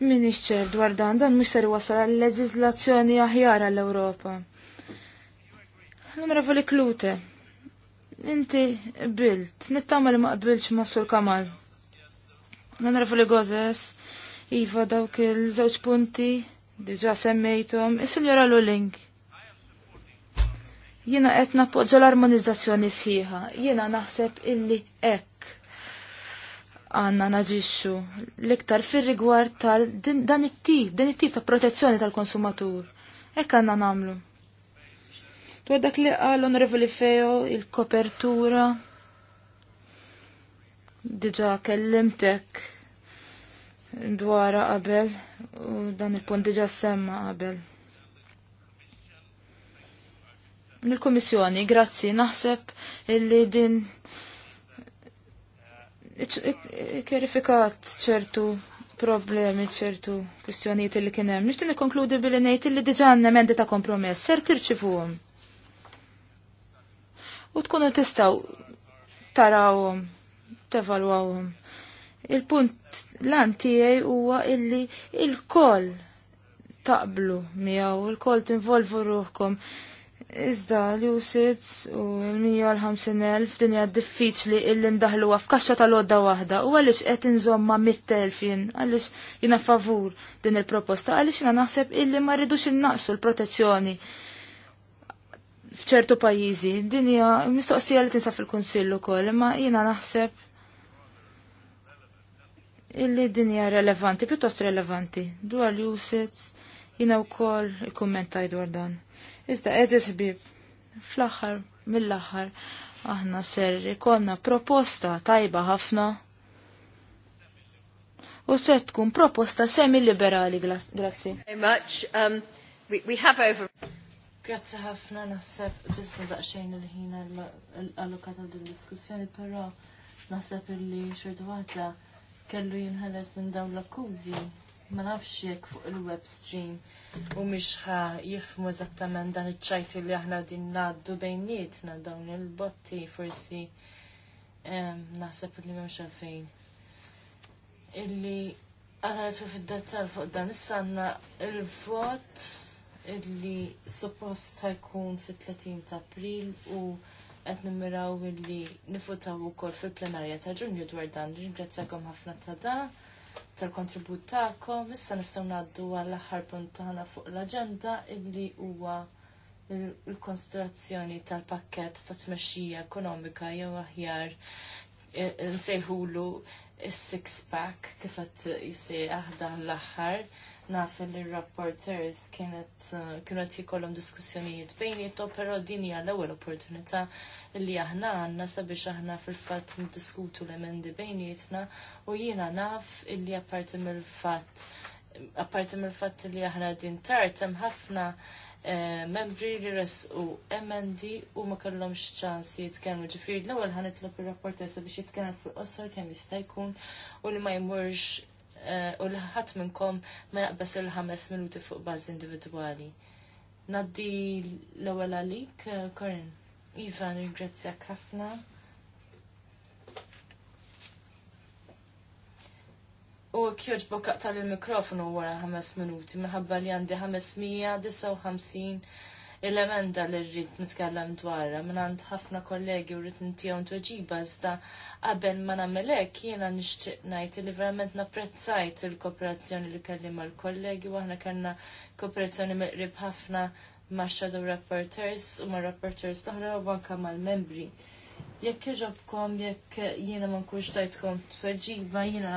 minix dwar dan dan mhux ser wasal għal-leġiżlazzjoni aħjar għall-Ewropa. l li Klute, inti bilt, nittamal ma bilt ma' Sur Kamal. Nanrafu li gozes, Iva dawk il-żewġ punti, diġa semmejtom, is-sinjora Luling. Jiena qed nappoġġa l-armonizzazzjoni sħiħa, jiena naħseb illi hekk għanna naġixxu l-iktar fir-rigward tal dan it-tip, din it-tip ta' protezzjoni tal-konsumatur. Hekk għandna nagħmlu. Dwar dak li qal Onorevoli Feo, il-kopertura, Diġa kellimtek dwar qabel u dan il-punt diġa semma qabel. nil komissjoni grazzi, naħseb illi din kjerifikat ċertu problemi ċertu kwistjonijiet li kien hemm. Nixtieq nikkonkludi billi ngħid illi diġà emendi ta' kompromess ser tirċifuhom. U tkunu tistgħu tarawhom tevalwawhom. Il-punt lan tiegħi huwa illi il-koll taqblu miegħu, il-koll tinvolvu ruħkom. Iżda l-usits u l-150.000 dinja diffiċli illi ndaħlu f'kaxxa tal-odda waħda u għaliex qed inżomma mit-telfin, għaliex jina favur din il-proposta, għaliex jina naħseb illi ma rridux innaqsu l-protezzjoni f'ċertu pajjiżi. Dinja mistoqsija li tinsa fil-Kunsill ukoll, imma jiena naħseb illi dinja relevanti, pjuttost relevanti, dwar li usitz, jina u kol kommentaj dwar dan. Iżda, eżis bib, fl-axar, mill-axar, aħna ser ikonna proposta tajba ħafna u se tkun proposta semi-liberali, grazzi. Grazzi ħafna naħseb bizna daqxejn il ħina l allokata d-diskussjoni, pero naħseb illi xorta waħda kellu jinħeles minn dawn l-akkużi. Ma nafx jekk fuq il-web stream u mixħa jifmu eżattament dan iċ-ċajti li aħna din naddu bejnietna dawn il-botti forsi naħseb li memx għalfejn. Illi aħna għetfu fid-dettal fuq dan issa sanna il-vot illi suppost ħajkun fit-30 ta' april u qed nimmiraw illi nifutaw ukoll fil-plenarja ta' Ġunju dwar dan. Ringrazzakom ħafna ta' da tal-kontribut tagħkom. Issa nistgħu ngħaddu għall-aħħar punt tagħna fuq l-aġenda illi huwa l-konsiderazzjoni tal-pakket ta' tmexxija ekonomika jew aħjar e, nsejħulu is-six pack kif qed jisejħ l-aħħar naf li rapporters kienet eh, kienu qed diskussjonijiet bejnietu, però din hija l-ewwel opportunità li aħna għandna sabiex aħna fil-fatt niddiskutu l-emendi bejnietna u jiena naf illi apparti mill-fatt apparti mill-fatt li aħna din tard hemm ħafna eh, membri li resqu emendi u ma kellhomx ċans jitkellmu ġifieri l-ewwel ħanitlob ir-rapporter sabiex jitkellem fuq qosor kemm jista' jkun u li ma jmurx Eh, u l-ħat minnkom ma jaqbas il-ħames minuti fuq baż individwali. Naddi l-ewwel għalik, Korin. Eh, iva, ringrazzjak ħafna. U kjoġ bokaq tal-mikrofonu wara ħames minuti, minħabba li għandi ħamsin il-emenda li rrid nitkellem dwarha minn għand ħafna kollegi u rrid nintihom tweġiba iżda qabel ma nagħmel hekk jiena nixtieq ngħid li verament napprezzajt il-kooperazzjoni li kelli mal-kollegi u aħna kellna kooperazzjoni miqrib ħafna ma' shadow rapporteurs u ma' rapporteurs l-oħra u anke mal-membri. Jekk iġobkom, jekk jiena ma nkunx tajtkom tweġiba jiena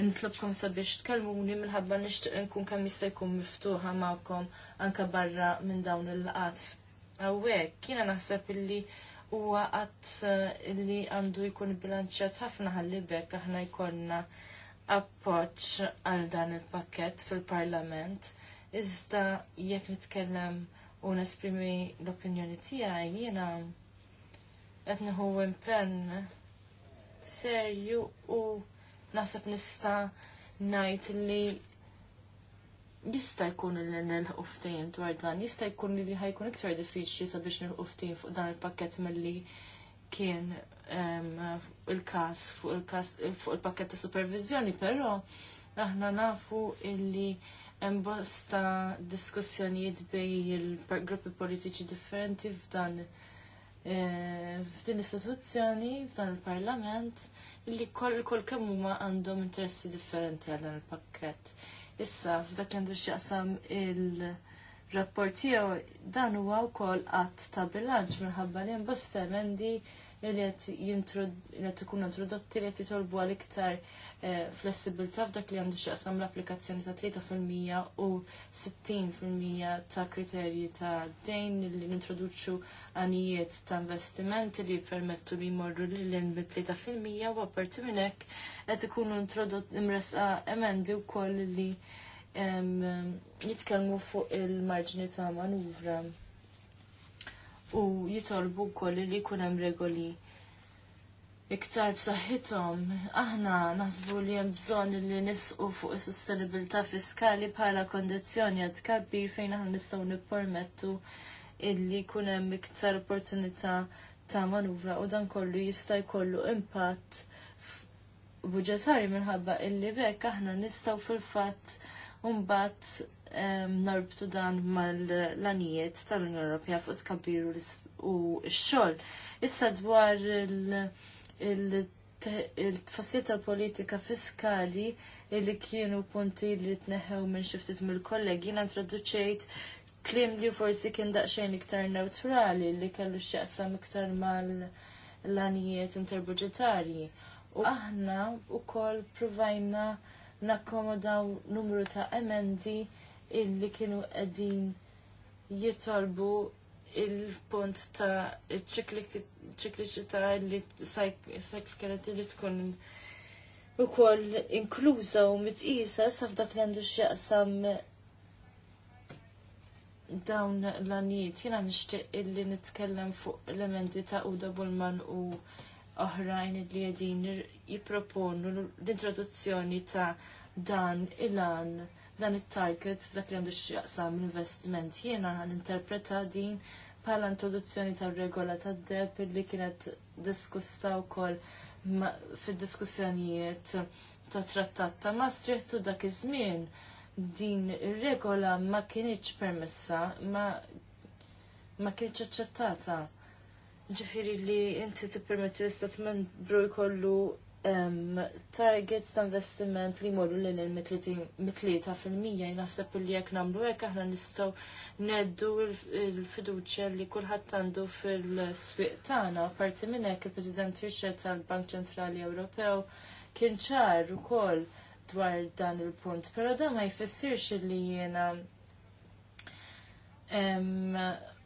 nitlobkom sabiex tkellmuni minħabba nixtieq nkun kemm jista' jkun miftuħa magħkom anke barra minn dawn il-laqat. Hawnhekk kiena naħseb illi huwa qatt eh, illi għandu jkun bilanċjat ħafna ħalli bekk aħna jkollna appoġġ għal dan il-pakkett fil-Parlament. Iżda jekk nitkellem u nesprimi l-opinjoni tiegħi jiena qed nieħu impenn serju u naħseb nista' ngħid li jista' jkun li nil ftehim dwar dan, jista' jkun li ħajkun iktar diffiċli sabiex nilħu ftehim fuq dan il-pakkett milli kien il-każ fuq il-każ fuq il-pakkett ta' supervizjoni, però aħna nafu illi hemm bosta diskussjonijiet bej il-gruppi politiċi differenti f'dan eh, f'din l-istituzzjoni, f'dan il-parlament, li kol kemm huma għandhom interessi differenti għal dan il-pakkett. Issa f'dak li għandu x'jaqsam il-rapport tiegħu dan huwa wkoll qatt ta' bilanċ minħabba li hemm bosta emendi li qed ikunu introdotti li qed jitolbu għal iktar Eh, flessibilità f'dak li għandu xaqsam l-applikazzjoni ta' 3% u 60% ta' kriterji ta' dejn li nintroduċu għanijiet ta' investimenti li permettu li jmorru li l-in bit 3% u għaparti minnek għet ikunu introdott imresqa emendi u koll li jitkelmu fuq il-marġni ta' manuvra u jitolbu koll li kunem regoli regoli iktar b'saħħithom. Aħna naħsbu li hemm bżonn li nisqu fuq is-sostenibilità fiskali bħala kondizzjoni għad kabbir fejn aħna nistgħu nippermettu illi jkun hemm iktar opportunità ta' manuvra u dan kollu jista' jkollu impatt budġetarju minħabba illi bekk aħna nistgħu fil-fatt mbagħad ehm, narbtu dan mal-lanijiet tal-Unjoni Ewropea fuq tkabbiru u x-xogħol. Issa dwar il- il tfassiet tal-politika fiskali illi kienu punti li tneħew minn xiftit mill-kollegi jina introduċejt klim li forsi kien daqxejn iktar neutrali li kellu x'jaqsam iktar mal-lanijiet interbudġetarji. U aħna u koll provajna nakkomodaw numru ta' emendi illi kienu qegħdin jitolbu il-punt ta' ċikliċità li sajklet li tkun u koll inkluza u mitqisa safdak li għandu xieqsam dawn l-anijiet. Jena nishtiq illi nitkellem fuq elementi ta' u Bullman u oħrajn li għedin jiproponu l-introduzzjoni ta' dan il-għan dan it-target f'dak li għandu x'jaqsam investiment jiena ninterpreta din bħala introduzzjoni tar-regola tad-deb li kienet diskusta wkoll fid-diskussjonijiet ta' trattat ta' Maastricht u dak iż-żmien din ir-regola ma kienx permessa ma ma kienx aċċettata. Ġifieri li inti tippermetti l-istat membru jkollu targets ta' investiment li morru l il tlieta fil-mija jnaħseb li jekk nagħmlu hekk aħna nistgħu neddu l-fiduċja li kulħadd għandu fil-swieq tagħna. Parti minn hekk il-President Richard tal-Bank Ċentrali Ewropew kien ċar ukoll dwar dan il-punt, però dan ma jfissirx li jiena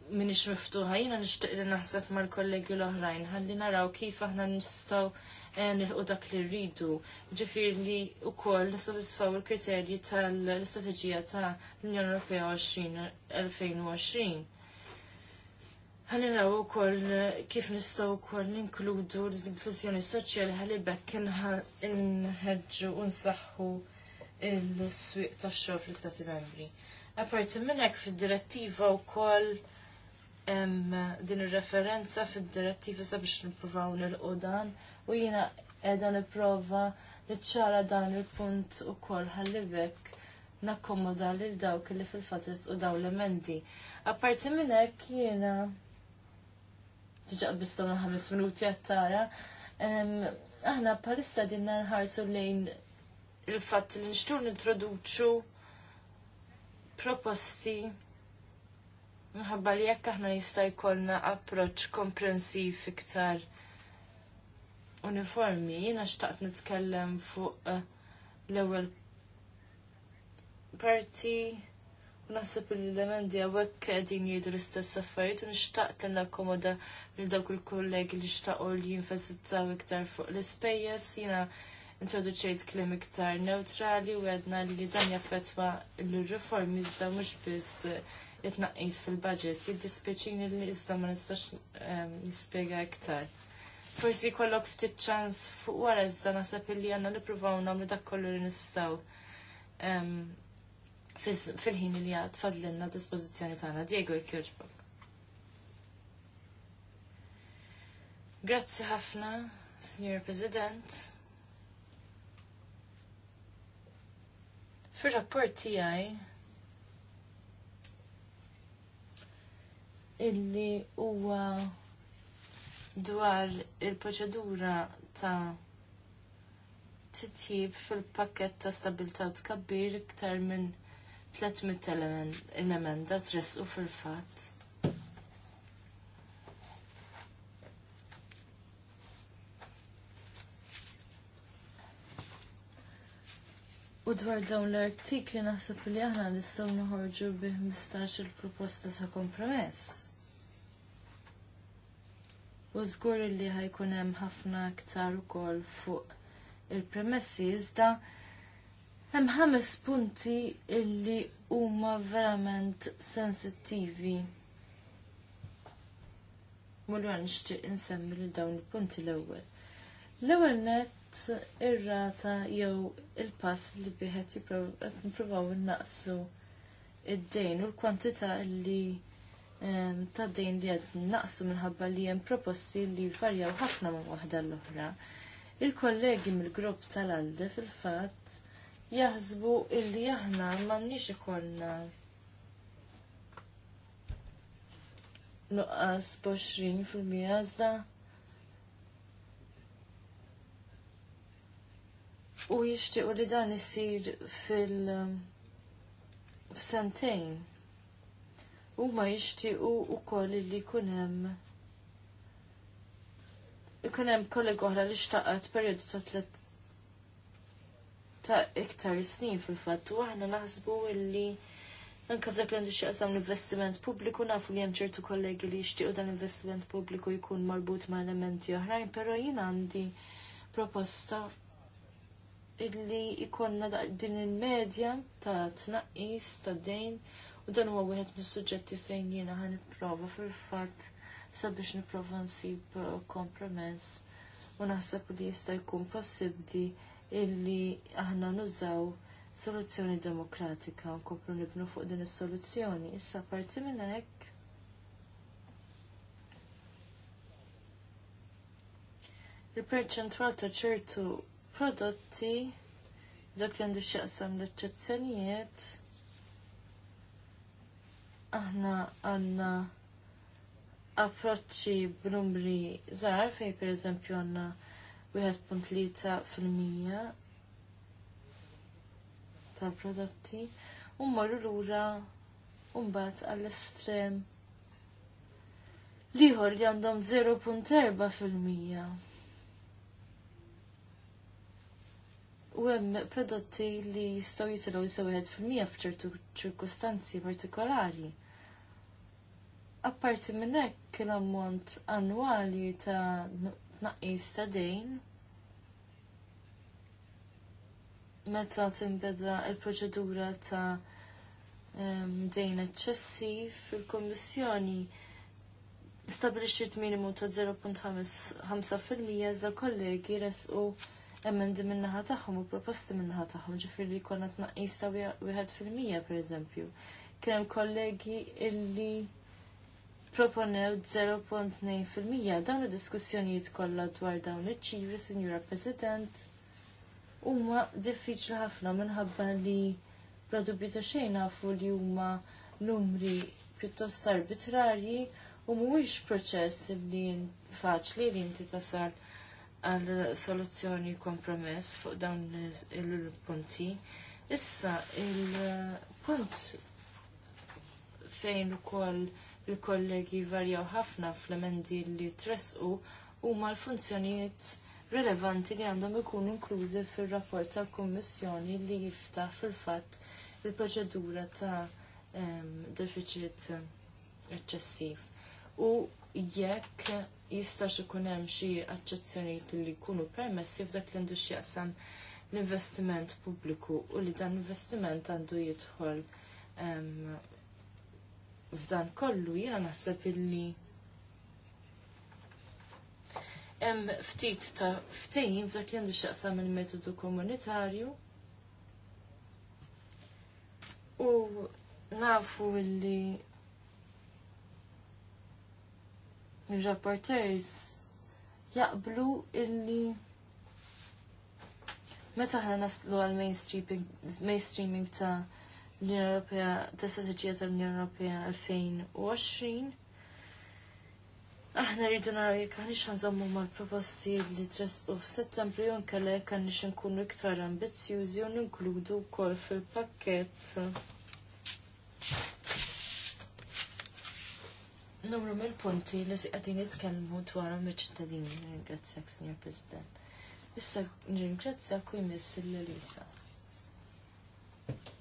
minix miftuħa, jiena nixtieq li naħseb mal-kollegi l-oħrajn, ħalli naraw kif aħna nistgħu Eh, nilħu dak li rridu. Ġifir li u koll nisodisfaw il-kriterji tal strategija ta' l-Unjoni Europea 2020. Għalli naraw u koll kif nistaw u koll ninkludu l-diffużjoni soċjali għalli bekk nħedġu unsaħħu il-swiq ta' xogħol fl-Istati Membri. Apparti minnek fid-direttiva u koll din ir-referenza fid-direttiva sabiex nippruvaw nilqu dan u jiena qiegħda nipprova ċara dan il-punt ukoll ħallibek nakkomoda lil dawk li fil fatris u dawn l-emendi. Apparti minn hekk jiena tiġaqbistom ħames minuti għattara. Aħna palissa dinna nħarsu lejn il-fatt li nxtur nintroduċu proposti Mħabba li jekk aħna jista' jkollna approċċ komprensiv iktar uniformi, jiena xtaqt nitkellem fuq eh, l-ewwel parti u naħseb li l emendi għawek għedin jgħidu l-istess affarijiet u nixtaqt l komoda l-dawk il-kollegi li xtaqgħu li jinfesizzaw iktar fuq l-ispejjeż jiena introduċejt klim iktar neutrali u għedna li dan jaffetwa l-reformi iżda mhux biss jitnaqis eh, fil-budget. jiddispeċin li iżda ma nistax eh, nispjega iktar forsi kollok ftit ċans fuq wara iżda naħseb illi għandna nippruvaw nagħmlu dak kollu li nistgħu fil-ħin li għad fadlinna dispożizzjoni tagħna Diego jogħġbok. Grazzi ħafna, Signor President. Fir-rapport tiegħi illi huwa uh, dwar il-proċedura ta' titjib fil-pakket ta' stabilta' tkabbir iktar minn 300 il-emenda tresqu fil-fat. U dwar dawn l-artikli naħseb li aħna nistgħu noħorġu bi 15 il-proposta ta' kompromess u żgur li ħajkun hemm ħafna aktar ukoll fuq il-premessi iżda hemm ħames punti illi huma verament sensittivi. Mullu nixtieq insemmi lil dawn il-punti l-ewwel. L-ewwel net ir-rata jew il-pass li bieħed jippruvaw innaqsu id-dejn u l-kwantità li ta' dejn li għad naqsu minħabba li hemm proposti li jvarjaw ħafna ma' waħda l-oħra. Il-kollegi mill-grupp tal-Alde fil-fatt jaħsbu illi aħna m'għandniex ikollna nuqqas b'20 fil-mija u jixtiequ li dan isir fil-sentejn huma jixtiequ wkoll u jkun hemm ikun hemm kollega oħra li xtaqat perjodu ta' tliet ta' iktar snin fil-fatt u aħna naħsbu li Anka f'dak l għandu xieqsam l-investiment pubbliku nafu li hemm ċertu kollegi li jixtiequ dan l-investiment pubbliku jkun marbut ma' elementi oħrajn, però jien għandi proposta illi ikonna din il-medja ta' tnaqqis ta' dejn U dan huwa wieħed mis-suġġetti fejn jiena ħan nipprova fil-fatt sabiex nipprova nsib uh, kompromess u naħseb li jista' jkun possibbli illi aħna nużaw soluzzjoni demokratika nkomplu nibnu fuq din is-soluzzjoni. Issa parti minn hekk il-perċentwal ta' ċertu prodotti dak li għandu x'jaqsam l-eċċezzjonijiet aħna għanna approċċi b'numri żgħar fej pereżempju għandna wieħed punt tlieta fil-mija tal-prodotti u mmorru lura u mbagħad għall-estrem liħor li għandhom 0.4 fil-mija. U hemm prodotti li jistgħu jitilgħu jisew fil-mija f'ċertu ċirkustanzi partikolari apparti minn hekk kien ammont annwali ta' tnaqqis ta' dejn meta tinbeda l proċedura ta' ehm, dejn eċċessiv fil kommissjoni stabilixxiet minimu ta' 0.5% iżda kollegi resqu emendi minnaħa tagħhom u proposti minnaħa tagħhom ġifir li konna t wieħed fil-mija pereżempju. Kien hemm kollegi illi proponew 0.9% dawn id-diskussjonijiet kollha dwar dawn iċ ċivi Sinjura President, huma diffiċli ħafna minħabba li bladu bita xejn nafu li huma numri pjuttost arbitrarji u mhuwiex proċess li faċli li inti tasal għal soluzzjoni kompromess fuq dawn il-punti. Issa, il-punt fejn ukoll il-kollegi varjaw ħafna fl-emendi li tresqu huma l-funzjonijiet rilevanti li għandhom ikunu inklużi fil-rapport tal-Kummissjoni li jiftaħ fil-fatt il-proċedura ta' deficit eċċessiv. U jekk jistax ikun hemm xi aċċezzjonijiet li jkunu permessi f'dak li għandu x'jaqsam l-investiment pubbliku u li dan l-investiment għandu jidħol f'dan kollu jiena naħseb illi hemm ftit ta' ftehim f'dak li għandu x'jaqsam il-metodu komunitarju. U nafu illi il-rapporters jaqblu illi meta ħana naslu għal mainstreaming ta' l-Unjoni Ewropea, ta' strategija tal-Unjoni Ewropea 2020. Aħna rridu naraw jekk għandix nżommu mal-proposti li u f'Settembru jew nkella jekk għandix nkunu iktar ambizzjużi u ninkludu wkoll fil-pakkett numru mill-punti li se qegħdin jitkellmu dwar iċ-ċittadini. Ringrazzjak, Signor President. Issa ringrazzjak u jmiss l lisa Thank you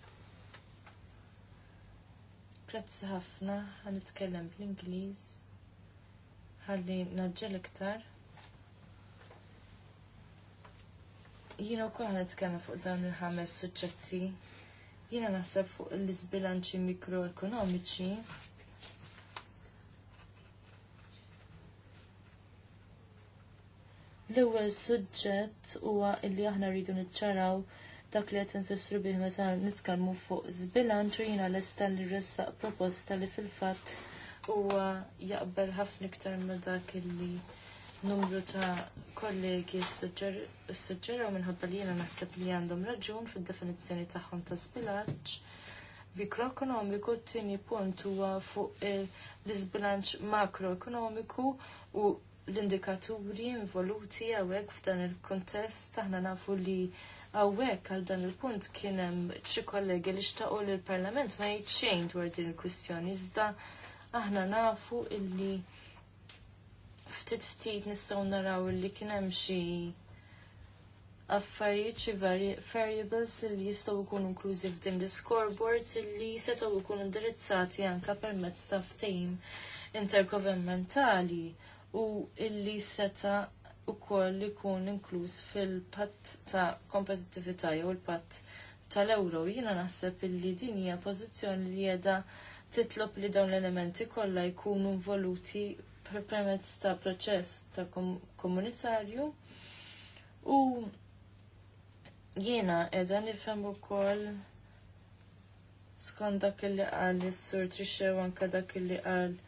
prezz ħafna, għan nitkellem bl-Ingliż. Ħalli naġġel iktar. Jiena wkoll ħan nitkellem fuq dawn il-ħames suġġetti. Jiena naħseb fuq l-isbilanċi mikroekonomiċi l-ewwel suġġett huwa li aħna rridu niċċaraw dak li qed infissru bih meta nitkalmu fuq żbilanċ jiena lesta li ressaq proposta li fil-fatt huwa jaqbel ħafna iktar ma' dak li numru ta' kollegi suġġeraw minħabba li jiena naħseb li għandhom raġun fid-definizzjoni tagħhom ta' zbilanċ, Mikroekonomiku t-tieni punt huwa fuq l-iżbilanċ makroekonomiku u l-indikaturi involuti għawek f'dan il-kontest aħna nafu li Għawek għal dan il-punt kienem ċi kollegi li xtaqo li l-parlament ma jitxejn dwar din il-kwistjoni. Iżda aħna nafu illi ftit ftit nistaw naraw illi kienem xi affarijiet xi variables li jistgħu jkunu inklużi f'din l-scoreboard illi setgħu jkunu indirizzati anke permezz ta' ftehim intergovernmentali u illi seta' ukoll li jkun inkluż fil-patt ta' kompetittività jew il-patt tal-ewro. Jiena naħseb illi din hija pożizzjoni li qiegħda titlob li dawn l-elementi kollha jkunu involuti permezz ta' proċess ta' komunitarju u jiena edha nifhem ukoll skont dak li qal is-sur trixxew anke dak li qal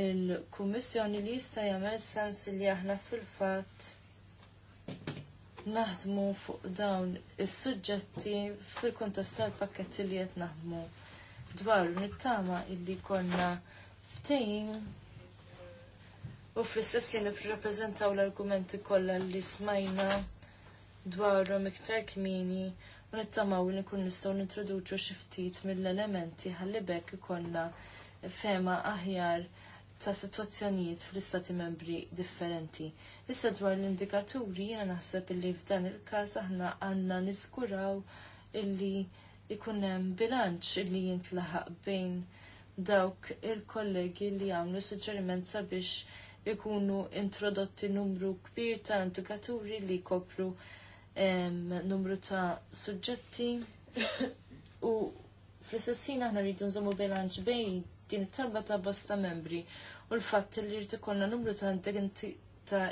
il-Kummissjoni li jista' jagħmel sens li aħna fil-fatt naħdmu fuq dawn is-suġġetti fil kuntest tal-pakketti li qed naħdmu dwar nittama illi konna ftehim u fl jien nippreżentaw l-argumenti kollha li smajna dwarhom iktar kmieni u nittamaw li nkun nistgħu nintroduċu xi ftit mill-elementi ħalli bekk ikollna fema aħjar ta' sitwazzjonijiet fl-istati membri differenti. Issa dwar l-indikaturi jiena naħseb illi f'dan il-każ aħna għandna niskuraw illi ikun hemm bilanċ illi jintlaħaq bejn dawk il-kollegi li għamlu suġġeriment sabiex ikunu introdotti numru kbir ta' indikaturi li kopru numru ta' suġġetti *coughs* u fl sessina aħna rridu nżommu bilanċ bejn din it-talba ta' bosta membri u l-fatt li rrit ikollna numru ta' ta'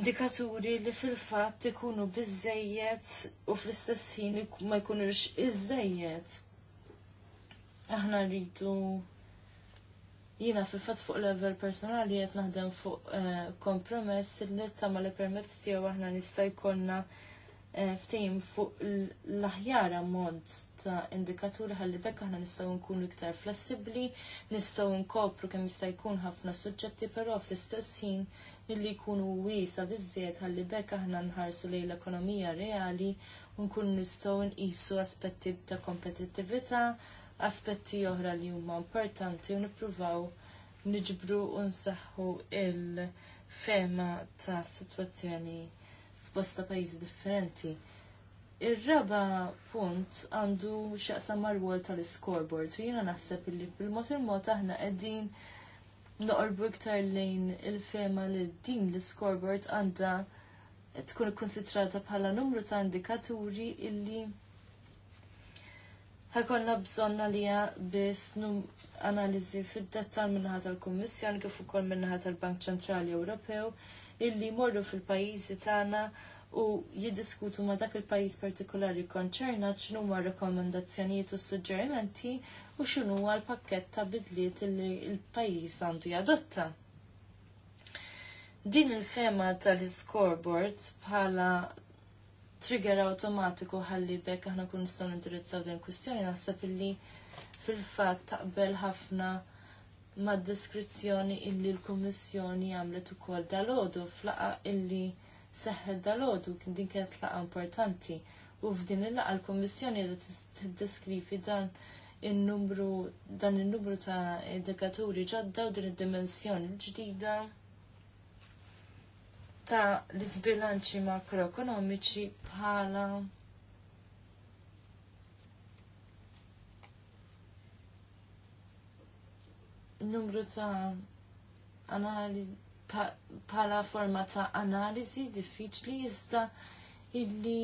indikaturi li fil-fatt ikunu bizzejiet u fl-istess ħin ma jkunux iżejjed. Aħna rridu jina fil-fat fuq level personali qed naħdem fuq eh, kompromess li tama li permezz tiegħu aħna nista' jkollna Eh, ftejn fuq l-aħjar ammont ta' indikaturi ħalli bekk aħna nistgħu nkunu iktar flessibbli, nistgħu nkopru kemm jista' jkun ħafna suġġetti, però fl-istess ħin illi jkunu wiesa biżżejjed ħalli bekk aħna nħarsu lejn l-ekonomija reali u nkunu nistgħu nqisu aspetti ta' kompetittività, aspetti oħra li huma importanti u nippruvaw niġbru u nsaħħu il-fema ta' sitwazzjoni f'bosta pajjiżi differenti. Ir-raba punt għandu x'aqsam mar-wol tal-scoreboard u jiena naħseb li bil-mod il-mod aħna qegħdin noqorbu iktar lejn il-fema li din l-scoreboard għandha tkun ikkonsidrata bħala numru ta' indikaturi illi ħakonna bżonna li biss num analizi fid-dettal minnaħat tal-Kommissjon kif ukoll minnaħat tal-Bank Ċentrali Ewropew illi morru fil-pajjiżi tagħna u jiddiskutu ma' dak il-pajjiż partikolari konċerna ma rekomendazzjonijiet u suġġerimenti u x'inhu huwa l-pakkett ta' bidliet illi l-pajjiż għandu jadotta. Din il-fema tal-scoreboard bħala trigger automatiku ħalli bekk aħna kun nistgħu nindirizzaw din il-kwistjoni naħseb illi fil-fatt taqbel ħafna mad deskrizzjoni illi l-Kummissjoni għamlet ukoll dalodu flaqa illi seħħet dalodu kien din kienet laqa importanti. U f'din il-laqa l-Kummissjoni tiddeskrivi dan il-numru dan il-numru ta' indikaturi ġodda u din id-dimensjoni l-ġdida ta' l-isbilanċi makroekonomiċi bħala numru ta' analiz bħala forma ta' analizi diffiċli iżda illi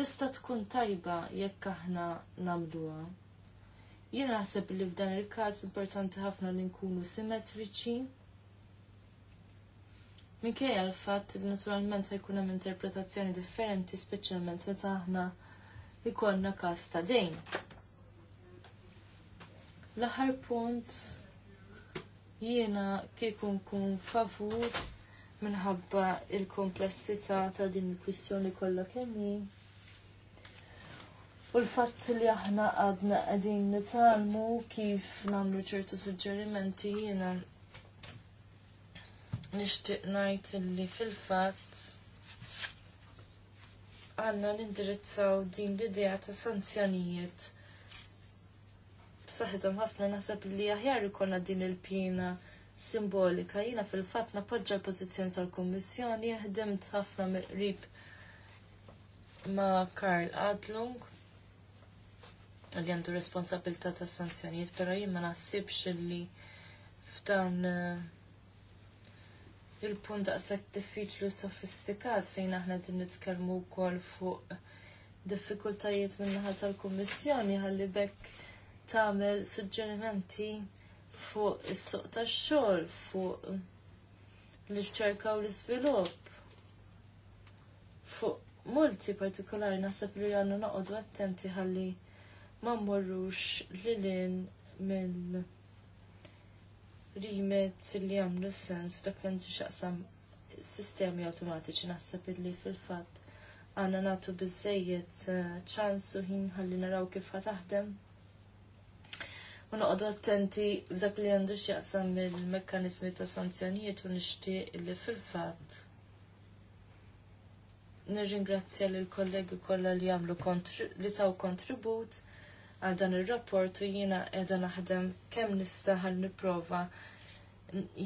tista' tkun tajba jekk aħna nagħmluha. Jien naħseb li f'dan il-każ importanti ħafna li nkunu simmetriċi. Minkejja l-fatt li naturalment jkun hemm interpretazzjoni differenti speċjalment meta aħna ikollna każ ta' dejn. L-aħħar punt jiena kieku nkun favur minħabba il-komplessità ta' din il-kwistjoni kollha kemm U l-fatt li aħna għadna qegħdin nitalmu kif nagħmlu ċertu suġġerimenti jiena nixtieq ngħid li fil-fatt għandna nindirizzaw din l-idea ta' sanzjonijiet b'saħħithom ħafna naħseb li aħjar ikolna din il-pjina simbolika. Jiena fil-fatt napoġġa l-pożizzjoni tal-Kummissjoni, ħdimt ħafna mill-qrib ma' Karl Adlung li għandu r-responsabilità ta' sanzjonijiet, però jien ma naħsibx li f'dan eh, il-punt daqshekk diffiċli u sofistikat fejn aħna din nitkellmu wkoll fuq diffikultajiet min-naħa tal-Kummissjoni ħalli bekk tagħmel suġġerimenti fuq is-soq tax-xogħol, fuq l iċċerka u l-iżvilupp. Fuq multi partikolari naħseb li għandna noqogħdu attenti ħalli ma mmorrux lilin minn rimet li jagħmlu sens f'dak li għandu xaqsam sistemi awtomatiċi naħseb li fil-fatt għandna nagħtu bizzejiet eh, ċansu ħin ħalli naraw kif ħataħdem. taħdem u noqogħdu attenti dak li għandu x'jaqsam mill-mekkaniżmi ta' sanzjonijiet u nixtieq li fil-fatt nirringrazzja l kollegi kollha li jagħmlu li taw kontribut għal dan ir-rapport u jiena qiegħda naħdem kemm nista' ħal nipprova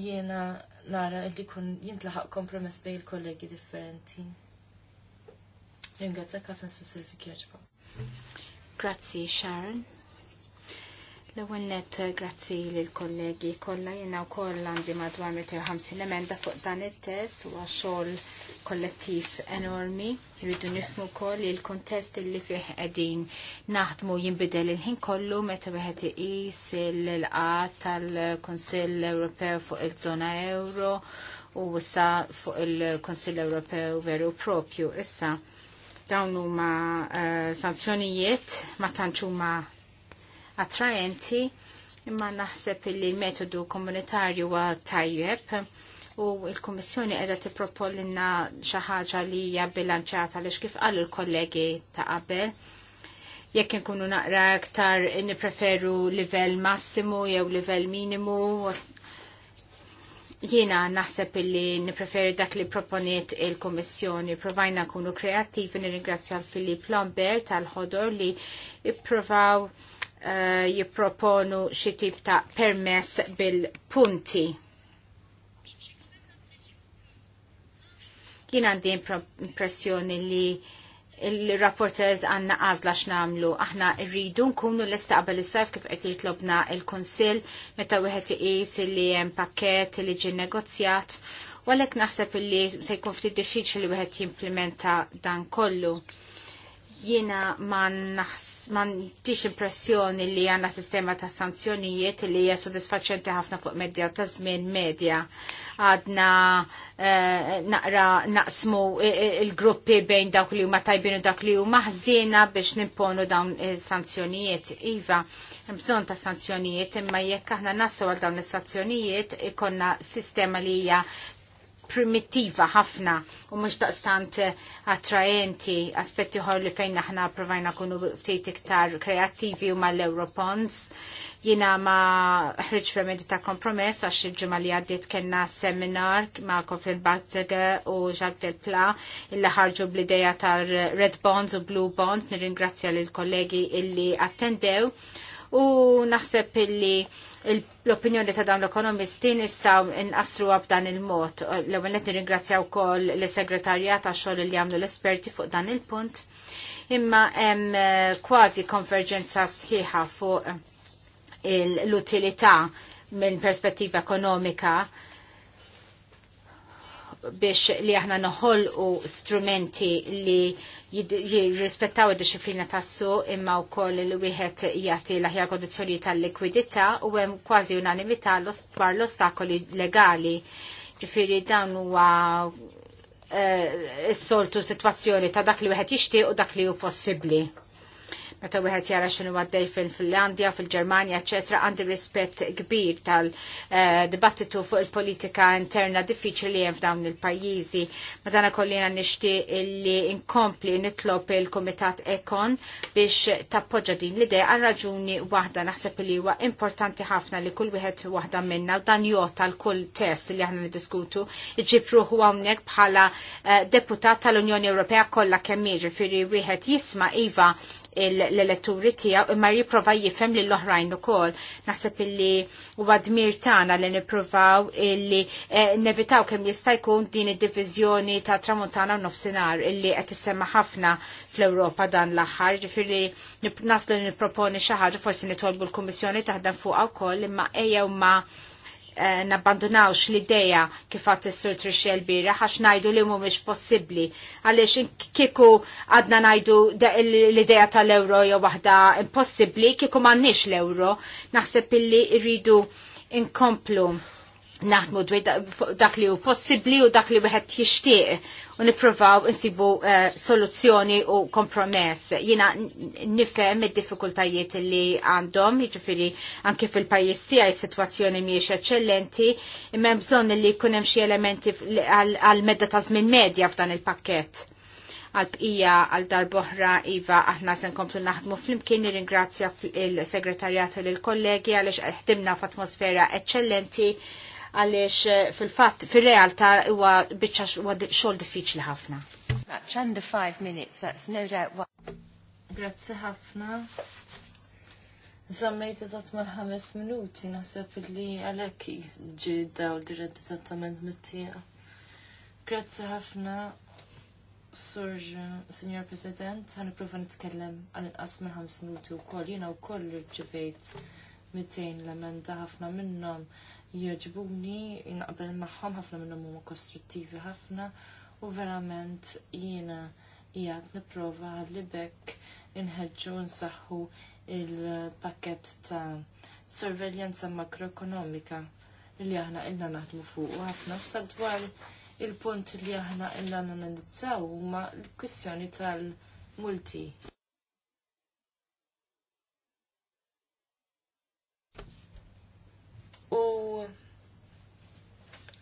jiena nara li kun jintlaħaq kompromess bejn il-kollegi differenti. Ringrazzja ħafna sa' Silvi Kieċba. Grazzi Sharon. L-ewwel net eh, grazzi lill kollegi kollha jiena wkoll għandi madwar ħamsin emenda fuq dan it-test huwa xogħol kollettiv enormi. Irridu nismu wkoll li l-kuntest li fih qegħdin naħdmu jinbidel il-ħin kollu meta wieħed iqis il-qat tal-Kunsill Ewropew fuq il-żona Ewro u issa fuq il-Kunsill Ewropew veru propju issa dawn huma eh, sanzjonijiet ma tantx huma attraenti imma naħseb li metodu komunitarju huwa tajjeb u l-Kummissjoni qiegħda tippropollilna xi ħaġa li hija bilanċjata għaliex kif qalu l-kollegi ta' qabel. Jekk inkunu naqra aktar nippreferu livell massimu jew livell minimu jiena naħseb illi nipreferi dak li proponiet il-Kommissjoni. Provajna kunu kreativi, nirringrazzja l-Filip Lombert tal-ħodor li ipprovaw Eh, jipproponu xi tip ta' permess bil-punti. Kien għandi impressjoni li il-rapporters għanna għazla x'namlu. Aħna rridu nkunu l-istaqbel is-sajf kif qed jitlobna il-Kunsill meta wieħed iqis li hemm pakkett li ġie negozjat. Walek naħseb li se jkun ftit diffiċli wieħed jimplementa dan kollu. Jiena ma tix impressjoni li għanna sistema ta' sanzjonijiet li hija sodisfaċenti ħafna fuq medja ta' żmien medja. Għadna eh, naqra naqsmu eh, eh, il-gruppi bejn dawk li huma tajbin u dawk li huma ħżiena biex nimponu dawn il-sanzjonijiet. Iva, bżon ta' sanzjonijiet imma jekk aħna nassu għal dawn is-sanzjonijiet ikonna sistema li hija primittiva ħafna u mhux daqstant eh, attraenti aspetti ħor li fejn aħna provajna kunu ftit iktar kreattivi u mal-Europons. Jina ma ħriġ permedi ta' kompromess għax il-ġimma li għaddit kena seminar ma' Kofil Batzega u Jacques Del Pla illi ħarġu bl-ideja tar Red Bonds u Blue Bonds. Nirringrazzja l-kollegi illi attendew u naħseb illi l-opinjoni ta' dawn l-ekonomisti nistaw inqasru b'dan il-mod. L-ewwel qed nirringrazzjaw ukoll l-segretarja ta' xogħol li għamlu l-esperti fuq dan il-punt. Imma hemm eh, kważi konverġenza sħiħa fuq l-utilità minn perspettiva ekonomika biex li aħna noħol u strumenti li jirrispettaw id-disciplina tassu imma u koll li wieħed jagħti l-aħjar kondizzjoni tal-likwidità u hemm kważi unanimità dwar l-ostakoli legali. Ġifieri dawn huwa eh, s-soltu situazzjoni ta' dak li wieħed jixtieq u dak li hu possibbli meta wieħed jara x'inhu għaddej fil-Finlandja, fil-Ġermanja, eċetera, għandi rispett kbir tal-dibattitu fuq il-politika interna diffiċli hemm f'dawn il-pajjiżi. Madana kollina nixtieq illi inkompli nitlob il-Kumitat Ekon biex tappoġġa din l-idea għal raġuni waħda naħseb li huwa importanti ħafna li kull wieħed waħda minna u dan jota l-kull test li aħna niddiskutu ruħu hawnhekk bħala eh, deputat tal-Unjoni Ewropea kollha kemm jiġifieri wieħed jisma' iva l-elettori tiegħu imma jipprova jifhem l oħrajn ukoll. Naħseb illi u dmir tagħna li niprofaw li eh, nevitaw kemm jista' jkun din id divizjoni ta' tramuntana u nofsinhar illi qed issemma ħafna fl-Ewropa dan l-aħħar, ġifieri naslu nipproponi xi ħaġa forsi nitolbu l-Kummissjoni taħdem fuqha wkoll imma u ma' Eh, nabbandunawx l-ideja kifat s sur Trixel Bira, għax najdu li mu mux possibli, għalix kiku għadna najdu l-ideja tal-euro jew wahda impossibli, kiku mannix l-euro, naħseb illi irridu inkomplu naħdmu dak li hu possibbli u dak li wieħed jixtieq u nippruvaw insibu eh, soluzzjoni u kompromess. Jiena nifhem id-diffikultajiet li għandhom, jiġifieri anke fil-pajjiż tiegħi sitwazzjoni mhijiex eċċellenti, imma hemm bżonn li jkun hemm xi elementi għal medda ta' żmien medja f'dan il-pakkett għal-bqija għal darboħra Iva aħna se nkomplu naħdmu flimkien nirringrazzja il-segretarjatu l kollegi għaliex ħdimna f'atmosfera eċċellenti għaliex eh, fil fat fil realta huwa biċċa xogħol diffiċli ħafna. Under five minutes, that's no doubt what. Grazzi ħafna. Zammejt eżatt mal ħames minuti naħseb li għalek ġi daw dirett eżattament mit-tieqa. Grazzi ħafna Sur, Signor President, għan iprofa nitkellem għan inqas minn ħams minuti u koll, jina u koll ġivejt 200 l-emenda ħafna minnom jogħġbuni jinaqbel magħhom ħafna minnhom huma kostruttivi ħafna u verament jiena jgħat nipprova li bekk inħeġġu nsaħħu il-pakket ta' sorveljanza makroekonomika li aħna illa naħdmu fuq u ħafna s-sadwar il-punt li aħna illa nanalizzaw huma l-kwistjoni tal-multi. U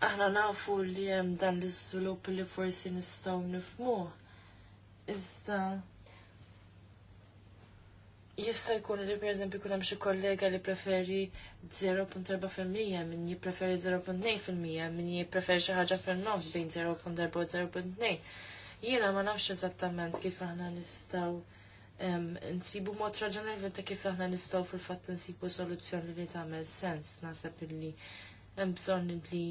aħna nafu li hemm dan l-iżvilupp li forsi nistgħu nifmu. Iżda jista' jkun li pereżempju jkun hemm xi kollega li preferi 0.4% min jippreferi 0.2% min jippreferi xi ħaġa fin-nofs bejn 0.4 u 0.2. Jiena ma nafx eżattament kif aħna nistgħu nsibu mod raġonevoli ta' kif aħna nistgħu fil-fatt nsibu soluzzjoni li tagħmel sens naħseb illi hemm bżonn li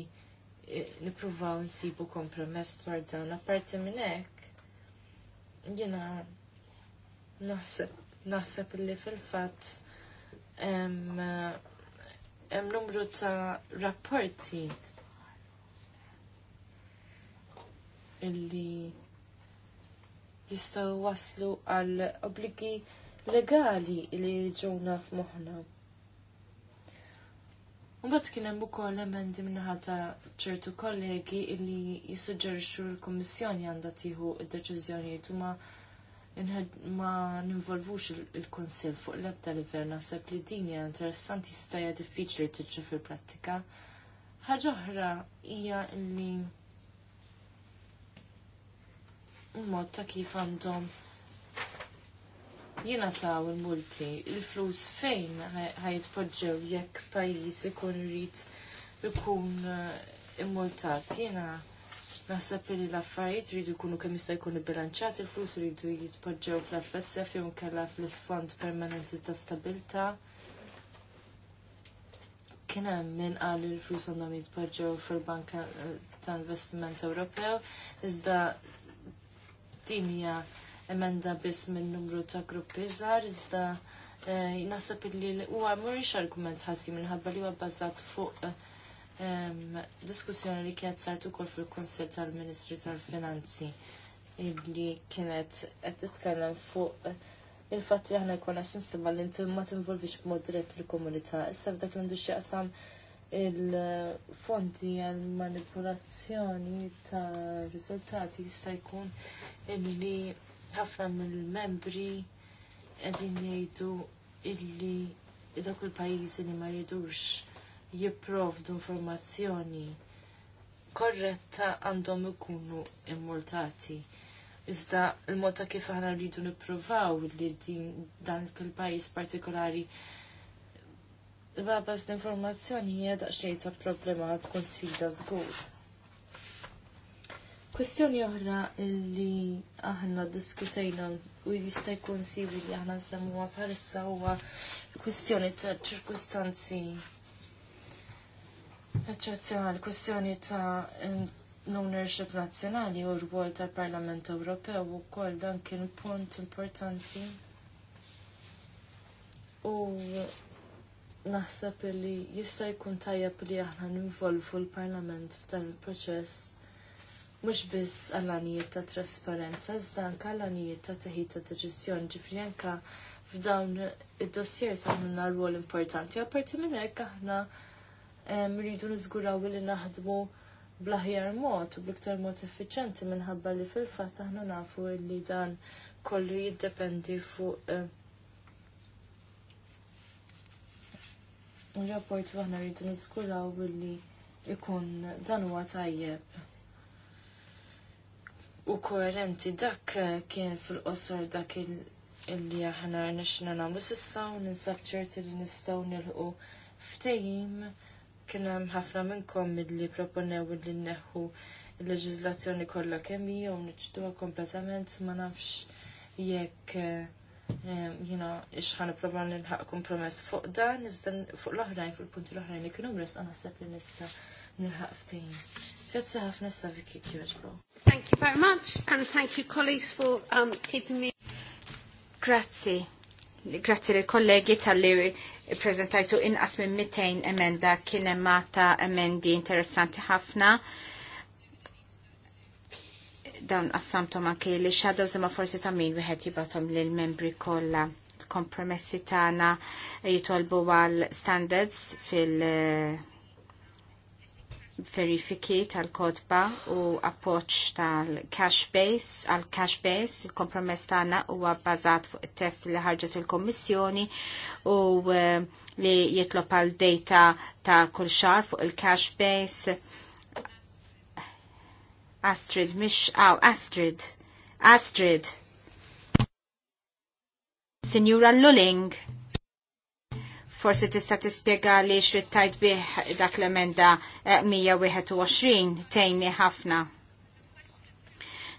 e, nippruvaw nsibu kompromess dwar dawn. Apparti minn hekk jiena naħseb naħseb illi fil-fatt hemm numru ta' rapporti illi jistaw waslu għal obbligi legali li ġuna f'moħħna. Mbagħad kien hemm ukoll emendi minħata ċertu kollegi li jissuġġerixxu l-Kummissjoni għandha tieħu d-deċiżjonijiet huma ma ninvolvux il-Kunsill fuq l-ebda livell naħseb li din hija interessanti jista' hija diffiċli tiġri fil-prattika. Ħaġa oħra hija li u mod ta' kif għandhom jina taw il-multi, il-flus fejn podġew jekk pajis ikun rrit ikun eh, immultat. Jina nasab li l-affarijiet rridu jkunu kemm jista' jkun ibbilanċat, il-flus rridu jitpoġġew fl-FSF jew kellha fl-Fond Permanenti ta' Stabilta. Kien hemm min qal il-flus għandhom jitpoġġew fil-Banka ta' Investiment Ewropew, iżda din hija emenda biss minn numru ta' gruppi żgħar iżda eh, naħseb li huwa mhuwiex argument ħassi minħabba li huwa bbażat fuq diskussjoni li kienet sart ukoll fil-Kunsill tal-Ministri tal-Finanzi li kienet qed titkellem fuq il-fatt li aħna jkollna sinstema li inti ma tinvolvix b'mod dirett il-komunità. Issa f'dak li xi qasam il-fondi għal manipulazzjoni ta' riżultati jista' jkun illi ħafna mill-membri qegħdin jgħidu illi dawk il-pajjiżi li ma jridux jipprovdu informazzjoni korretta għandhom ikunu immultati. Iżda il-mod kif aħna rridu nippruvaw li din dan il-pajjiż partikolari Babas l-informazzjoni hija daqsxejn ta' problema tkun sfida żgur. Kwestjoni oħra li aħna diskutejna u jista' jkun sibi li aħna nsemmuha bħalissa huwa kwestjoni ta' ċirkustanzi eċċezzjonali, kwestjoni ta' l-ownership nazzjonali u r-rwol tal-Parlament Ewropew ukoll dan kien punt importanti. U naħseb li jista' jkun tajjeb li aħna ninvolvu l-Parlament f'dan il-proċess mhux biss għall-għanijiet ta' trasparenza, iżda anke għall-għanijiet ta' teħid ta' deċiżjoni, ġifri anke f'dawn id-dossiers għamilna rwol importanti. Apparti minn hekk aħna rridu nizguraw li naħdmu bl-aħjar mod u bl-iktar mod effiċenti minħabba li fil-fatt aħna nafu li dan kollu jiddependi fuq il-rapport waħna rridu nizguraw li ikun dan huwa tajjeb u koerenti dak eh, kien fil-qosor dak illi aħna nixna namlu sissa u ninsab ċerti li nistaw nilħu ftejim kien hemm ħafna minnkom milli proponew li nneħħu l leġizlazzjoni kollha kemm hi u niġġduha kompletament ma nafx jekk eh, eh, jina ixħan iprofa nilħaq kompromess fuq dan, iżda fuq l-oħrajn, fuq punti l-oħrajn li kienu mres naħseb li nista nilħaq ftehim. Grazzi ħafna saviki kjoġbo. Thank you very much and thank you colleagues for um, keeping me. Grazie. Grazie ai colleghi tal-li prezentajtu inqas minn 200 emenda kinemata emmata emendi interessanti ħafna. Dawn qassamtom anke li shadows imma forsi ta' min wieħed jibatom lil membri kollha kompromessi tagħna jitolbu għal standards fil- uh, verifiki tal-kodba u appoċ tal-cash base, għal cash base, il-kompromess tagħna huwa bbażat fuq it-test li ħarġet il-Kommissjoni u eh, li jitlob għal data ta' kull xar fuq il-cash base. Astrid, mish, aw, Astrid, Astrid. Signora Lulling. Forsi tista' tispjega li xrittajt bih dak l-emenda 121 eh, tejni ħafna.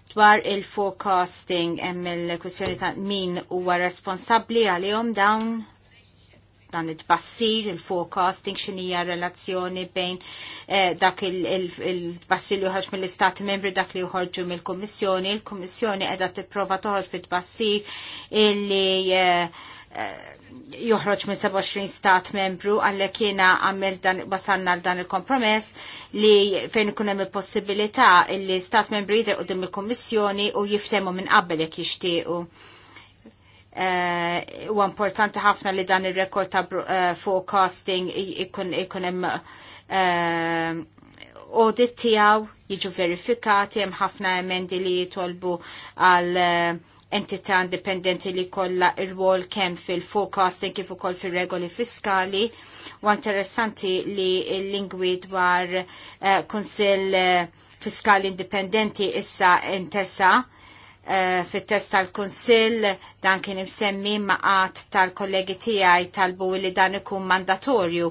Dwar il-forecasting hemm il-kwistjoni ta' min huwa responsabbli għalihom dawn dan it-bassir, il-forecasting, xinija relazzjoni bejn eh, dak il-bassir li uħarġ mill-istati membri, dak li uħarġu mill-kommissjoni. Il-kommissjoni edha t-prova toħarġ bit-bassir illi eh, eh, joħroġ minn 27 stat membru għallek kiena għamil dan basanna l dan il-kompromess li fejn ikun hemm il-possibilità li stat membru jidher qudiem il-Kummissjoni u jiftemu minn qabel jekk jixtiequ. Eh, u importanti ħafna li dan ir-rekord ta' eh, forecasting ikun hemm eh, audit tiegħu jiġu verifikati hemm ħafna emendi li jitolbu għal uh, entità indipendenti li kollha ir-rwol kemm fil-forecasting kif ukoll fir-regoli fiskali. U interessanti li l-lingwi dwar uh, Kunsill eh, Fiskali Indipendenti issa intesa' Uh, fit-test tal-Kunsill dan kien imsemmi maqat tal-kollegi tiegħi talbu li dan ikun mandatorju,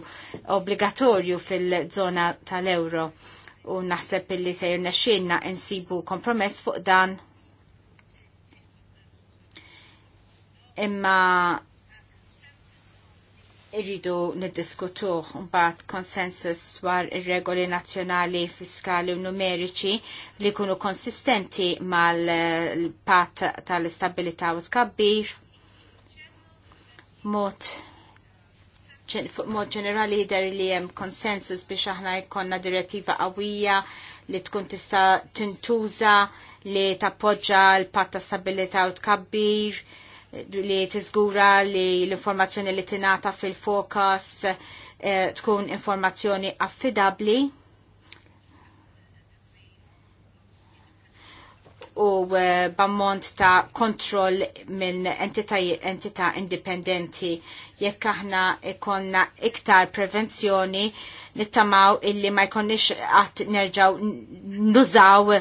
obbligatorju fil-żona tal-euro. U naħseb illi se jirnexxinna insibu kompromess fuq dan imma irridu niddiskutuh mbagħad konsensus dwar ir-regoli nazzjonali fiskali u numeriċi li jkunu konsistenti mal-pat tal-istabilità u tkabbir. Mod mod ġenerali jidher li hemm konsensus biex aħna jkollna direttiva qawwija li tkun tista' tintuża li tappoġġa l-patt ta' stabilità u tkabbir li tiżgura li l-informazzjoni li tingħata fil-forecast eh, tkun informazzjoni affidabbli. u eh, bammont ta' kontroll minn entità entita indipendenti. Jekk aħna ikonna iktar prevenzjoni nittamaw illi ma jkonniex għat nerġaw nużaw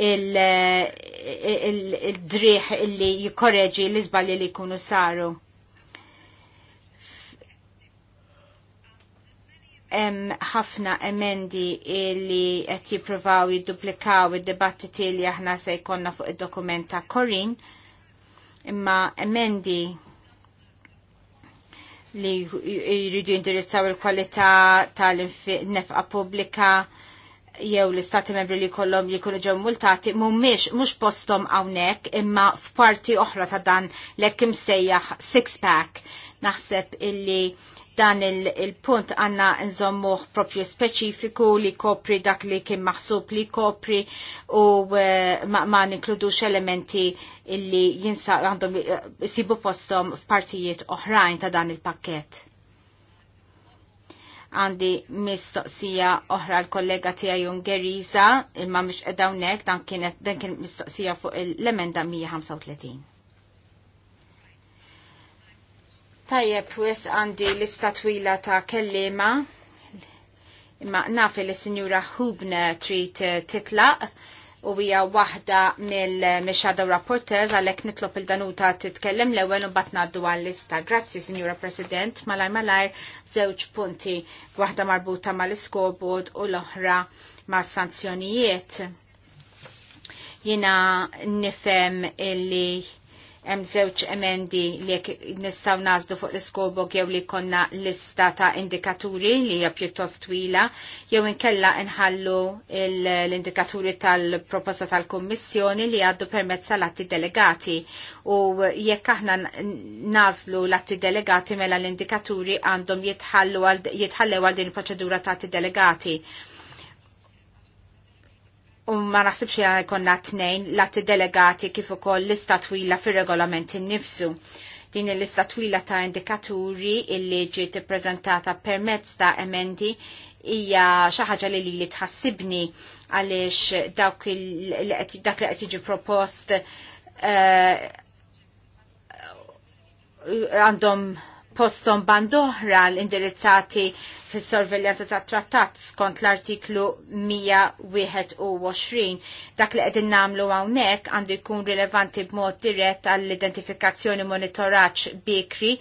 il-driħ il, il jikorreġi l-izballi li jkunu saru. Hemm ħafna emendi li qed jippruvaw jidduplikaw id-dibattiti li aħna se jkollna fuq id-dokument ta' Korin, imma emendi li jridu jindirizzaw il-kwalità tal-nefqa pubblika, jew l-istati membri li kollom li kunu ġew multati mhumiex mhux postom hawnhekk imma f'parti oħra ta' dan l-hekk imsejjaħ six pack naħseb illi dan il-punt il għanna nżommuħ propju speċifiku li kopri dak li kien maħsub li kopri u uh, ma, ma ninkludux elementi illi jinsa għandhom uh, sibu postom f'partijiet oħrajn ta' dan il-pakket għandi mistoqsija oħra l-kollega tija Jungeriza, imma mux edawnek, dan kienet dan kien mistoqsija fuq l-emenda 135. Tajjeb, wis għandi lista twila ta' kellima, imma nafi li sinjura Hubner trid titlaq u hija waħda mill-Shadow Rapporters għalhekk nitlob il-danuta titkellem l-ewwel u mbagħad ngħaddu għall-lista. Grazzi, Sinjura President, malaj malaj żewġ punti, waħda marbuta mal-iskobod u l-oħra ma' sanzjonijiet. Jina nifhem illi hemm żewġ emendi li nistgħu nażdu fuq l iskobok jew li konna lista ta' indikaturi li hija pjuttost twila jew inkella nħallu l-indikaturi tal-proposta tal-Kummissjoni li għaddu permezz tal-atti delegati u jekk aħna nażlu l-atti delegati mela l-indikaturi għandhom jitħallew għal din il-proċedura ta' atti delegati u ma naħsibx li jkonna tnejn lati delegati kif ukoll lista twila fir-regolament innifsu. Din il-lista twila ta' indikaturi illi ġiet ippreżentata permezz ta' emendi hija xi ħaġa li li tħassibni għaliex dak li qed jiġi propost eh, għandhom uh, postom bandoħra l-indirizzati fis sorveljanza ta' trattat skont l-artiklu 121. Dak li qegħdin nagħmlu hawnhekk għandu jkun rilevanti b'mod dirett għall-identifikazzjoni monitoraġġ bikri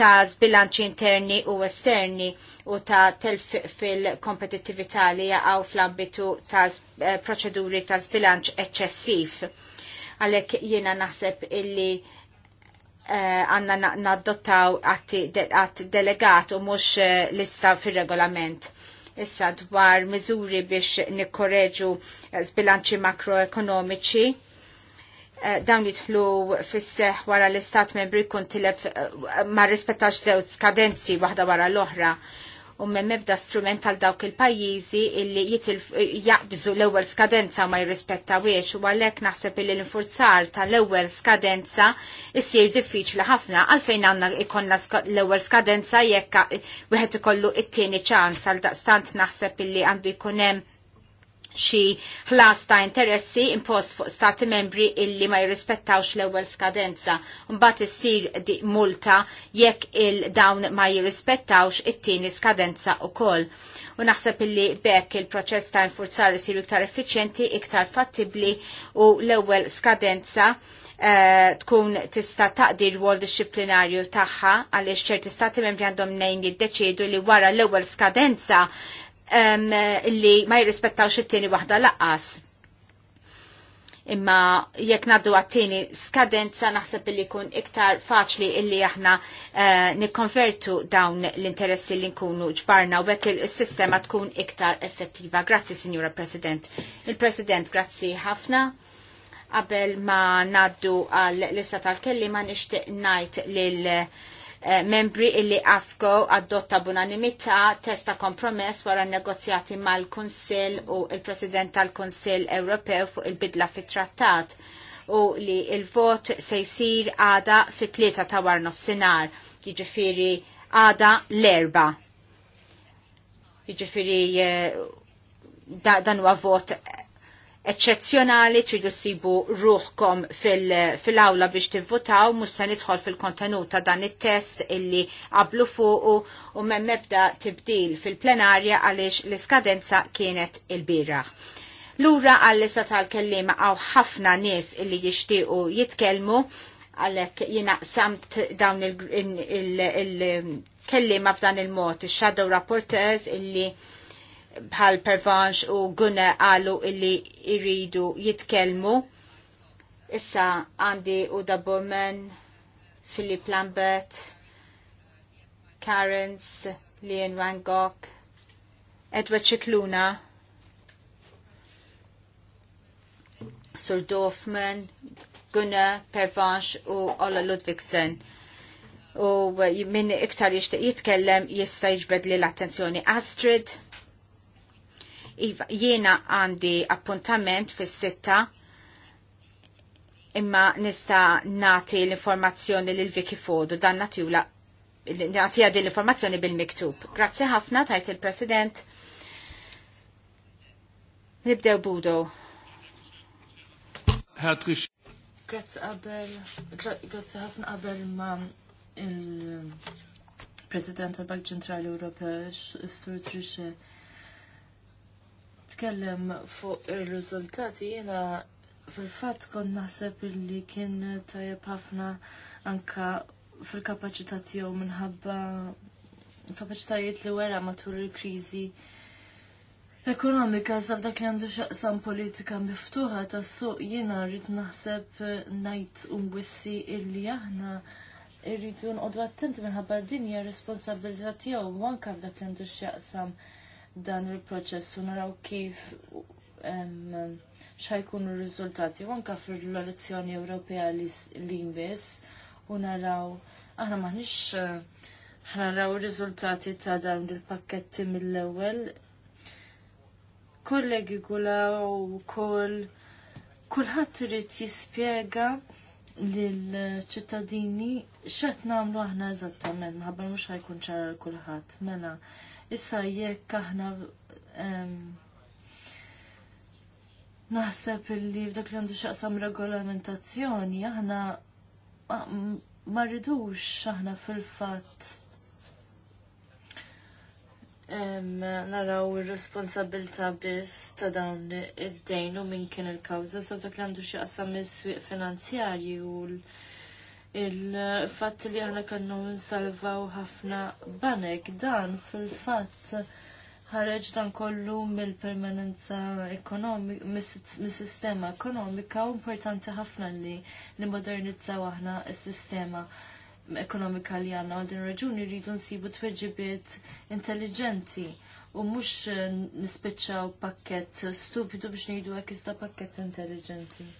ta' zbilanċi interni u esterni u ta' telf fil-kompetittività li jaqgħu fl-ambitu ta' eh, proċeduri ta' zbilanċ eċċessiv. Għalhekk jiena naħseb illi Eh, għanna naddottaw għat delegat u mux eh, lista fil-regolament. Issa dwar miżuri biex nikkorreġu zbilanċi eh, makroekonomiċi dawn jitħlu fis-seħ wara l-istat membri kun tilef ma rispettax zewt skadenzi waħda wara l-oħra u memm ebda strument għal dawk il-pajjiżi illi jitil jaqbżu l-ewwel skadenza ma jirrispettawiex u għalhekk naħseb illi l-infurzar tal-ewwel skadenza issir diffiċli ħafna għalfejn għandna ikonna l-ewwel skadenza jekk wieħed ikollu it-tieni ċans għal daqstant naħseb illi għandu jkun hemm xi ħlas ta' interessi impost fuq stati membri illi ma jirrispettawx l-ewwel skadenza. Mbagħad issir di multa jekk il-dawn ma jirrispettawx it-tieni skadenza ukoll u naħseb illi bekk il-proċess ta' infurzar isir iktar effiċjenti, iktar fattibli u l-ewwel skadenza uh, tkun tista taqdir r-wol disciplinarju tagħha għaliex ċerti stati membri għandhom nejn jiddeċiedu li wara l-ewwel skadenza um, li ma jirrispettawx it-tieni waħda laqqas. Imma jekk naddu għat-tieni skadenza naħseb li jkun iktar faċli illi aħna uh, nikkonvertu dawn l-interessi li nkunu ġbarna u bekk il-sistema tkun iktar effettiva. Grazzi, Signora President. Il-President, grazzi ħafna qabel ma naddu għal lista tal-kelli ma nishtiq najt lil Eh, membri illi AFCO adotta b'unanimità testa kompromess wara negozjati mal-Kunsill u il-President tal-Kunsill Ewropew fuq il-bidla fit-trattat u li il-vot se jsir għada fit-tlieta ta' war nofsinhar, jiġifieri għada l-erba. Jiġifieri eh, dan huwa vot eccezzjonali tridu sibu ruħkom fil-awla biex tivvotaw mhux se nidħol fil-kontenut ta' dan it-test illi qablu fuqu u memm mebda tibdil fil-plenarja għaliex l-iskadenza kienet il-bieraħ. Lura għall-lista tal-kellima għaw ħafna nies illi jixtiequ jitkellmu għallek jina samt dawn il-kellima il, il, il, b'dan il-mod, il-shadow rapporteurs illi bħal pervanx u gune għalu illi irridu jitkelmu. Issa għandi u Bowman, Philip Lambert, Karens, Van Gogh, Edward Cicluna, Sir Dorfman, Gunnar Pervanche u Olla Ludvigsen. U uh, minn iktar jishtiq jitkellem jista' li l-attenzjoni Astrid. Iva, jiena għandi appuntament fis sitta imma nista nati l-informazzjoni lil Viki Fodu dan natiwla nati għadi l-informazzjoni bil-miktub. Grazzi ħafna tajt il-President. Nibdew Budo. Grazzi qabel, grazzi ħafna qabel ma il-President tal-Bank Ċentrali Ewropew, Sur Trisha nitkellem fuq ir-riżultati jiena fil-fatt kont naħseb illi kien tajjeb ħafna anka fil-kapaċità tiegħu minħabba kapaċitajiet li wera matul il-kriżi Ekonomika, zaf dak li għandu xaqsam politika miftuħa ta' suq jiena rrid naħseb najt unwissi illi aħna irridu nqodu attenti minħabba dinja responsabilità tiegħu anke f'dak li għandu x'jaqsam dan il-proċess u naraw kif xajkun r-riżultati u anka fil-elezzjoni Ewropea li jmiss u naraw aħna maħniex eh, naraw r-riżultati ta' dawn il-pakketti mill-ewwel. Kollegi gulaw u koll kulħadd irid jispjega lill-ċittadini x'qed nagħmlu aħna eżattament, maħabba mhux ħajkun ċara l kulħadd. Mela, Issa jekk aħna naħseb illi f'dak li għandu xaqsam regolamentazzjoni aħna ma rridux aħna fil-fatt naraw ir-responsabilta biss ta' dawn id-dejn u minn kien il-kawża sa dak li għandu xi qasam is-swieq finanzjarji u l- il fat li aħna kannu nsalvaw ħafna banek dan fil-fatt ħareġ dan kollu mill-permanenza ekonomika, mis-sistema ekonomika u importanti ħafna li nimodernizzaw aħna s-sistema ekonomika li għanna għal din raġuni rridu nsibu tweġibiet intelligenti u mux nispiċċaw pakket stupidu biex nejdu għakista pakket intelligenti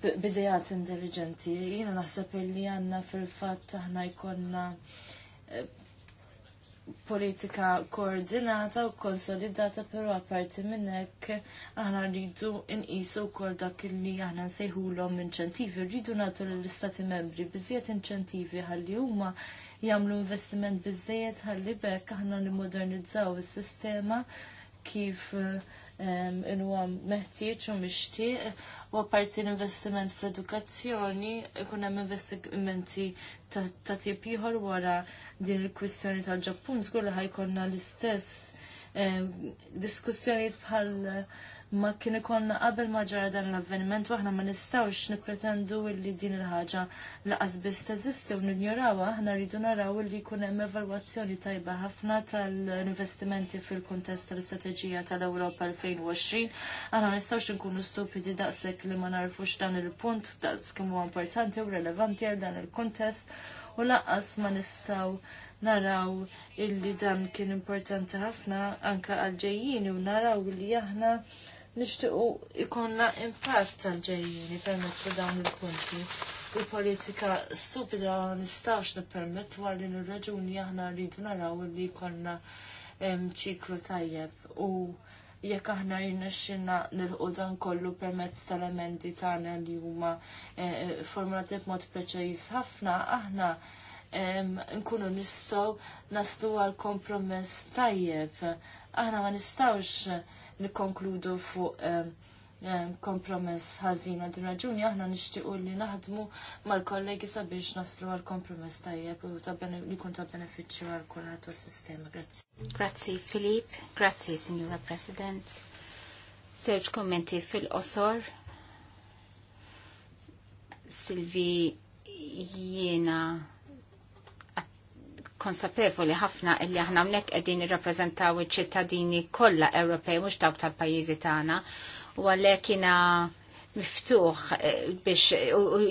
bidejat intelligenti. Jina naħseb li għanna fil-fat aħna jkonna eh, politika koordinata u konsolidata, pero għaparti minnek aħna rridu nqisu kol dak li aħna nsejħulhom inċentivi, rridu nagħtu l-istati membri biżjed inċentivi ħalli huma jagħmlu investiment biżejjed ħalli bekk aħna nimmodernizzaw is-sistema kif uh, inwa meħtieġ u mixtieq u apparti l-investiment fl-edukazzjoni ikun hemm investimenti ta' tip ieħor wara din il-kwistjoni tal-Ġappun zgur li ħajkonna l-istess diskussjonijiet bħal ma kien ikonna qabel ma ġara dan l-avveniment waħna ma nistawx nippretendu li din il-ħaġa laqas biss teżisti u ninjorawha, aħna rridu naraw li jkun hemm evalwazzjoni tajba ħafna tal-investimenti fil-kuntest tal-istrateġija tal-Ewropa 2020. Aħna nistgħux nkunu stupidi daqshekk li ma narfux dan il-punt daqs kemm huwa importanti u relevanti għal dan il-kuntest u laqas ma nistgħu naraw illi dan kien importanti ħafna anka għal ġejjini u naraw li aħna nixtiequ ikonna impatt tal-ġejjini permezz ta' dawn il-punti. Il-politika stupida ma nistawx nippermettu għalli l-raġuni aħna rridu naraw li jkollna ċiklu tajjeb u jekk aħna xinna nil dan kollu permezz tal-emendi tagħna li huma eh, eh, formulati b'mod preċajiz ħafna, aħna nkunu nistgħu naslu għal kompromess tajjeb. Aħna ma nistgħux nikkonkludu fuq eh, eh, kompromess ħażin għad raġuni aħna nixtiequ li naħdmu mal-kollegi sabiex naslu għal kompromess tajjeb u li kun ta' benefiċċju għal kulħadd sistema Grazzi. Grazzi Filip, grazzi Signora President. Serġ kommenti fil-qosor. Silvi jiena konsapevoli ħafna illi aħna hawnhekk qegħdin irrappreżentaw iċ-ċittadini kollha Ewropej mhux dawk tal-pajjiżi tagħna u għalhekk jiena miftuħ eh, biex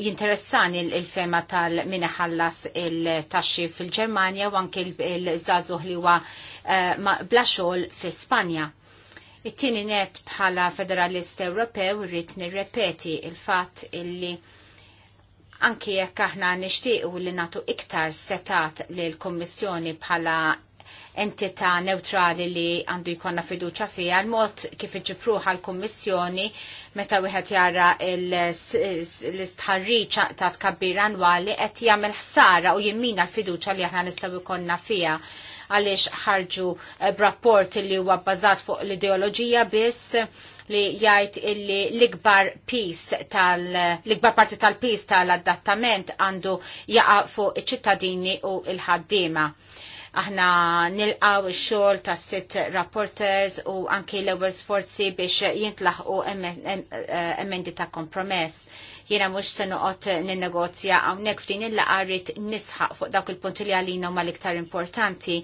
jinteressani il-fema tal min ħallas il-taxxi fil-Ġermanja u anke il żażuħ li huwa eh, bla xogħol fi Spanja. It-tieni net bħala Federalist Ewropew irrid nirrepeti il-fatt illi anki jekk aħna nixtiequ li natu iktar setat lil kummissjoni bħala entità neutrali li għandu jkonna fiduċa fija l-mod kif iġipruħa l-Kommissjoni meta wieħed jara l-istħarriċ ta' tkabbir annwali qed jagħmel ħsara u jimmina l-fiduċa li aħna nistgħu jkollna fija għaliex ħarġu eh, b'rapport li huwa bbażat fuq l-ideoloġija biss li jgħid illi l-ikbar pis tal l-ikbar parti tal-pis tal-adattament għandu jaqa fuq iċ-ċittadini u l-ħaddiema. Aħna nilqaw ix-xogħol tas sitt rapporters u anki l-ewwel sforzi biex jintlaħqu eh, emendi ta' kompromess jiena mhux se noqgħod ninnegozja hawnhekk f'din il-laqarrit nisħaq fuq dawk il-punti li għalina huma l iktar importanti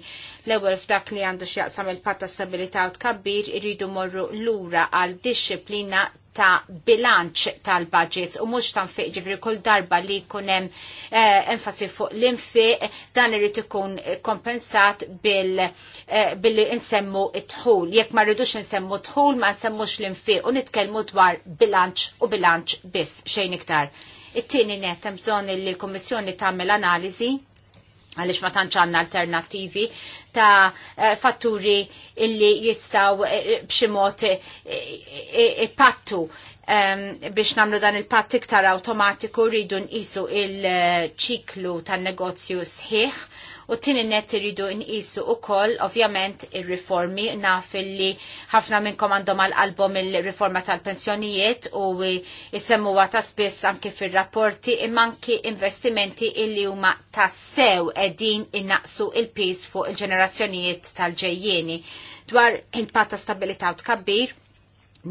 L-ewwel f'dak li għandu x'jaqsam il-patta stabilità u tkabbir irridu morru lura għal disciplina ta' bilanċ tal-budgets u mux ta' nfiq ġifri kull darba li kunem hemm eh, enfasi fuq l-infiq dan irid ikun kompensat bil, eh, insemmu it-tħul. Jekk ma rridux insemmu tħul ma nsemmux l-infiq u nitkellmu dwar bilanċ u bilanċ biss xejn iktar. It-tieni net hemm bżonn li l-Kummissjoni tagħmel analiżi għalix ma tantx għanna alternativi ta' eh, fatturi illi jistaw eh, bximot eh, pattu biex namlu dan il-patt iktar automatiku rridu nqisu il-ċiklu tan negozju sħiħ U tini net iridu nqisu ukoll ovvjament ir-riformi naf li ħafna minn komandom għal-album il-riforma tal-pensjonijiet u jisemmu ta' spiss anki fir-rapporti imma anki investimenti illi huma tassew qegħdin innaqsu il-pis fuq il-ġenerazzjonijiet tal-ġejjieni dwar il-patta stabilità u tkabbir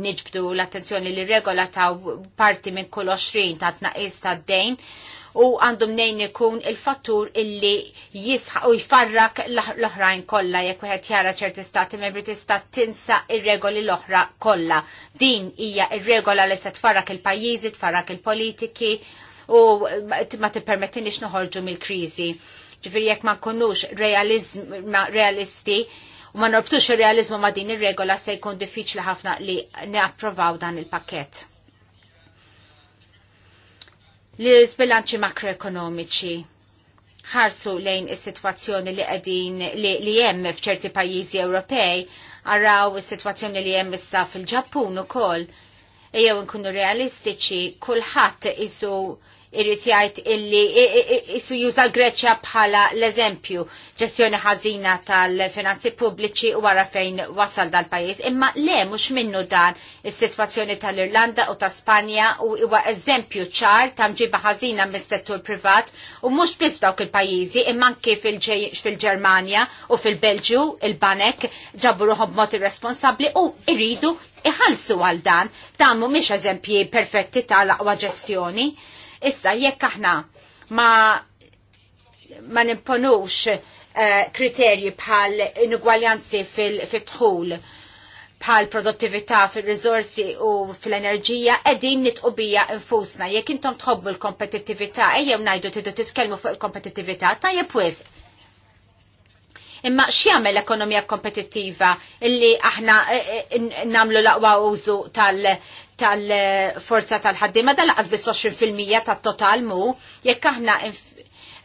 niġbdu l-attenzjoni li regola ta' parti minn kull 20 ta' tnaqis ta' d-dejn u għandhom nejn ikun il-fattur illi jisħaq u jfarrak l-oħrajn kollha jekk wieħed jara ċerti stati membri tista' tinsa ir-regoli l-oħra kollha. Din hija ir-regola li se tfarrak il-pajjiżi, tfarrak il-politiki u ma tippermettinix noħorġu mill-kriżi. Ġifieri jekk ma nkunux realisti u ma norbtux ir-realizmu ma din ir-regola se jkun diffiċli ħafna li neapprovaw dan il pakket l-sbilanċi makroekonomiċi ħarsu lejn is-sitwazzjoni li qegħdin li hemm f'ċerti pajjiżi Ewropej, għarraw is-sitwazzjoni li hemm issa fil-Ġappun ukoll. Ejjew nkunu realistiċi, kulħadd isu irrit jgħid illi jissu juża l-Greċja bħala l-eżempju ġestjoni ħażina tal-finanzi pubbliċi u wara fejn wasal dal-pajjiż. Imma le mhux minnu dan is-sitwazzjoni tal-Irlanda u ta' Spanja u huwa eżempju ċar ta' mġiba ħażina mis-settur privat u mhux biss dawk il-pajjiżi imma anke fil-Ġermanja u fil-Belġju il-banek ġabu ruħob mod irresponsabbli u irridu iħallsu għal dan. Dan mhumiex eżempji perfetti tal-aqwa ġestjoni. Issa, jekk aħna ma, ma nimponux eh, kriterji bħal inugwaljanzi fil-tħul bħal produttività fil-rizorsi u fil-enerġija edin nitqubija infusna. Jekk intom tħobbu l kompetitività ejjew najdu tiddu titkellmu fuq il-kompetittività, tajjeb wisq. Imma x'jagħmel l-ekonomija kompetittiva illi aħna eh, eh, namlu l-aqwa użu tal tal-forza tal-ħaddima dal laqas bis 20% tal total mu, jekk aħna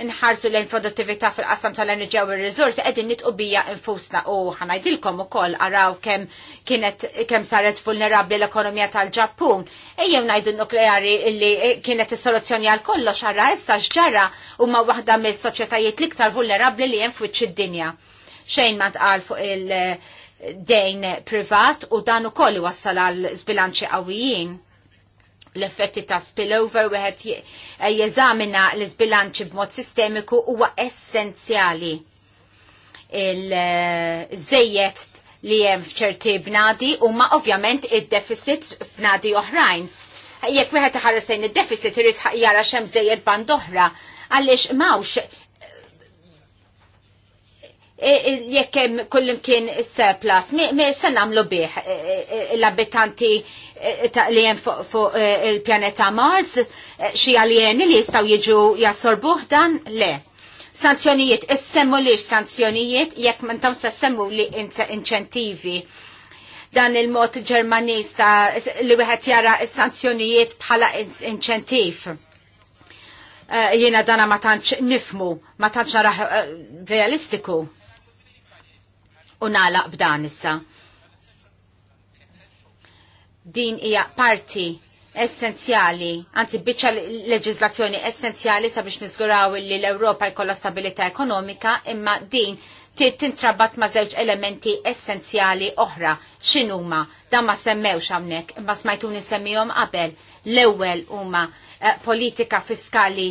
nħarsu lejn produttività fil-qasam tal-enerġija u r-riżors qegħdin nitqubija infusna u ħanajdilkom ukoll araw kemm kienet kemm saret vulnerabbli l-ekonomija tal-Ġappun. Ejjew ngħidu n-nukleari li kienet is-soluzzjoni għal kollox ara issa x'ġara huma waħda mis-soċjetajiet l-iktar vulnerabbli li hemm id-dinja. Xejn ma tqal fuq il- dejn privat u dan ukoll wassal għal zbilanċi qawwijin. L-effetti ta' spillover wieħed eh, jeżamina l-izbilanċi b'mod sistemiku huwa essenzjali. Il-żejjed li hemm f'ċerti bnadi huma ovvjament id-deficits f'nadi oħrajn. Jekk wieħed iħares id-deficit irid jara xemm żejjed band oħra għaliex mawx jekk hemm kullimkien surplus, me se nagħmlu bih e, e, e, l-abitanti li hemm fuq il-pjaneta Mars, xi għalieni li jistgħu jiġu jassorbuħ dan? Le. Sanzjonijiet, issemmu lix sanzjonijiet, jekk mentom se semmu li inċentivi dan il-mod ġermanista li wieħed jara s-sanzjonijiet bħala inċentiv. Jena jiena dana ma tantx nifmu, ma tantx nara realistiku u nalaq b'dan issa. Din hija parti essenzjali, anzi biċċa leġizlazzjoni essenzjali sabiex niżguraw li l-Ewropa jkollha stabilità ekonomika, imma din tintrabat ma' żewġ elementi essenzjali oħra x'inhuma dan ma semmewx hawnhekk imma smajtuni semmihom qabel l-ewwel huma eh, politika fiskali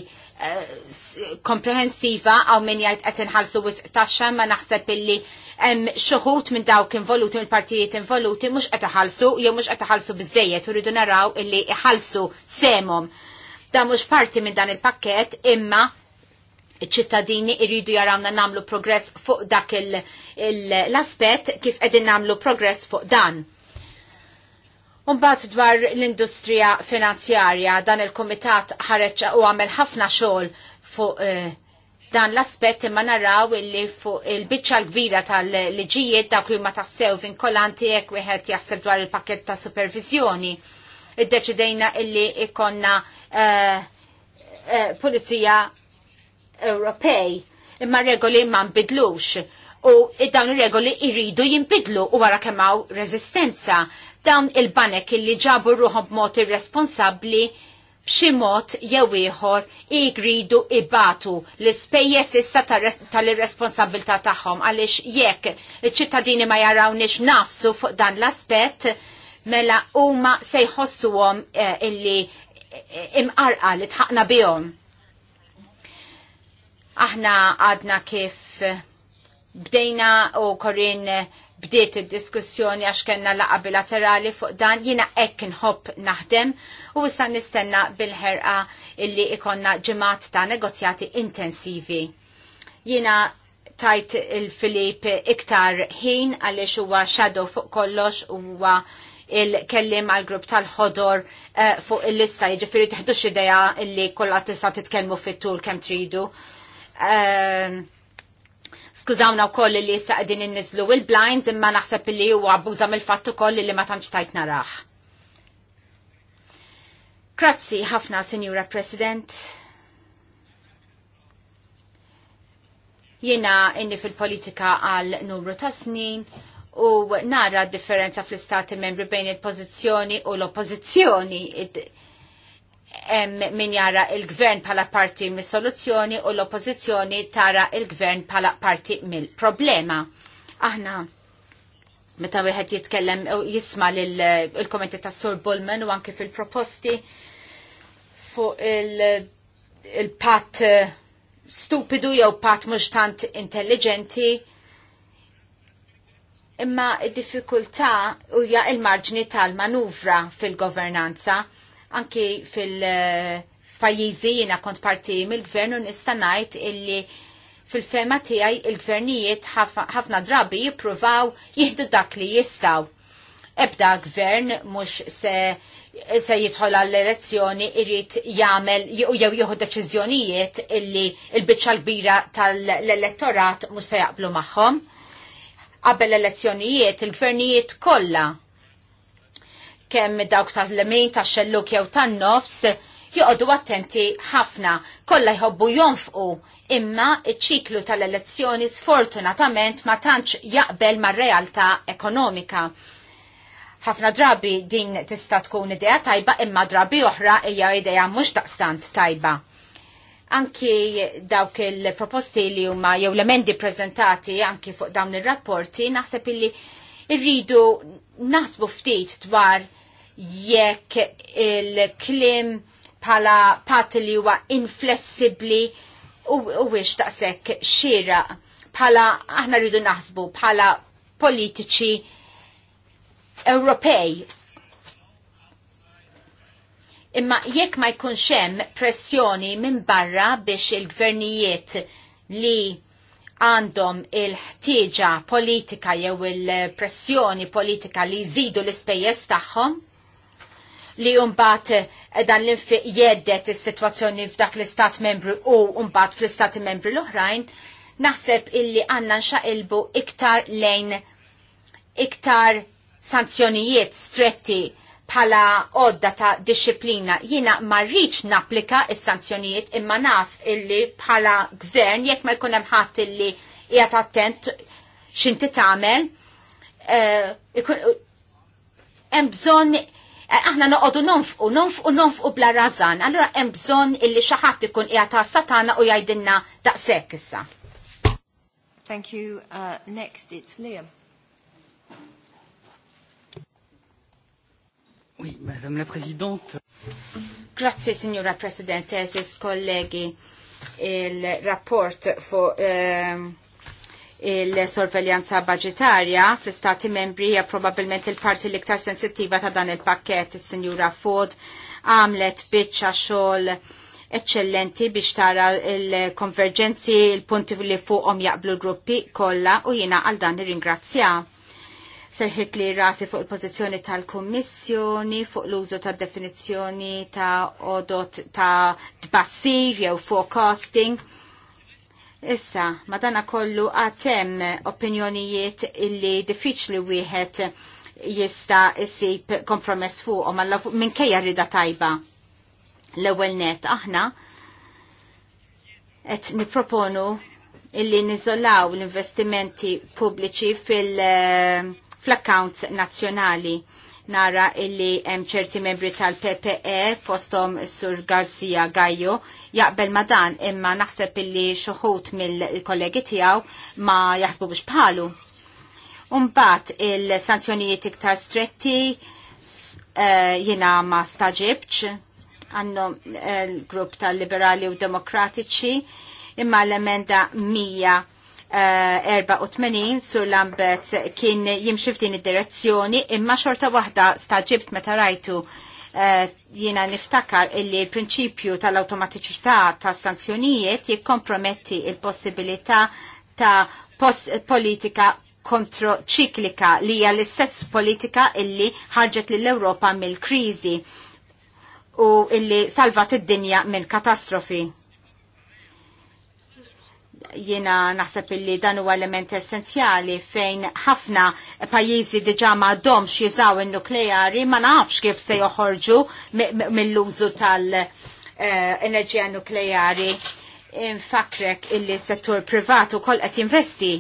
komprehensiva għaw min jgħid qed inħallsu wisq taxxa ma naħseb illi hemm xuħut minn dawk involuti minn partijiet involuti mhux qed iħallsu jew mhux qed iħallsu u uridu naraw illi iħallsu semhom. Dan mhux parti minn dan il-pakkett imma ċittadini irridu jarawna namlu progress fuq dak l-aspet kif edin namlu progress fuq dan. Umbat dwar l-industrija finanzjarja dan il-komitat ħareċ u għamel ħafna xogħol fuq eh, dan l-aspett imma naraw illi fuq il-biċċa l-kbira tal-liġijiet dak li ma tassew kolanti ek wieħed jaħseb dwar il-pakket ta' supervizjoni. Iddeċidejna illi ikonna Polizija eh, eh, pulizija Ewropej imma regoli ma nbidlux u dawn ir-regoli irridu jinbidlu u wara kemmaw rezistenza dawn il-banek illi ġabu ruħom b'mod irresponsabbli b'xi mod jew ieħor igridu ibatu l-ispejjeż issa tal-irresponsabilità tagħhom għaliex jekk iċ-ċittadini ma jarawniex nafsu fuq dan l-aspett mela huma se jħossuhom eh, illi eh, imqarqa li tħaqna bihom. Aħna għadna kif bdejna u korin eh, bdiet id-diskussjoni għax kellna laqa bilaterali fuq dan jiena hekk inħobb naħdem u issa nistenna bil-ħerqa illi ikonna ġemat ta' negozjati intensivi. Jiena tajt il-Filip iktar ħin għaliex huwa shadow fuq kollox huwa il-kellim għal grupp tal-ħodor uh, fuq il-lista, jiġifieri teħdux idea illi kolla tista' titkellmu fit-tul kemm tridu. Uh, Skużawna koll li issa n inniżlu il-blinds imma naħseb li huwa abbuża mill-fatt ukoll li ma tantx tajt narah. Grazzi ħafna, Signora President. Jiena inni fil-politika għal numru ta' snin u nara differenza fl-istati membri bejn il-pozizjoni u l-oppozizjoni min jara il-gvern pala parti mis-soluzzjoni u l-oppozizjoni tara il-gvern pala parti mill-problema. Aħna meta wieħed jitkellem u jisma l-kommenti ta' Sur Bullman u anke fil-proposti fuq il-pat eh, stupidu jew pat mhux tant intelligenti imma id-diffikultà huja il-marġni tal-manuvra fil-governanza Anki fil-pajizi eh, kont parti mill-gvern u nistanajt illi fil-fema tijaj il-gvernijiet ħafna drabi jipruvaw jihdu dak li jistaw. Ebda gvern mux se se jitħol għall-elezzjoni irrit jagħmel jew jieħu deċiżjonijiet illi l-biċċa kbira tal-elettorat mhux se jaqblu magħhom. Qabel l-elezzjonijiet il-gvernijiet kollha kemm dawk l-min tax-xelluk jew tan-nofs joqogħdu attenti ħafna, kollha jħobbu jonfqu, imma iċ-ċiklu tal-elezzjoni sfortunatament ma tantx jaqbel mar-realtà ekonomika. Ħafna drabi din tista' tkun idea tajba imma drabi oħra hija idea mhux daqstant tajba anki dawk il-proposti li huma jew l-emendi preżentati anki fuq dawn ir rapporti naħseb illi rridu nasbu ftit dwar jekk il-klim bħala pat li huwa inflessibli u wiex taqsek xira bħala aħna rridu naħsbu bħala politiċi Ewropej. Imma jekk ma jkunx hemm pressjoni minn barra biex il-gvernijiet li għandhom il-ħtieġa politika jew il-pressjoni politika li jżidu l-ispejjeż tagħhom, li umbat eh, dan l-infiq jeddet is-sitwazzjoni f'dak l-istat membru u umbat fl-istati membru l-oħrajn, naħseb illi għanna xaqilbu iktar lejn iktar sanzjonijiet stretti bħala odda ta' disciplina. Jina marriċ naplika il sanzjonijiet imma naf illi bħala gvern jekk ma jkun hemm ħadd illi jgħat attent x'inti tagħmel eh, hemm bżonn aħna noqogħdu nonfqu, nonfqu, nonfqu bla razan. allora hemm bżonn illi xi ħadd ikun qiegħed satana u jgħidilna daqshekk issa. Thank you. Uh, next it's Liam. Oui, Madame la Présidente. Grazie, Signora Presidente, esis kollegi. Il-rapport fu, ehm, il-sorveljanza budgetarja fl-istati membri hija probabilment il-parti l-iktar sensittiva ta' dan il-pakket is-Sinjura Ford għamlet biċċa xogħol eccellenti biex tara il-konverġenzi, il-punti li fuqhom jaqblu gruppi kollha u jiena għal dan ir-ringrazzja. Serħit li rasi fuq il-pożizzjoni tal-Kummissjoni, fuq l-użu ta' definizzjoni ta' odot ta' tbassir jew fuq costing Issa, madana kollu għatem opinjonijiet illi diffiċli wieħed jista jisib kompromess fuqhom għalla fuq minn kejja rida tajba l-ewwel net aħna qed nipproponu illi niżolaw l-investimenti pubbliċi fil- eh, fl-accounts nazzjonali nara illi hemm ċerti membri tal-PPE fostom sur Garcia Gajo jaqbel ma dan imma naħseb illi xuħut mill-kollegi tiegħu ma jaħsbu biex bħalu. Umbat il-sanzjonijiet iktar stretti eh, jina ma staġibċ għannu eh, l-grupp tal-liberali u demokratiċi imma l-emenda 100 84 eh, sur Lambert kien jimxiftin id-direzzjoni imma xorta waħda staġibt meta rajtu eh, jiena niftakar illi l-prinċipju tal-automatiċità ta' sanzjonijiet jikkomprometti il-possibilità ta' politika kontroċiklika li hija l-istess politika illi ħarġet lill europa mill-kriżi u illi salvat id-dinja minn katastrofi jiena naħseb illi dan huwa element essenzjali fejn ħafna pajjiżi diġà dom jiżaw in-nukleari ma nafx kif se joħorġu mill-użu tal-enerġija eh, nukleari. Infakrek illi settur privatu kol qed jinvesti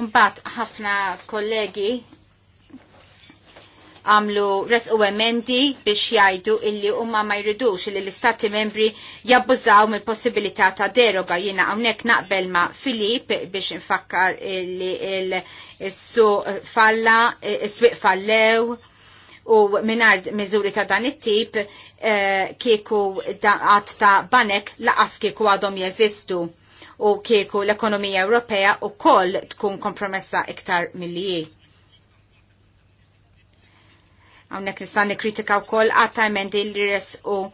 Mbagħad ħafna kollegi għamlu resqu emendi biex jajdu illi umma ma jridux illi l-istati membri jabbużaw mill possibilità ta' deroga jina għawnek naqbel ma' Filip biex nfakkar illi il-su falla, s-swiq fallew u minard mizuri ta' dan it-tip eh, kieku għat ta' banek laqas kieku għadhom jeżistu u kieku l-ekonomija Ewropea u koll tkun kompromessa iktar mill-li Għawnek nistan kritika u koll għatta emendi li res u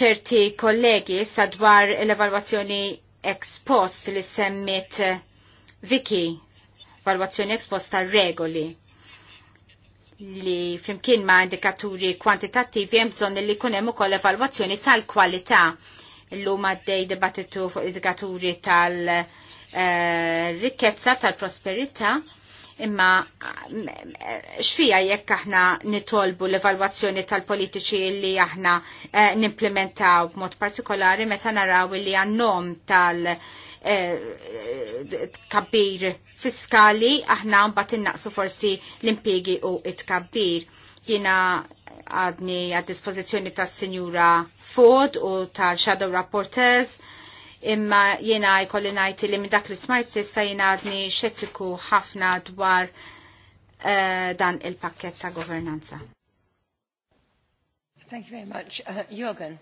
ċerti kollegi sadwar l-evalwazzjoni ex post li semmit Viki, evalwazzjoni ex post tal regoli li flimkien ma' indikaturi kwantitattivi hemm bżonn li jkun hemm ukoll evalwazzjoni tal-kwalità illum għaddej dibattitu fuq indikaturi tal-rikkezza eh, tal-prosperità imma xfija jekk aħna nitolbu l-evalwazzjoni tal-politiċi li aħna eh, nimplementaw b'mod partikolari meta naraw li għannom tal- eh, kabbir fiskali aħna mbagħad innaqsu forsi l-impjegi u it-kabbir. Jiena għadni għad dispozizjoni tas-Sinjura Ford u tal-Shadow Rapporteurs imma jiena jkolli najt li minn dak li smajt sissa jiena għadni xettiku ħafna dwar uh, dan il-pakket ta' governanza. Thank you very much. Uh, Jürgen.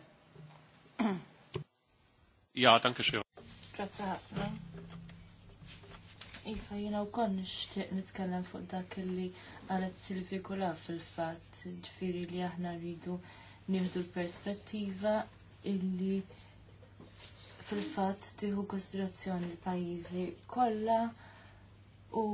*clears throat* ja, danke schön. Grazie ħafna. Iva, jina u kon nishtiq nitkellem fuq dak li għalet Silvi Kula fil-fat, ġviri li aħna rridu nieħdu l-perspettiva illi fil-fatt tieħu konsiderazzjoni l-pajjiżi kollha u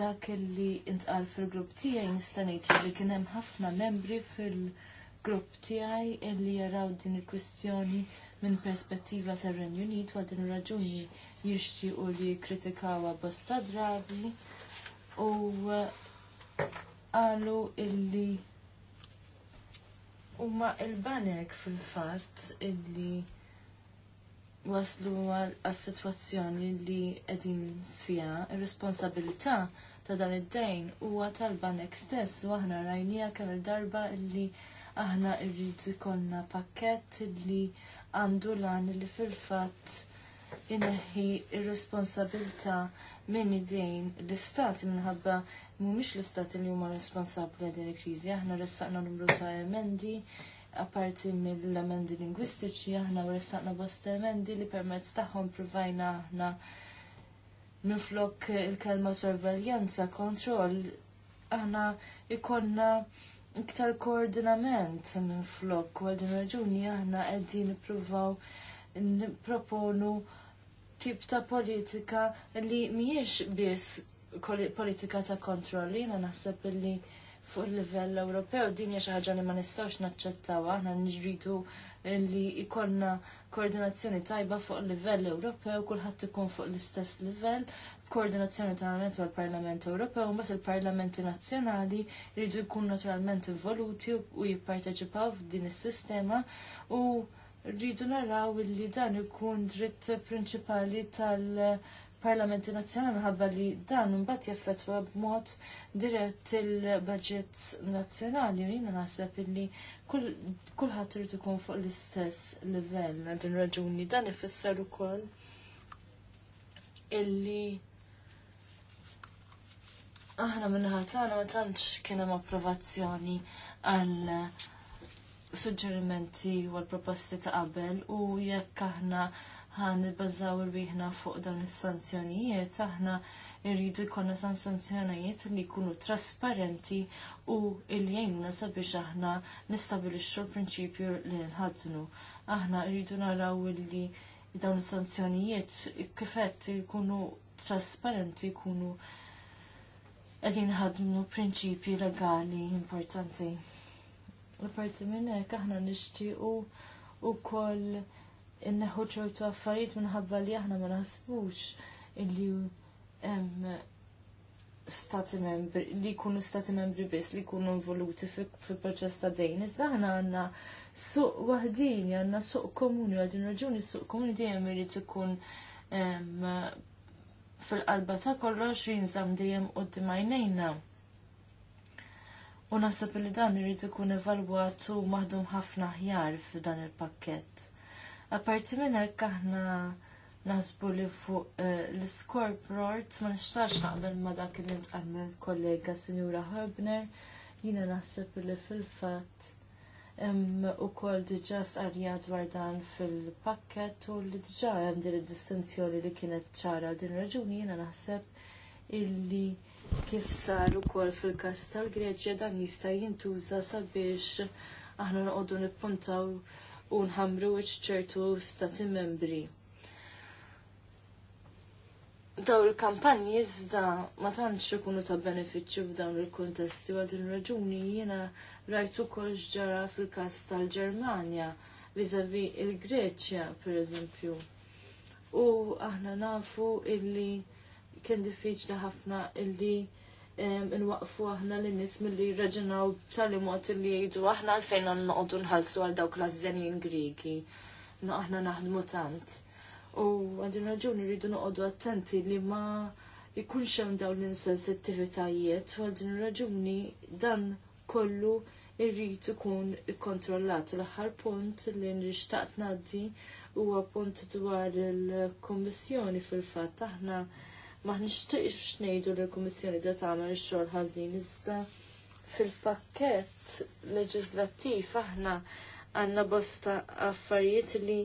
dak li intqal fil-grupp tiegħi nista' ngħid li kien hemm ħafna membri fil-grupp tiegħi illi jaraw din il-kwistjoni minn perspettiva tar-Renju Unit għal din ir-raġuni jixtiequ li jikkritikawha bosta drabi u qalu illi huma il-banek fil-fatt illi waslu għal sitwazzjoni li qegħdin fiha ir-responsabilità ta' dan id-dejn huwa tal-banek stess u aħna rajnija kemm il-darba li aħna irridu jkollna pakkett li għandu lan li fil-fatt inneħi ir-responsabilità minn idejn l-istati minħabba mhumiex l-istati li huma responsabbli għal din il-kriżi. Aħna ressaqna numru ta' emendi apparti mill-emendi lingwistiċi aħna ressaqna bosta emendi li permezz tagħhom provajna aħna minflok il-kelma sorveljanza, kontroll, aħna ikonna iktar koordinament minflok u għal din raġuni aħna qegħdin nippruvaw nipproponu tip ta' politika li mhijiex biss politika ta' kontroll, jiena naħseb li fuq il-livell Ewropew din hija xi ħaġa li ma nistgħux naċċettaw aħna nġridu li jkollna koordinazzjoni tajba fuq il-livell Ewropew, kulħadd ikun fuq l-istess livell, koordinazzjoni tal-Parlament parlament Ewropew, mbagħad il-Parlamenti Nazzjonali jridu jkunu naturalment involuti u jipparteċipaw f'din is-sistema u rridu naraw li dan ikun dritt prinċipali tal- parlamenti nazzjonali minħabba li dan imbagħad jaffettwa b'mod dirett il-budgets nazzjonali u jiena naħseb illi kulħadd irid ikun fuq l-istess livell għal din raġuni dan ifisser ukoll illi aħna minnaħa tagħna ma tantx kien hemm approvazzjoni għal suġġerimenti u għal proposti ta' qabel u jekk aħna ħan nibbażaw rwiħna fuq dawn is-sanzjonijiet, aħna irridu jkollna sanzjonijiet li jkunu trasparenti u il jgħinuna sabiex aħna nistabilixxu l-prinċipju li nħadnu. Aħna irridu naraw li dawn is-sanzjonijiet kifett jkunu trasparenti jkunu qegħdin ħadnu prinċipji legali importanti. L-parti minn hekk aħna nixtiequ ukoll inneħu ċertu affarijiet minħabba li aħna ma naħsbux illi hemm stati membri li jkunu stati membri biss li jkunu involuti fil proċess ta' dejn. Iżda aħna għandna suq waħdin, għandna suq komuni, għal din raġuni suq komuni dejjem irid ikun fil-qalba ta' kollox żam dejjem qudiem għajnejna. U naħseb li dan irid ikun evalwat u maħdum ħafna ħjar f'dan il-pakkett. Apparti minn hekk aħna naħsbu li fuq eh, l-scoreboard ma nistax naqbel ma dak li ntqal kollega Sinjura Harbner, jiena naħseb li fil-fatt hemm ukoll diġà stqarrija dwar dan fil-pakket u li diġà hemm din id-distinzjoni li kienet ċara din raġuni jiena naħseb illi kif sar ukoll fil kastal tal-Greċja dan jista' jintuża sabiex aħna noqogħdu nippuntaw u nħamru ċertu stati membri. Daw il-kampanji iżda ma tantx ikunu ta' benefiċċju f'dawn il-kontesti għal din raġuni jiena rajtu kol ġara fil-każ tal-Ġermanja vizavi il-Greċja pereżempju. U aħna nafu illi kien diffiċli ħafna illi n-waqfu aħna l nies milli jirraġinaw b'tali mod li jgħidu aħna għalfejn għan noqogħdu nħallsu għal dawk l-azzenin Griegi. No aħna naħdmu tant. U għandin raġuni rridu noqogħdu attenti li ma jkunx hemm dawn l-insensittivitajiet u għandin raġuni dan kollu irrid ikun ikkontrollat. L-aħħar punt li nixtaqt ngħaddi huwa punt dwar il-Kommissjoni fil-fatt aħna ma nixtieqx ngħidu li l-Kummissjoni da tagħmel ix-xogħol ħażin iżda fil-pakkett leġislattiv aħna għandna bosta affarijiet li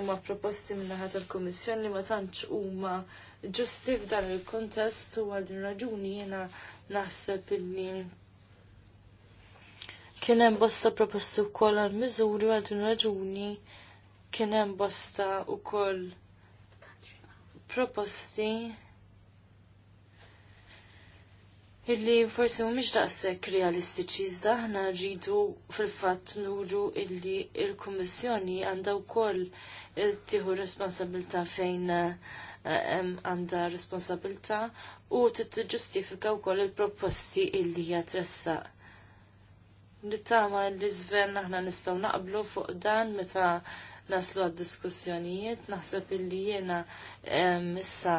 huma proposti minnaħat tal-Kummissjoni li ma tantx huma ġusti f'dan il-kontest u għal din raġuni jiena naħseb illi kien hemm bosta proposti wkoll għal miżuri għal din raġuni kien hemm bosta wkoll proposti illi forsi mhumiex daqshekk realistiċi iżda aħna rridu fil-fatt nuru illi il-Kummissjoni għandha wkoll eh, tieħu responsabilità fejn eh, għandha responsabilità u tiġġustifika wkoll il-proposti illi hija tressaq. Nittama li żven aħna nistgħu naqblu fuq dan meta naslu għad-diskussjonijiet, naħseb illi jiena issa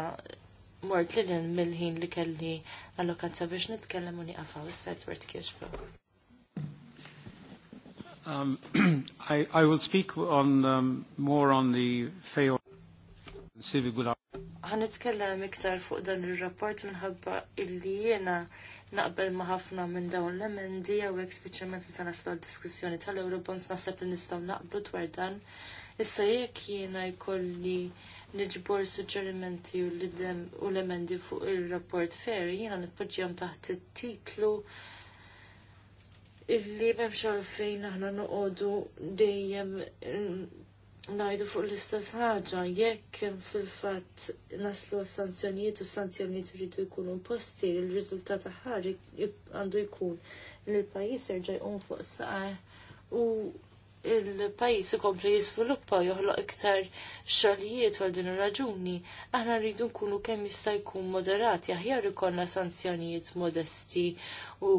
mort li mill-ħin li kelli allokat sabiex nitkellem u niqafaw s-Sedward Kirchberg. Um, *clears throat* I, I will speak on um, more on the fail civic good Għanitkellem iktar fuq dan il-rapport minħabba illi jena naqbel ma ħafna minn dawn l-emendi għaw ekspiċement meta naslu diskussjoni tal-Eurobonds nasab li nistaw naqblu dwar dan. Issa jekk jiena jkolli niġbor suġġerimenti u l-idem u l-emendi fuq il-rapport ferri, jiena nitpoġġijom taħt il-titlu illi memx għalfejn aħna noqogħdu dejjem mm, najdu fuq l-istess ħaġa, jekk fil-fatt naslu sanzjonijiet u sanzjonijiet rridu jkunu imposti, il-riżultat tagħha għandu jkun li l pajjiż jerġa' jqum fuq saqgħa u il-pajis ikompli jizviluppa joħloq iktar xogħlijiet għal din ir-raġuni, aħna rridu nkunu kemm jista' jkun moderati, aħjar ikollna sanzjonijiet modesti u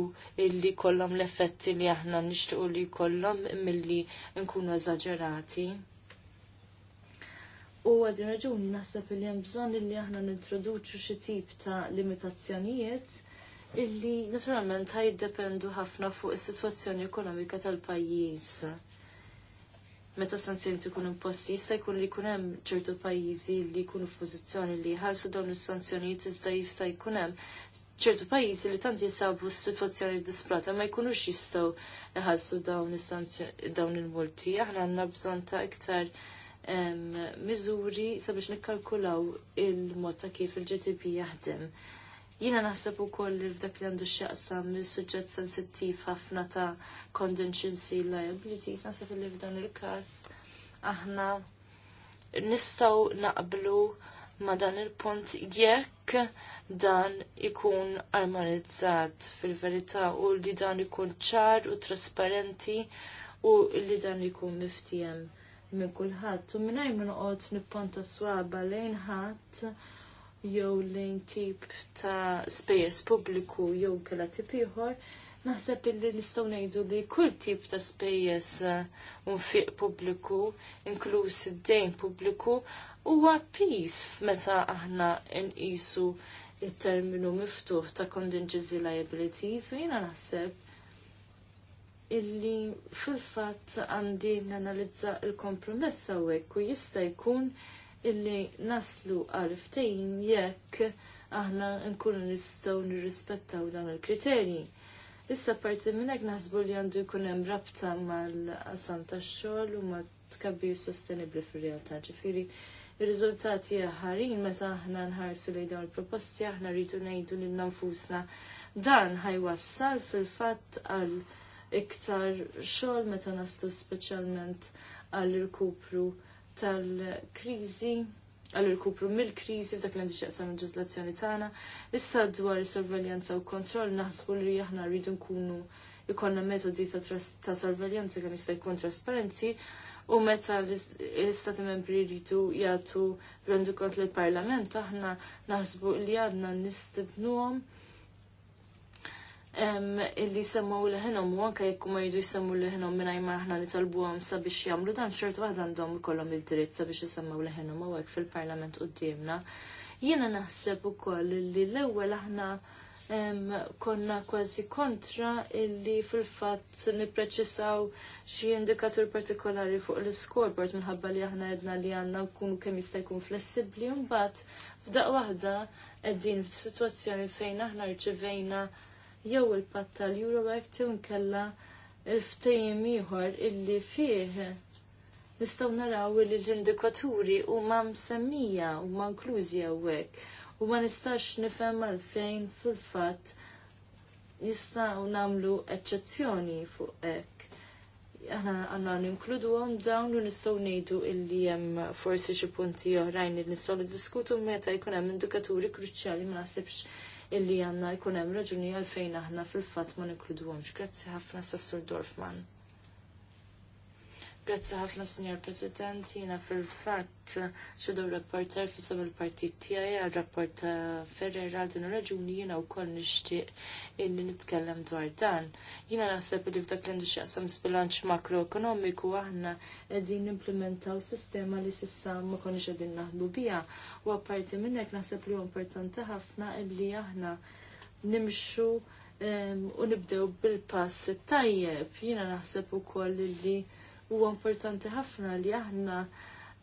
illi kollhom l-effetti li aħna nixtiequ li jkollhom milli nkunu eżaġerati. U għadin raġuni naħseb li hemm bżonn li aħna nintroduċu xi tip ta' limitazzjonijiet illi naturalment ħajdependu ħafna fuq is-sitwazzjoni ekonomika tal-pajjiż meta sanzjoni tkun imposti jista' jkun li jkun hemm ċertu pajjiżi li jkunu f'pożizzjoni li jħallsu dawn is-sanzjonijiet iżda jista' jkun hemm ċertu pajjiżi li tant jinsabu f'sitwazzjoni disprata ma jkunux jistgħu jħallsu dawn il-multi. Aħna għandna bżonn ta' iktar miżuri sabiex nikkalkulaw il-mod ta' kif il gtp jaħdem. Jiena naħseb ukoll li f'dak li għandu x'jaqsam mis-suġġett sensittiv ħafna ta' contingency liabilities, naħseb li f'dan il-każ aħna nistgħu naqblu ma dan il-punt jekk dan ikun armonizzat fil-verità u li dan ikun ċar u trasparenti u li dan ikun miftijem minn kulħadd u mingħajr ma noqgħod nipponta swaba lejn ħadd jew lejn tip ta' spejjeż pubbliku jew kella tip ieħor, naħseb illi nistgħu ngħidu li kull tip ta' spejjeż uh, fiq pubbliku, inkluż id-dejn pubbliku, huwa peace meta aħna nqisu il-terminu miftuħ ta' contingency liabilities u jiena naħseb illi fil-fatt għandi nanalizza il-kompromess hawnhekk u jista' jkun illi naslu għal jekk aħna nkunu nistgħu nirrispettaw dan il-kriterji. Issa parti minn hekk naħsbu li għandu jkun hemm rabta mal-qasam tax-xogħol u ma tkabbir sostenibbli fir-realtà. Ġifieri ir-riżultati ħarin meta aħna nħarsu lejn dawn il-proposti aħna rridu ngħidu lil nfusna dan ħajwassal fil-fatt għal iktar xogħol meta naslu speċjalment għal rikupru tal-kriżi għallu l-kupru mill-krizi f'dak li xieqsam il-ġizlazzjoni tagħna. Issa dwar sorveljanza u kontroll naħsbu li aħna rridu nkunu ikonna metodi ta' sorveljanza kemm jista' jkun trasparenzi u meta l-istati membri rridu jagħtu rendu kont l-parlament aħna naħsbu li għadna nistednuhom illi semmaw leħenom u anke jekk ma jridu jsemmu leħenom mingħajr ma aħna nitalbuhom sabiex jagħmlu dan xort waħda għandhom ikollhom id-dritt sabiex isemmaw leħenhom hawnhekk fil-Parlament qudiemna. Jiena naħseb ukoll li l-ewwel aħna konna kważi kontra illi fil-fatt nippreċisaw xi indikatur partikolari fuq l-scoreboard minħabba li aħna għedna li għandna nkunu kemm jista' jkun flessibbli u mbagħad f'daq waħda għeddin f'sitwazzjoni fejn aħna rċivejna jew il-patt tal-Europact jew nkella il-ftejjem ieħor illi fih nistgħu naraw li l-indikaturi huma msemmija huma inklużi hawnhekk u ma nistax nifhem għalfejn fil-fatt jistgħu nagħmlu eċċezzjoni fuq hekk. Aħna għandna ninkluduhom dawn u nistgħu ngħidu illi hemm forsi xi punti oħrajn li nistgħu niddiskutu meta jkun hemm indikaturi kruċjali ma naħsibx illi għandna jkun hemm raġuni għalfejn aħna fil-fatt ma ninkludwhomx. Grazzi ħafna Sassur Dorfman. Grazzi ħafna, Signor President, jina fil-fat ċedu rapporter fi sam il-partit tijaj, għal-rapport Ferrera din raġuni jina u koll nishtiq inni nitkellem dwar dan. Jina naħseb li f'dak l-għandu xaqsam bilanċ makroekonomiku għahna edin implementaw sistema li sissa ma konix edin naħdu bija. U għaparti minnek naħseb li importanti ħafna illi aħna nimxu u nibdew bil-pass tajjeb. Jina naħseb u koll li huwa importanti ħafna li aħna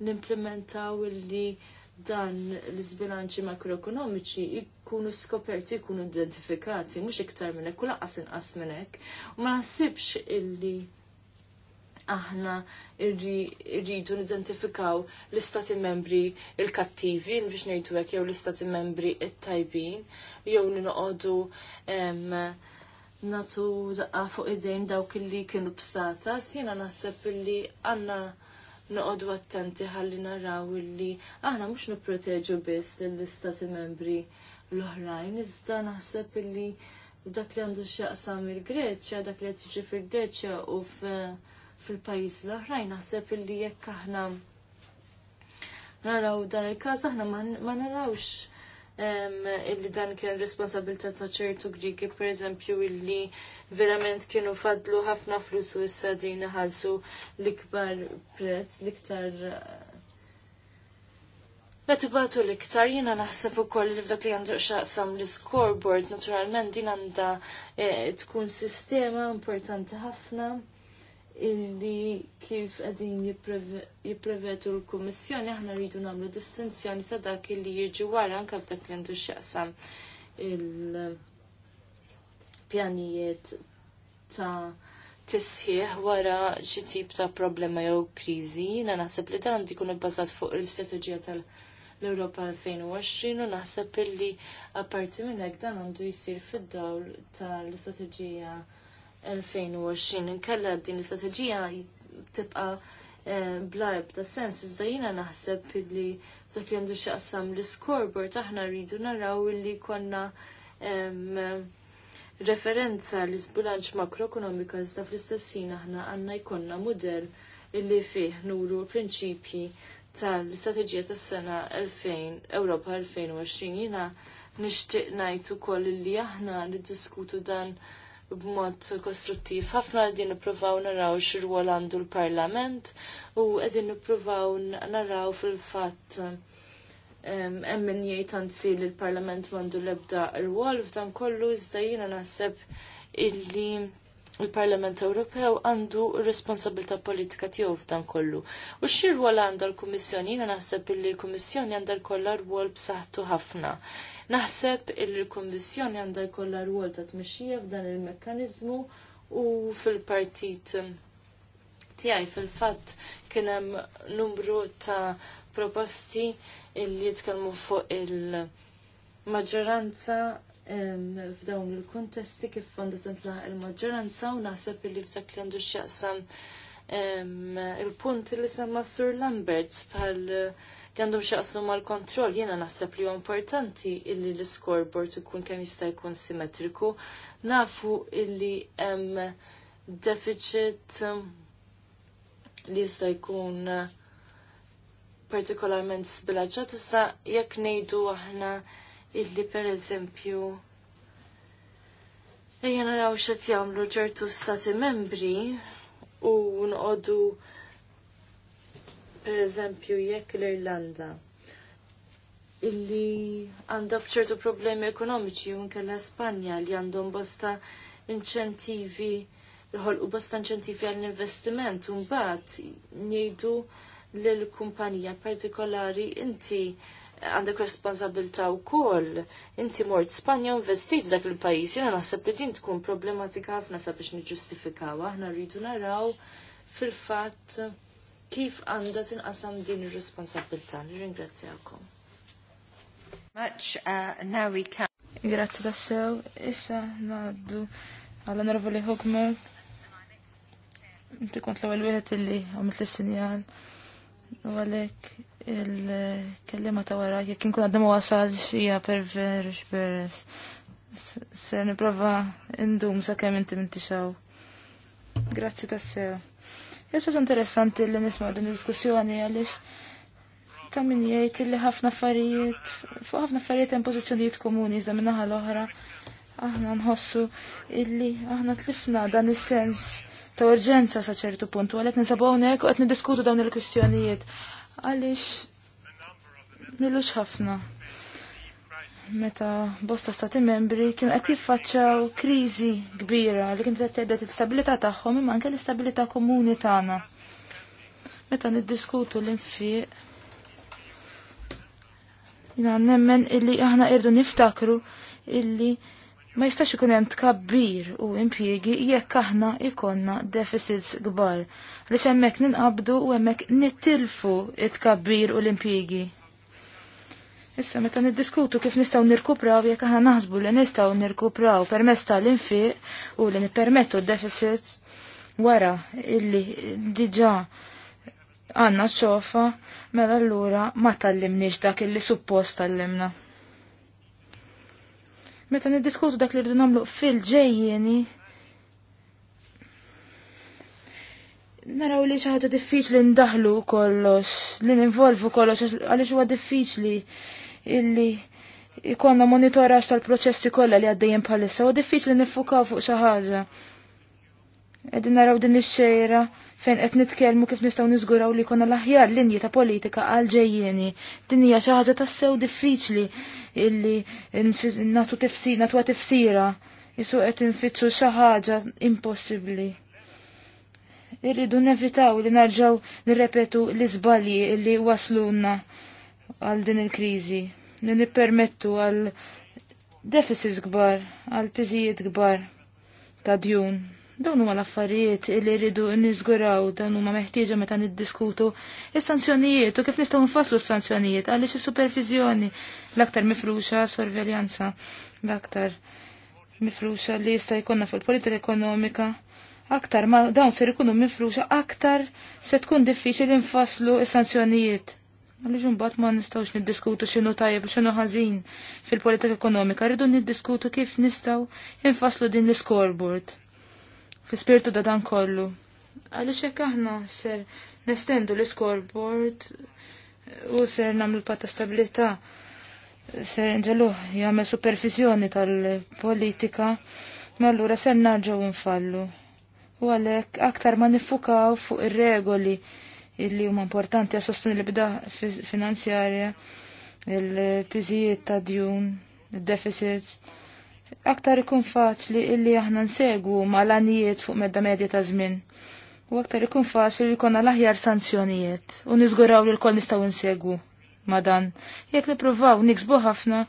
nimplementaw illi dan l-sbilanċi makroekonomiċi jkunu skoperti, jkunu identifikati, mhux iktar minn hekk u inqas minn hekk. U ma nasibx illi aħna irridu nidentifikaw l-istati membri il-kattivi biex ngħidu hekk jew l-istati membri il tajbin jew li noqogħdu natu daqqa fuq id-dejn dawk illi kienu bsata, jiena naħseb illi għanna noqodu attenti ħalli naraw illi aħna mux niproteġu biss l-istati membri l-oħrajn, iżda naħseb illi dak li għandu xaqsam il-Greċja, dak li għatiġi fil-Greċja u fil-pajis l-oħrajn, naħseb illi jekk aħna naraw dan il-każ aħna ma narawx illi dan kien responsabilta ta' ċertu Grigi, per eżempju, illi verament kienu fadlu ħafna flus u issa din ħazzu l-ikbar prezz, l-iktar. Natibatu eh, l-iktar jina naħseb ukoll li f'dak li għandu xaqsam l-scoreboard, naturalment din għandha eh, tkun sistema importanti ħafna illi kif għedin jiprevetu l-Kommissjoni aħna rridu namlu distinzjoni ta' dak illi jiġi wara anka f'dak li għandu x'jaqsam il-pjanijiet ta' tisħiħ wara xi tip ta' problema jew kriżi, jiena naħseb li dan għandu jkun ibbażat fuq l-istrateġija tal- l-Europa 2020 u naħseb illi apparti minn hekk dan għandu jsir fid-dawl tal-istrateġija 2020. Inkella din l-istrateġija tibqa' eh, blajb ta' sens, iżda jina naħseb li dak li għandu xaqsam l-scoreboard aħna rridu naraw li konna referenza l sbilanċ makroekonomika iżda fl-istessin aħna għanna jkonna model illi fih nuru prinċipji tal-istrateġija tas-sena 2000 Ewropa 2020 jina nixtieq ngħid ukoll li aħna niddiskutu dan b'mod kostruttiv. Ħafna qegħdin nippruvaw naraw x'irwol għandu l-Parlament u qegħdin nippruvaw naraw fil-fatt hemm min jgħid anzi li l-Parlament m'għandu l-ebda rwol f'dan kollu iżda jiena naħseb illi il-Parlament Ewropew għandu responsabilità politika tiegħu f'dan kollu. U x'ir rwol għandha l-Kummissjoni? Jiena naħseb illi l-Kummissjoni għandha kollha rwol b'saħħtu ħafna. Naħseb il-Kommissjoni għandha jkollha rwol ta' tmexxija f'dan il-mekkaniżmu u fil-partit tiegħi fil-fatt kien hemm numru ta' proposti li jitkellmu fuq il-maġġoranza f'dawn il-kontesti kif fondet intlaħ il-maġġoranza u naħseb li f'dak li għandu x'jaqsam il-punt li semma Sur Lamberts bħal uh, li għandhom xaqsmu mal-kontroll, jiena naħseb li huwa importanti illi l-scoreboard ikun kemm jista' jkun simmetriku. Nafu illi hemm deficit li jista' jkun partikolarment sbilaġġat issa jekk ngħidu aħna illi pereżempju ejja naraw x'qed jagħmlu ċertu stati membri u nqogħdu per eżempju jekk l-Irlanda illi għandha fċertu problemi ekonomiċi u nkella Spanja li għandhom bosta inċentivi l bosta inċentivi għall-investiment u mbagħad ngħidu lil kumpanija partikolari inti għandek responsabilta u koll, inti mort Spanja u investit dak il-pajis, jena naħseb li din tkun problematika ħafna sabiex niġustifikaw, aħna rridu naraw fil-fat kif għanda tinqasam din ir-responsabilità. Nirringrazzjakom. Much uh, now we can. Grazzi sew. Issa ngħaddu għall li Hogmer. Inti kont l-ewwel wieħed illi għamilt is-sinjal. U għalhekk il-kellima ta' wara jekk inkun għaddem wasal xija perverx beres. Ser niprofa indum sa' kemm inti mintixaw. Grazzi tassew. Issa interessanti li nisma' din id-diskussjoni għaliex ta' min jgħid li ħafna affarijiet fuq ħafna affarijiet hemm pożizzjonijiet komuni iżda min naħa l-oħra aħna nħossu illi aħna tlifna dan is-sens ta' urġenza sa' ċertu punt, u għalek nisabu għonek u għet nidiskutu dawn il-kustjonijiet. Għalix, millux ħafna meta bosta stati membri kienu qed jiffaċċaw kriżi kbira li kienet qed tgħidha l-istabilità tagħhom imma anke l-istabilità komuni tagħna. Meta niddiskutu l-infiq jina nemmen illi aħna irdu niftakru illi ma jistax ikun hemm tkabbir u impjiegi jekk aħna ikonna deficits kbar. Għaliex hemmhekk ninqabdu u hemmhekk nittilfu t tkabbir u l-impjiegi. Issa meta niddiskutu kif nistgħu nirkupraw jekk aħna naħsbu li nistgħu nirkupraw permezz tal-infiq u li nippermettu d-deficits wara illi diġà għandna xofa mela allura ma tallimniex dak illi suppost tallimna. Meta niddiskutu dak li rridu nagħmlu fil-ġejjeni naraw li xi ħaġa diffiċli ndaħlu kollox, li ninvolvu kollox għaliex huwa diffiċli illi ikonna monitoraġġ tal-proċessi kollha li għaddejjem bħalissa u diffiċli nifukaw fuq xi ħaġa. Qegħdin naraw din ix-xejra fejn qed nitkellmu kif nistgħu niżguraw li jkollna l-aħjar linji ta' politika għal ġejjieni. Din hija xi ħaġa tassew diffiċli illi nagħtu tifsira natwa tifsira jisu qed infittxu xi ħaġa impossibbli. Irridu nevitaw li narġaw nirrepetu l-iżbalji li waslunna għal din il-krizi li nippermettu għal deficits kbar, għal piżijiet kbar ta' djun. Dawn huma l-affarijiet li rridu niżguraw dawn huma meħtieġa meta niddiskutu is-sanzjonijiet u kif nistgħu nfasslu s-sanzjonijiet għaliex is superviżjoni l-aktar mifruxa sorveljanza l-aktar mifruxa li jista' jkollna fil-politika ekonomika aktar ma dawn ser ikunu mifruxa aktar se tkun diffiċli nfasslu s-sanzjonijiet Għalix mbagħad ma nistgħux niddiskutu x'inhu tajjeb u xinu ħażin fil-politika ekonomika, rridu niddiskutu kif nistgħu infaslu din l-scoreboard. Fi spirtu da dan kollu. Għalli hekk aħna ser nestendu l-scoreboard u ser nagħmlu pata stabilita. Ser nġelu jagħmel supervizjoni tal-politika, ma allura ser narġgħu infallu. U għalhekk aktar ma nifukaw fuq ir-regoli illi huma importanti għas sostenibilità finanzjarja, il-piżijiet ta' djun, il-deficits. Aktar ikun faċli illi aħna nsegwu mal-anijiet fuq medda medja ta' żmien. U aktar ikun faċli li jkollna l-aħjar sanzjonijiet u niżguraw li l-kol nistgħu nsegwu ma' dan. Jekk nippruvaw niksbu ħafna,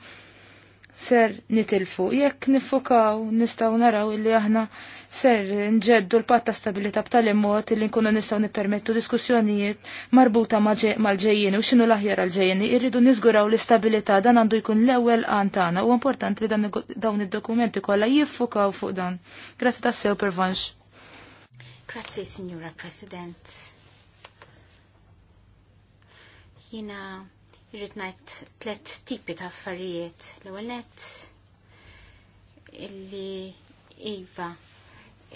ser nitilfu. Jekk nifukaw, nistaw naraw illi aħna ser nġeddu l-patta stabilita b'tali mod illi nkunu nistaw nipermettu diskussjonijiet marbuta mal ġejjien u xinu l-aħjar għal ġejjien Irridu nizguraw l-istabilita dan għandu jkun l-ewel għantana u importanti li dawn id-dokumenti kolla jiffukaw fuq dan. Grazzi ta' sew pervanx. Grazzi, Signora President. Jina Irrid ngħid tliet tipi ta' affarijiet. L-ewwel illi iva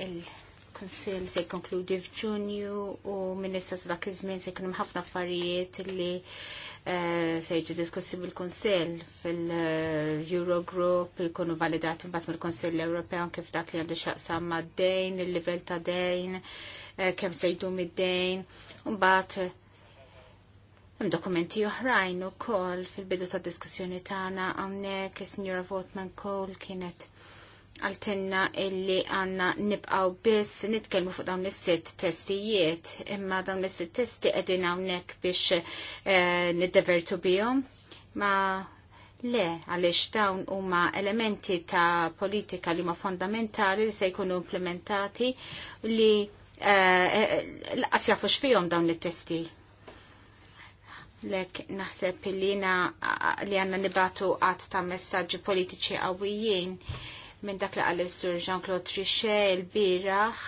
il-Kunsill se jkonkludi f'Ġunju u minnissa sa dak iż-żmien se jkun hemm ħafna affarijiet illi eh, se jiġu diskussi bil-Kunsill fil-Eurogroup jkunu validati mbagħad mill-Kunsill Ewropew kif dak li għandu x'aqsam mad-dejn, il-livell ta' dejn, eh, kemm se jdu mid-dejn, u mbagħad Hemm dokumenti oħrajn ukoll fil-bidu ta' diskussjoni tagħna hawnhekk is-Sinjura Votman Cole kienet għaltinna illi għanna nibqaw biss nitkelmu fuq dawn is-sitt testijiet, imma dawn is-sitt testi qegħdin hawnhekk biex eh, niddevertu bihom. Ma le, għaliex dawn huma elementi ta' politika li ma fondamentali li se jkunu implementati li eh, eh, l-qas jafux fihom dawn it-testi Lek naħseb li li għanna nibatu għat ta' messaġġi politiċi għawijin minn dak li s sur Jean-Claude Trichet il-biraħ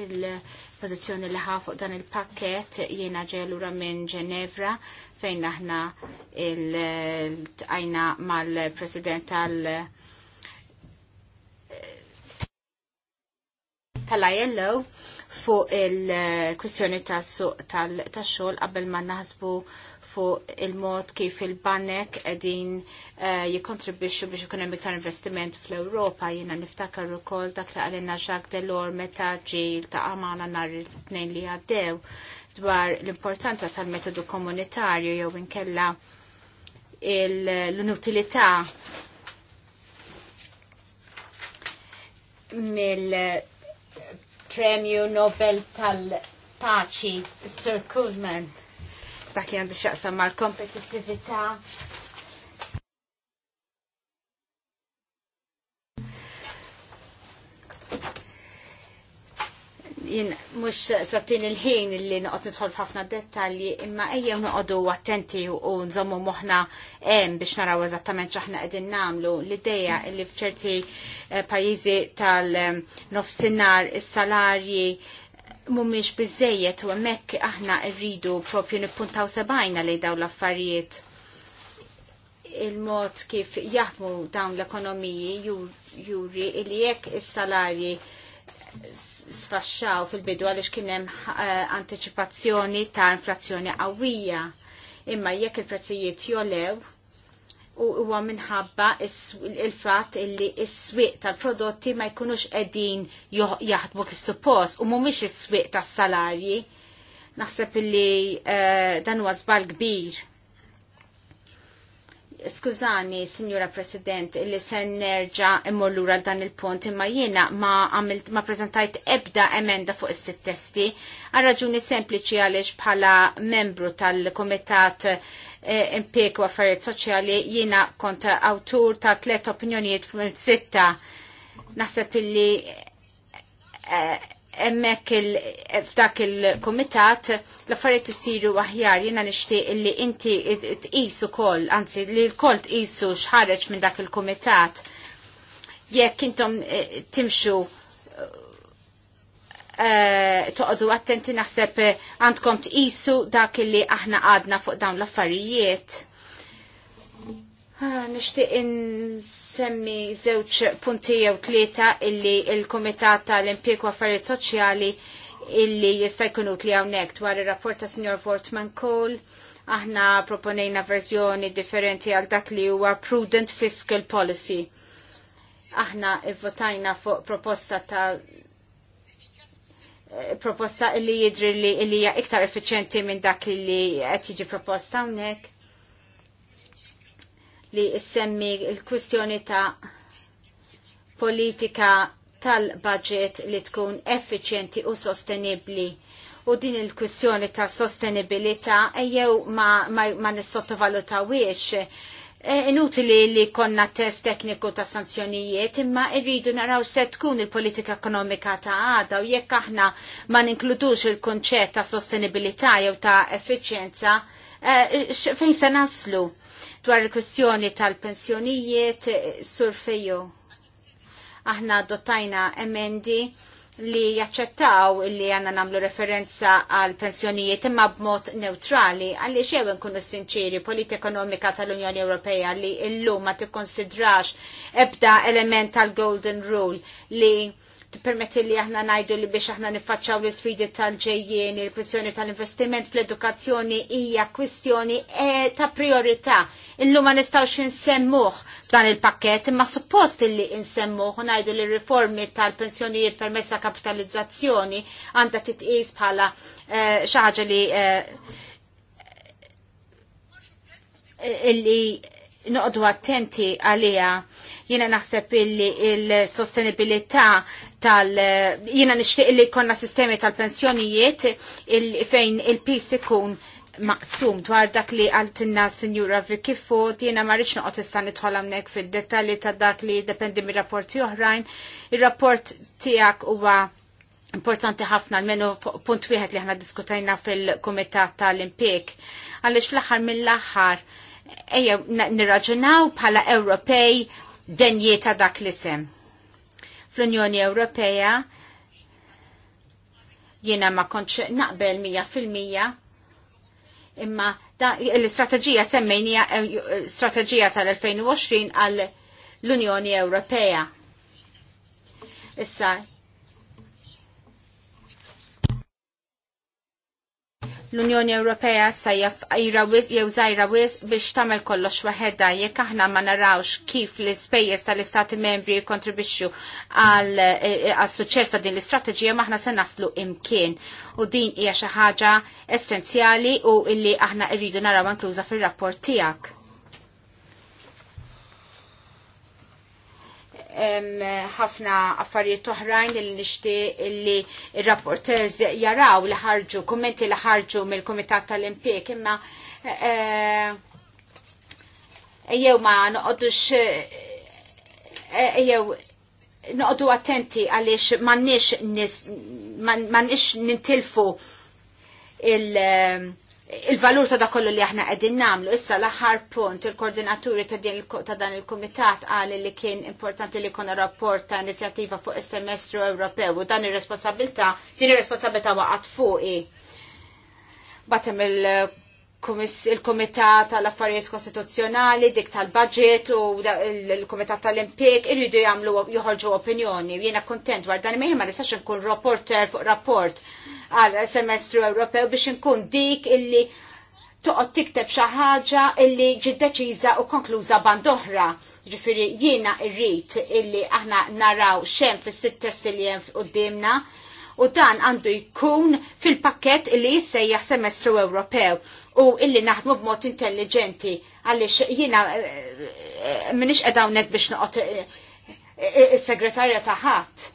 il-pozizjoni li ħafu dan il-pakket jiena ġelura minn Ġenevra fejn aħna il tajna mal-president tal- tal-ILO fuq il-kwistjoni tas-suq tax-xogħol qabel ma naħsbu fuq il-mod kif il-banek qegħdin eh, jikkontribwixxu biex ikun hemm iktar investiment fl-Ewropa jiena niftakar ukoll dak li qalilna Jacques Delors meta ġil ta' għamana nhar it-tnejn li għaddew dwar l-importanza tal-metodu komunitarju jew inkella l-inutilità mill premju Nobel tal-paċi, Sir Kuhlman. Dak li għandu xaqsa mal-kompetittività jien mux sattin il-ħin li noqot nidħol f'ħafna dettalji imma ejjew noqodu attenti u nżommu moħna em biex naraw eżattament x'aħna qegħdin nagħmlu l-idea li f'ċerti eh, pajjiżi tal-nofsinhar is-salarji eh, mhumiex bizzejiet u hemmhekk aħna rridu propju nippuntaw sebajna li dawn l-affarijiet il-mod kif jaħdmu dawn l-ekonomiji juri li jekk is-salarji sfaxxaw fil-bidu għaliex kien hemm uh, anticipazzjoni ta' inflazzjoni qawwija. Imma jekk il-prezzijiet jolew u huwa minħabba il-fatt illi s-swieq tal-prodotti ma jkunux qegħdin jaħdmu kif suppost u mhumiex is-swieq tas-salarji. Naħseb illi uh, dan huwa żball kbir Skużani, Signora President, li sen nerġa immur lura dan il-punt imma jiena ma għamilt ma prezentajt ebda emenda fuq is-sitt testi għal raġuni sempliċi għaliex bħala membru tal-Komitat eh, Impiek u Affarijiet Soċjali jiena kont awtur ta' tliet opinjonijiet fuq sitta naħseb illi eh, emmek f'dak il-komitat l-affarijiet isiru aħjar jiena nixtieq li inti tqisu ukoll, anzi li l-koll tqisu x'ħareġ minn dak il-komitat. Jekk intom eh, timxu eh, eh, toqgħodu attenti naħseb għandkom tqisu dak li aħna għadna fuq dawn l-affarijiet. Ah, in insemmi zewċ punti jew tlieta illi il-Komitat tal-Impjegu Affarijiet Soċjali illi jista' jkun utli hawnhekk dwar ir-rapport ta' Sinjor Vortman Cole aħna proponejna verżjoni differenti għal dak li huwa prudent fiscal policy. Aħna votajna fuq proposta ta' proposta illi jidri li hija iktar effiċjenti minn dak li qed jiġi proposta hawnhekk li semmi il-kwistjoni ta' politika tal-budget li tkun effiċjenti u sostenibli u din il-kwistjoni ta' sostenibilità ejjew ma, ma, ma nissottovalutawiex. wiex. Inutili li konna test tekniku ta' sanzjonijiet, imma irridu naraw se tkun il-politika ekonomika ta' għada u jekk aħna ma ninkludux il-konċett ta' sostenibilità jew ta' effiċjenza, e, fejn se naslu? Dwar il-kwestjoni tal-pensjonijiet, eh, surfeju. Aħna dotajna emendi li jaċċettaw li għanna namlu referenza għal pensjonijiet imma b'mod neutrali għalli xew nkunu sinċiri politika ekonomika tal-Unjoni Ewropea li illum ma tikkonsidrax ebda element tal-Golden Rule li permetti li aħna najdu li biex aħna nifacċaw l sfidi tal-ġejjien, il-kwistjoni tal-investiment fl-edukazzjoni hija kwistjoni e ta' priorità. Illum ma nistawx nsemmuħ dan il-pakket, imma suppost li nsemmuh u najdu li riformi tal-pensjonijiet permessa kapitalizzazzjoni għandha titqis bħala eh, xaħġa li eh, illi noqdu attenti għalija. Jina naħseb illi il-sostenibilità tal jiena nixtieq li konna sistemi tal-pensjonijiet il fejn il-pis ikun maqsum dwar dak li għaltinna Sinjura Vicky kifu jiena ma rridx noqgħod issa nidħol hawnhekk fid-dettalji ta' dak li jiddependi mir-rapporti oħrajn. Ir-rapport tiegħek huwa importanti ħafna l-menu punt wieħed li ħna diskutajna fil-Kumitat tal-Impik. Għaliex fl-aħħar mill-aħħar ejja nirraġunaw bħala Ewropej denjiet ta' dak l-isem fl-Unjoni Ewropea jiena ma konċ naqbel 100% imma l-istrateġija semmejnija eh, eh, strateġija tal-2020 għall unjoni Ewropea. Issa l-Unjoni Ewropea sa jew żajra biex tagħmel kollox waħedha jekk aħna ma narawx kif l-ispejjeż tal-Istati membri jikkontribixxu għal e, e, suċċess ta' din l-istrateġija maħna se naslu imkien. U din hija xi ħaġa essenzjali u illi aħna rridu naraw inkluża fir-rapport tiegħek. ħafna affarijiet oħrajn li nixtieq li r-rapporters jaraw li ħarġu, kummenti li ħarġu mill-Kumitat tal-Impjek, imma eh, jew ma noqogħdux eh, jew noqogħdu attenti għaliex mannix nintilfu il- eh, il-valur ta' dakollu kollu li aħna qegħdin nagħmlu issa l-aħħar punt il-koordinaturi ta' din ta' dan il-kumitat qal li kien importanti li jkun rapport ta' inizjattiva fuq is-semestru Ewropew u dan ir-responsabilità din ir-responsabilità waqgħet fuqi. Batem il- il-Komitat tal-Affarijiet Kostituzzjonali, dik tal-Budget u il-Komitat tal impeg irridu jagħmlu joħorġu opinjoni. Jiena kontent dwar dan imejn ma nistax nkun rapporter fuq rapport għal semestru Ewropew biex nkun dik illi toqgħod tikteb xi ħaġa illi ġi deċiża u konkluża band oħra. Ġifieri jiena rrid illi aħna naraw xem fis-sitt testi li hemm qudiemna u dan għandu jkun fil-pakket illi jissejjaħ semestru Ewropew u illi naħdmu b'mod intelligenti għaliex jiena eh, eh, minix qedawnek biex noqgħod eh, is-segretarja ta' ħadd.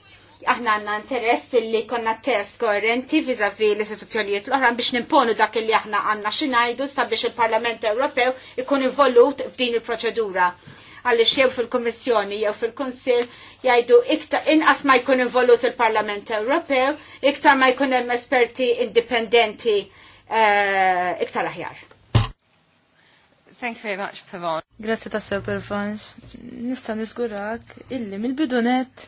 Aħna għandna interess illi konna test koerenti fi l-istituzzjonijiet l-oħra biex nimponu dak illi aħna għandna xi ngħidu sabiex il-Parlament Ewropew ikun involut f'din il-proċedura. il proċedura għaliex jew fil-Kummissjoni jew fil-Kunsill jgħidu iktar inqas ma jkun involut il-Parlament Ewropew, iktar ma jkun hemm esperti indipendenti eh, iktar aħjar. Thank you very much, Pavon. Grazie ta' sew, Pavons. Nista' nisgurak illi mill-bidunet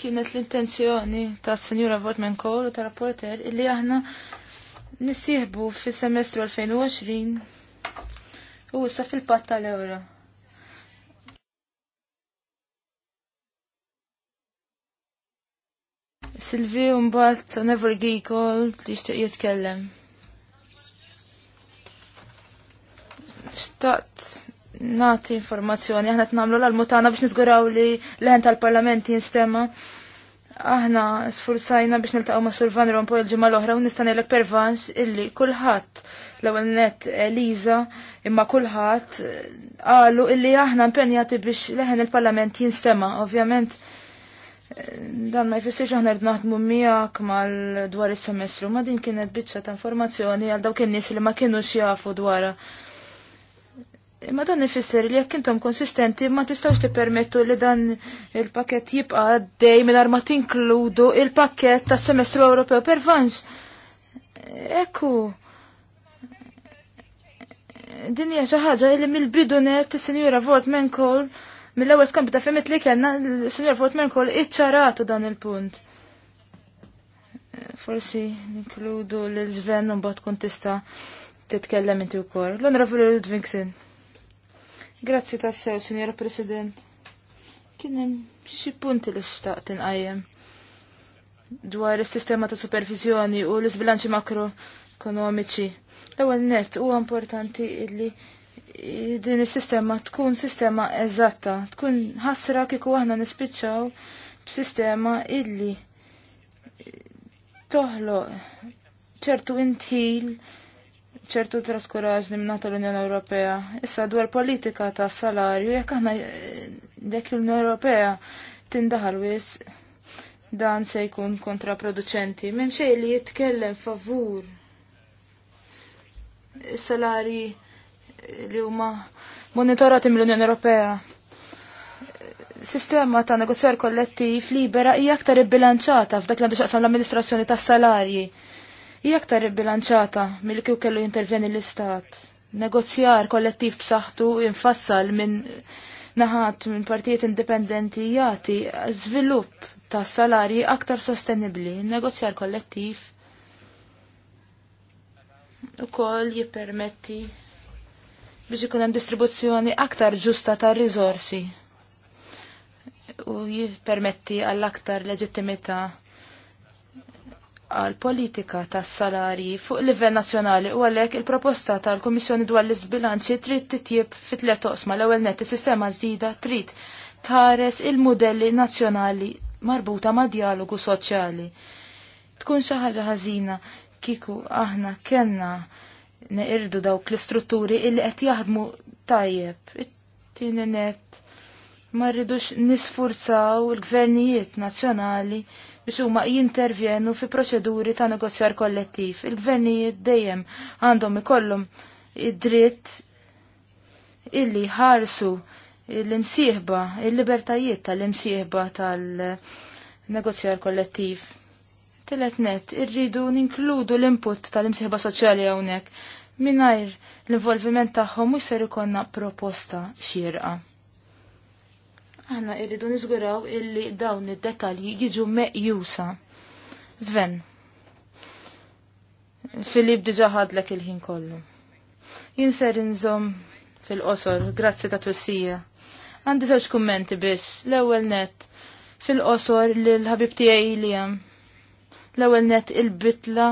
kienet l-intenzjoni ta' Senjura Votman Kohl u ta' rapporter illi aħna nissieħbu fis semestru 2020 u issa fil-patt tal ewra Silvi mbagħad never li tixtieq jitkellem. Xtaqt nagħti informazzjoni aħna qed nagħmlu l-almutana biex niżguraw li l-ħen tal-Parlament jinstema' Aħna sfursajna biex niltaqgħu ma' Sur Van Rompuy l-ġimma l-oħra u nista' ek pervanx illi kulħadd l-ewwel net Eliza imma kulħadd qalu illi aħna impenjati biex leħen il-Parlament jinstema' ovvjament dan ma jfissirx aħna rrid naħdmu miegħek mal dwar is-semestru ma din kienet biċċa ta' informazzjoni għal dawk in-nies li ma kinux jafu dwarha Imma dan ifisser li jekk intom konsistenti ma tistgħux tippermettu li dan il-pakett jibqa' għaddej mingħajr ma tinkludu il-pakett tas-semestru Ewropew vans. Ekku. Din hija xi ħaġa li mill-bidu net is-Sinjura Vot Menkol mill-ewwel skambi ta' femmit li kellna is-Sinjura Vot Menkol iċċaratu dan il-punt. Forsi ninkludu l u mbagħad tkun tista' titkellem inti wkoll. l fil Ludvigsen. Grazzi tassew, signora President. Kien hemm xi punti li xtaqt inqajjem dwar is-sistema ta' supervizjoni u l-isbilanċi makroekonomiċi. L-ewwel nett huwa importanti illi din is-sistema tkun sistema eżatta, tkun ħasra kieku aħna nispiċċaw b'sistema illi toħloq ċertu intil ċertu traskuraż li mnata l-Unjoni Ewropea. Issa dwar politika ta' salarju, jekk aħna dek eh, l-Unjoni Ewropea tindaħal wis dan se jkun kontraproducenti. Minn xej li jitkellem favur salari eh, li huma monitorati mill-Unjoni Ewropea. Sistema ta' negozjar kollettiv libera hija aktar ibbilanċata f'dak li għandu xaqsam l-amministrazzjoni tas-salarji hija aktar bilanċata milli kieku kellu jintervjeni l-istat. Negozjar kollettiv b'saħħtu infassal minn naħat minn partijiet indipendenti jati żvilupp ta' salarji aktar sostenibbli. Negozjar kollettiv ukoll jippermetti biex ikun hemm distribuzzjoni aktar ġusta tar riżorsi u jippermetti għall-aktar leġittimità għal politika tas salari fuq livell nazzjonali u għalhekk il-proposta tal-Kummissjoni dwar l-isbilanċi trid titjieb fit toqsma l-ewwel net is-sistema ġdida trid tħares il-modelli nazzjonali marbuta ma' dialogu soċjali. Tkun xi ħaġa ħażina kieku aħna kellna neqirdu dawk l-istrutturi illi qed jaħdmu tajjeb. Tieni net ma rridux nisfurzaw il-gvernijiet nazzjonali biex huma jintervjenu fi proċeduri ta' negozjar kollettiv. Il-gvernijiet dejjem għandhom ikollhom id-dritt illi ħarsu l-imsieħba, il-libertajiet tal-imsieħba tal-negozjar kollettiv. Telet net, irridu ninkludu l-input tal-imsieħba soċjali hawnhekk mingħajr l-involviment tagħhom mhux ser konna proposta xierqa. Għanna irridu nizguraw illi dawn id-detalji jiġu meqjusa. Zven, Filip diġa ħadlek il-ħin kollu. Jinser inżom fil-qosor, grazzi ta' twissija. Għandi żewġ kummenti biss, l-ewwel net fil-qosor l-ħabib tiegħi Liam. L-ewwel net il-bitla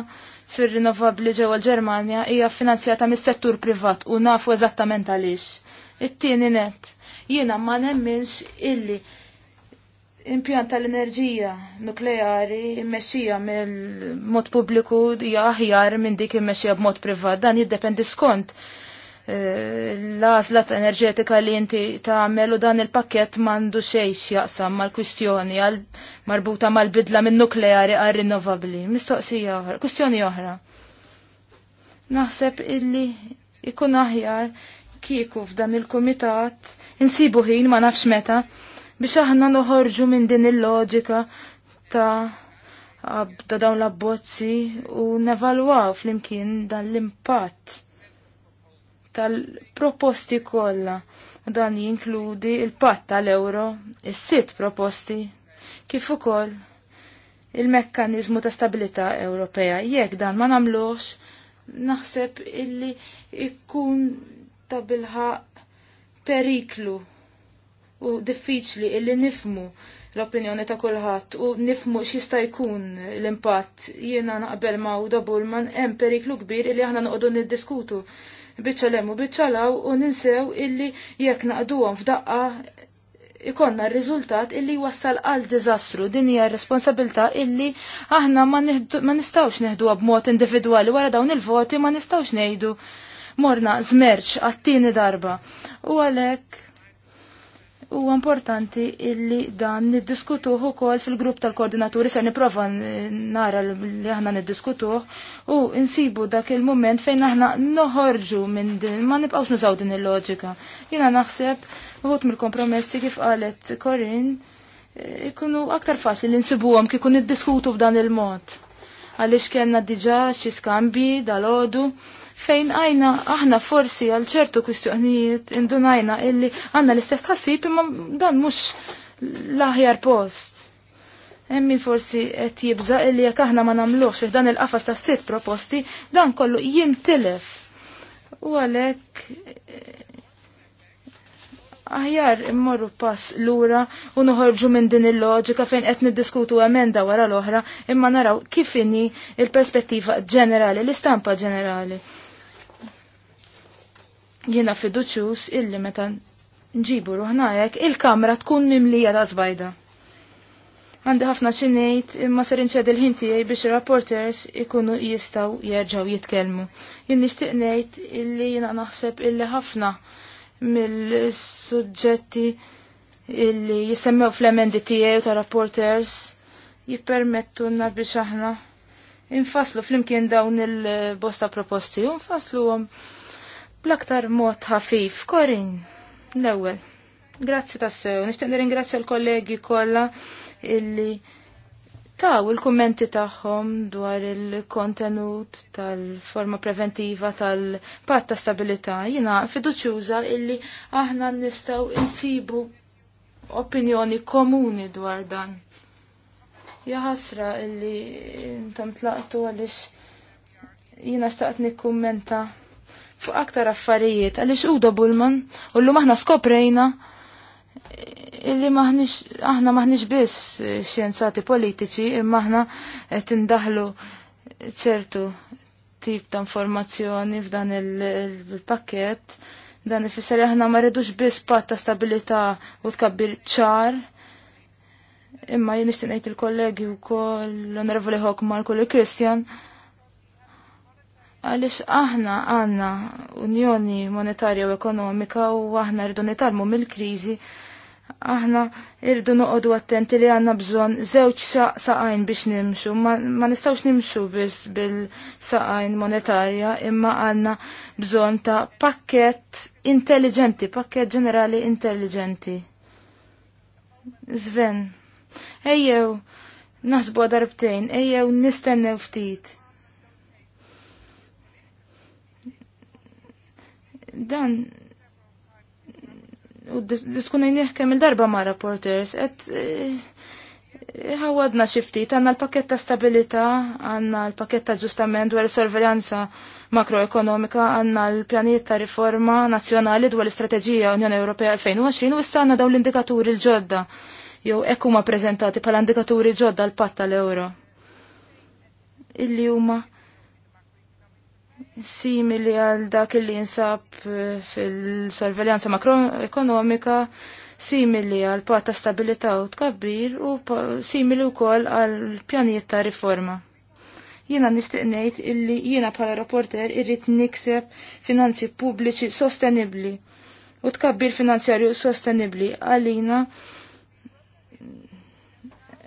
fir-rinnovabbli ġewwa l-Ġermanja hija finanzjata mis-settur privat u nafu eżattament għaliex. It-tieni net Jiena ma nemminx illi impjanta l enerġija nukleari immexxija mill-mod pubbliku hija aħjar minn dik immexxija b'mod privat. Dan jiddependi skont eh, l-għażla enerġetika li inti tagħmel u dan il-pakkett m'għandu xejn jaqsam mal-kwistjoni marbuta mal-bidla minn nukleari għal rinnovabbli. Mistoqsija oħra, kwistjoni oħra. Naħseb illi ikun aħjar kieku f'dan il-kumitat insibu ħin ma nafx meta biex aħna noħorġu minn din il-loġika ta' abda dawn l-abbozzi u nevalwaw fl-imkien dan l-impatt tal-proposti kollha dan jinkludi il-patt tal-euro, is-sitt proposti, kif ukoll il-mekkanizmu ta' stabilità Ewropea. Jekk dan ma nagħmlux, naħseb illi ikun ta' bilħa periklu u diffiċli illi nifmu l-opinjoni ta' kulħadd u nifmu x'jista' jkun l-impatt jiena naqbel ma' u man hemm periklu kbir illi aħna noqogħdu niddiskutu biċċa lemu biċċa u ninsew illi jekk naqduhom f'daqqa ikonna r-riżultat illi wassal għal diżastru din hija responsabilità illi aħna ma nistgħux neħduha b'mod individwali wara dawn il-voti ma nistgħux ngħidu morna zmerċ għattini darba. U għalek u importanti illi dan niddiskutuh ukoll fil-grupp tal-koordinaturi se niprofa nara li aħna niddiskutuh u insibu dak il-moment fejn aħna noħorġu minn din ma nibqgħux nużaw din il-loġika. Jiena naħseb uħut mill-kompromessi kif qalet Korin eh, ikunu aktar faċli li nsibuhom kieku niddiskutu b'dan il-mod. Għaliex kellna diġà xi skambi dal-għodu fejn għajna aħna forsi għal ċertu kwistjonijiet indunajna illi għanna l-istess ħassib imma dan mux l-aħjar post. Emmin forsi qed jibża illi jekk aħna ma nagħmlux fih dan il-qafas ta' sitt proposti dan kollu jintilef. U għalhekk eh, aħjar immorru pass lura u noħorġu minn din il-loġika fejn qed niddiskutu emenda wara l-oħra imma naraw kif inhi il-perspettiva ġenerali, l-istampa ġenerali. Jiena fiduċus illi meta nġibu ruħnajek hekk il-kamra tkun mimlija ta' żbajda. Għandi ħafna xinejt imma ser inċed il-ħin tiegħi biex ir-rapporters ikunu jistgħu jerġgħu jitkellmu. Jien nixtieq ngħid illi jiena naħseb illi ħafna mill-suġġetti illi jisemmew fl-emendi tiegħi ta' rapporters na biex aħna infaslu flimkien dawn il-bosta proposti u nfaslu għom um Bl-aktar mod ħafif, Korin, l-ewwel. Grazzi tassew, nixtieq nirringrazzja l-kollegi kollha illi taw il-kummenti tagħhom dwar il-kontenut tal-forma preventiva tal-patt ta' stabilità. Jiena fiduċjuża illi aħna nistgħu insibu opinjoni komuni dwar dan. Ja ħasra illi tam tlaqtu għalix jina xtaqt nikkummenta fuq aktar affarijiet għaliex u Bullman u l aħna skoprejna illi maħnix aħna maħnix biss eh, xjenzati politiċi imma aħna qed indaħlu ċertu tip ta' informazzjoni f'dan il-pakket dan ifisser aħna ma rridux biss patt ta' stabilità u tkabbir ċar imma jien nixtieq ngħid il-kollegi wkoll l-Onorevoli Hawkmark u l-Kristjan. Għalix aħna għanna unjoni monetarja u ekonomika u aħna rridu nitalmu mill-krizi, aħna rridu noqodu attenti li għanna bżon zewċ saqajn biex nimxu, ma, ma nistawx nimxu biex bil-saqajn monetarja, imma għanna bżon ta' pakket intelligenti, pakket ġenerali intelligenti. Zven, ejjew, naħsbu għadarbtejn, ejjew nistennew ftit Dan u diskuna kemm il-darba ma' rapporters, et eh, ħawadna xiftit, għanna l-pakket ta' stabilita, għanna l-pakket ta' ġustament dwar sorveljanza makroekonomika, għanna l-pjaniet ta' riforma nazjonali dwar l-istrateġija Unjoni Ewropea 2020 u issa għanna daw l-indikaturi l-ġodda, jew hekk huma prezentati bħala indikaturi ġodda l-patta l-euro. Illi huma simili għal dak li jinsab eh, fil-sorveljanza makroekonomika, simili għal pat ta' stabilità u tkabbir u simili wkoll għal pjanijiet ta' riforma. Jiena nistiqnejt ngħid illi jiena bħala reporter irrit nikseb finanzi pubbliċi sostenibbli u tkabbir finanzjarju sostenibbli għalina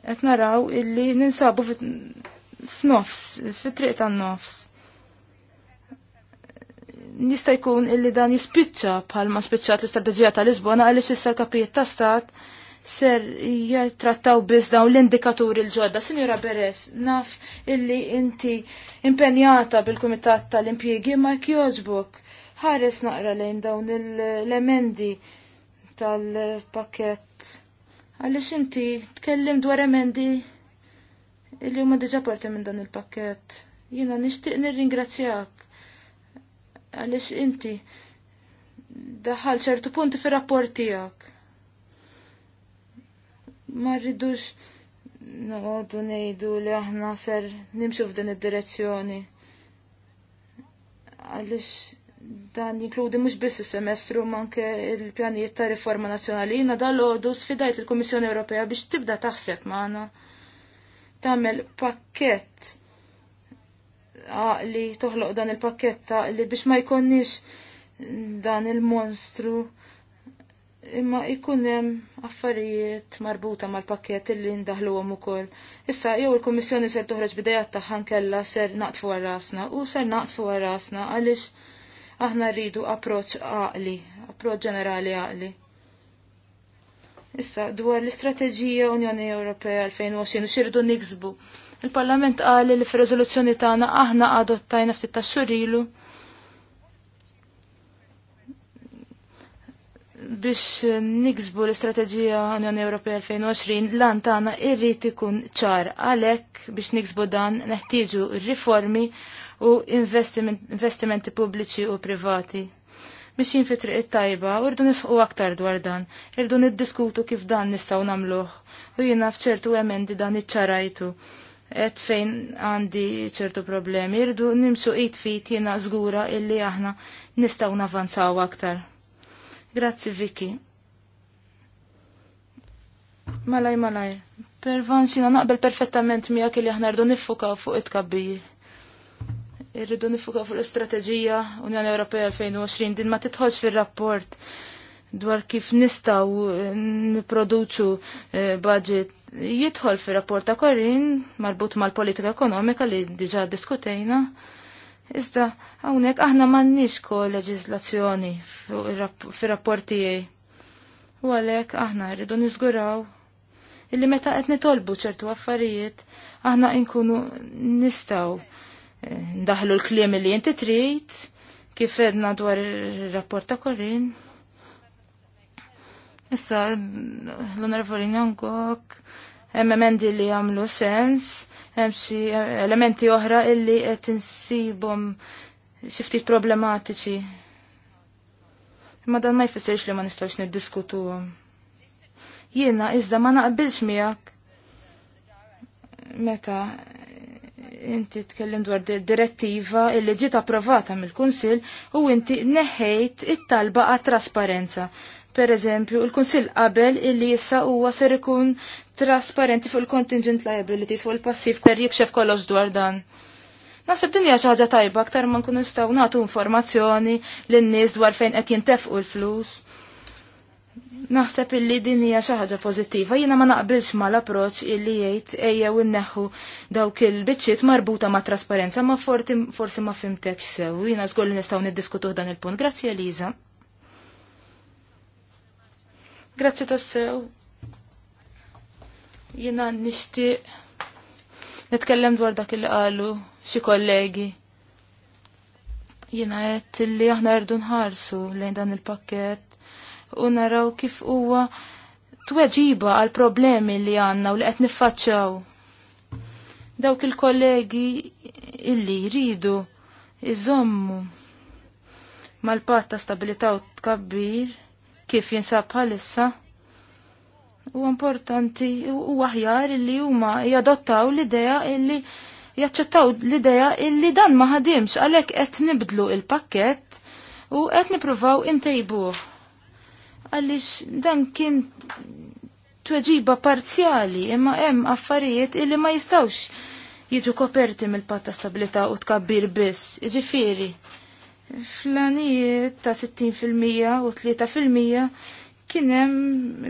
qed naraw illi ninsabu f'nofs, fit-triq tan-nofs Nista' jkun illi dan jispiċċa bħalma spiċċat l-istrateġija tal Lisbona għaliex issa l-kapijiet ta' stat ser jattrattaw biss dawn l-indikaturi l-ġodda. Sinjora Beres, naf illi inti impenjata bil-Kumitat tal-Impjiegi ma kjoġbuk. Ħares naqra lejn dawn l-emendi tal-pakket. Għaliex inti tkellim dwar emendi illi huma diġà parti minn dan il-pakket. Jiena nixtieq nirringrazzjak għaliex inti daħal ċertu punti fir rapport tiegħek. Ma rridux noqogħdu ngħidu li aħna ser nimxu f'din id-direzzjoni. Għaliex dan jinkludi mhux biss is-semestru manke il-pjanijiet ta' riforma nazzjonali jiena dal-għodu sfidajt il-Kummissjoni Ewropea biex tibda taħseb magħna tamel pakkett Aqli, toħloq dan il-pakketta li biex ma jkonniex dan il-monstru imma jkunem affarijiet marbuta mal-pakket li ndaħluhom ukoll. Issa jew il-Kummissjoni ser toħroġ bidejat tagħha kella ser naqtfu rasna u ser naqtfu rasna għaliex aħna rridu approċċ għaqli, approċċ ġenerali għaqli. Issa dwar l-istrateġija Unjoni Ewropea 2020 u xirdu niksbu. Il-Parlament għali li fir-riżoluzzjoni tagħna aħna adottajna ftit tax biex niksbu l-istrateġija Unjoni Ewropea 2020 lan tagħna irrid ikun ċar għalhekk biex niksbu dan neħtieġu riformi u investiment, investimenti pubbliċi u privati. Biex fi triq it-tajba u rridu nisqu aktar dwar dan, irdu niddiskutu kif dan nistgħu nagħmluh u jiena f'ċertu emendi dan iċċarajtu et fejn għandi ċertu problemi. Irdu nimsu it fit jena zgura illi aħna nistaw navanzaw aktar. Grazzi Vicky. Malaj, malaj. Pervan xina naqbel perfettament mija kelli aħna rridu nifukaw fuq it-kabbir. Irridu nifuka fuq l-istrateġija Unjoni Ewropea 2020 din ma titħolx fir-rapport dwar kif nistaw niproduċu eh, budget jidħol fi rapport ta' Korin marbut mal-politika ekonomika li diġa diskutejna. Iżda, hawnhekk aħna m'għandniex ko-leġiżlazzjoni fi rapport tiegħi. U għalhekk aħna rridu niżguraw illi meta qed nitolbu ċertu affarijiet aħna nkunu nistgħu eh, ndaħlu l-kliem li inti trid kif edna dwar ir-rapport ta' Korin Issa, l-onorevoli Njongok, emmendi li għamlu sens, xi elementi oħra illi qed insibhom xi ftit problematiċi. Imma dan ma jfissirx li ma nistgħux niddiskutuhom. Jiena iżda ma naqbilx miegħek meta inti tkellim dwar direttiva illi ġiet approvata mill-Kunsill u inti neħejt it-talba għat trasparenza. Per eżempju, il-Kunsill qabel illi issa huwa ser ikun trasparenti fuq il-contingent liabilities fuq il-passiv per jikxef kollox dwar dan. Nasib din hija xi ħaġa tajba aktar ma nkunu nistgħu nagħtu informazzjoni lin-nies dwar fejn qed jintefqu l-flus. Naħseb illi din hija xi ħaġa pożittiva, jiena ma naqbilx mal-approċċ illi jgħid ejjew nneħħu dawk il-biċċiet marbuta ma' trasparenza ma' forsi ma fimtekx sew. Jiena żgur li nistgħu niddiskutuh dan il-punt. Grazzi Eliża. Grazzi tassew. Jena nishti nitkellem dwar dak il qalu xi kollegi. Jena qed li aħna rdu nħarsu lejn dan il-pakket u naraw kif huwa tweġiba għal problemi li għanna u li qed niffaċċaw. Dawk il-kollegi illi jridu iżommu mal-patt ta' stabilità u tkabbir kif jinsab bħalissa. U importanti u aħjar illi huma jadottaw l-idea illi jaċċettaw l-idea illi dan ma ħadimx għalhekk qed nibdlu il-pakkett u qed nippruvaw intejbuh. Għaliex dan kien tweġiba parzjali imma hemm affarijiet illi ma jistawx jiġu koperti mill-patta stabilità u tkabbir biss, ġifiri flanijiet ta' 60% u 3% kienem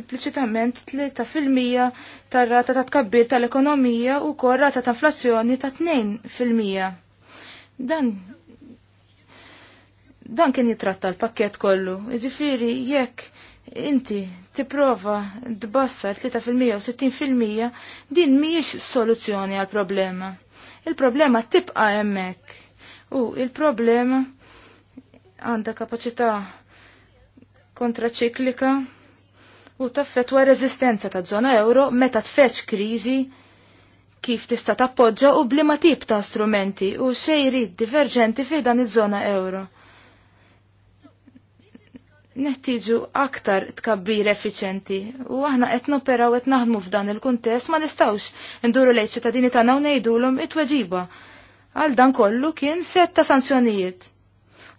impliċitament 3% tar rata ta' tkabbir tal-ekonomija u kor rata ta' inflazzjoni ta' 2%. Dan dan kien jitratta l-pakket kollu. Iġifiri, jekk inti tipprova tbassar 3% u 60% din mhijiex soluzzjoni għal problema. Il-problema tibqa' hemmhekk. U il-problema għandha kapaċità kontraċiklika u taffetwa reżistenza ta' żona euro meta tfeċ kriżi kif tista' tappoġġa u blima tip ta' strumenti u xejrid diverġenti fi dan iż-żona euro. Neħtiġu aktar tkabbir effiċenti u aħna qed noperaw qed naħdmu f'dan il-kuntest ma nistgħux induru lejn ċittadini tagħna u ngħidulhom it-tweġiba. Għal dan kollu kien set ta' sanzjonijiet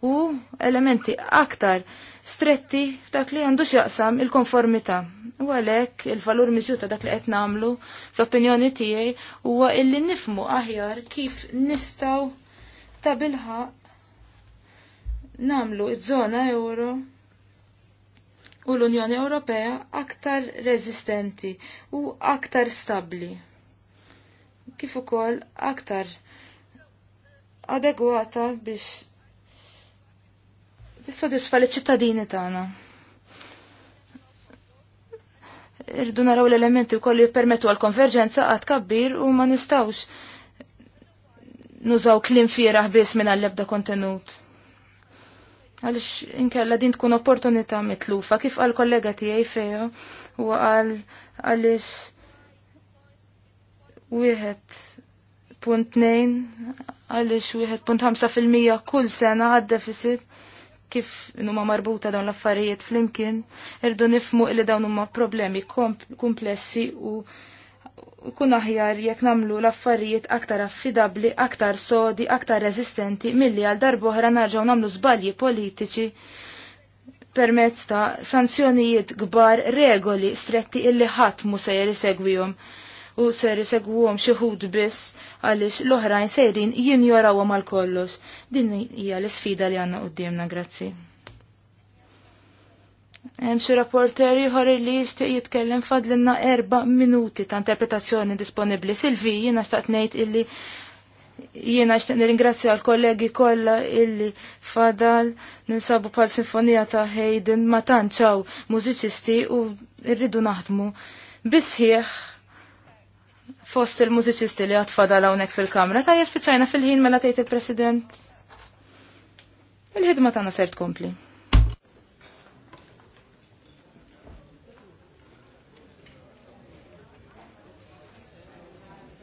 u elementi aktar stretti f'dak li għandu x'jaqsam il-konformità. U għalhekk il-valur miżjuta ta' dak li qed nagħmlu fl-opinjoni tiegħi huwa illi nifmu aħjar kif nistgħu ta' bilħaq nagħmlu iż-żona euro u l-Unjoni Ewropea aktar rezistenti u aktar stabli. Kif ukoll aktar adegwata biex tissodisfa li ċittadini tagħna. Irdu naraw l-elementi wkoll kolli permettu għal konverġenza għad kabbir u ma nistawx nużaw klim fieraħ biss minn għall-ebda kontenut. Għalix inkella din tkun opportunità mitlufa kif għal kollega tiegħi fejo u għal għalix wieħed punt nejn għalix wieħed punt ħamsa fil-mija kull sena għad deficit kif huma marbuta dawn l-affarijiet flimkien, irdu nifmu li dawn huma problemi komplessi u kun aħjar jekk namlu l-affarijiet aktar affidabli, aktar sodi, aktar rezistenti milli għal darboħra narġaw namlu żbalji politiċi permezz ta' sanzjonijiet gbar regoli stretti illi ħadd mu se jisegwihom u ser segwuhom xi ħud biss għaliex l-oħrajn sejrin jinjorawhom għal kollox. Din hija l-isfida li għandna qudiemna, grazzi. Hemm xi rapporter ieħor li jixtieq jitkellem fadlinna erba' minuti ta' interpretazzjoni disponibbli. Silvi, jiena xtaqt ngħid illi jiena xtaqt nirringrazzja għal kollegi kollha illi fadal ninsabu bħal sinfonija ta' Hayden, ma tanċaw mużiċisti u rridu naħdmu. Bisħieħ fost il-mużiċisti li fadal hawnhekk fil-kamra, tajjeb spiċajna fil-ħin mela tgħid il-President. Il-ħidma tagħna ser tkompli.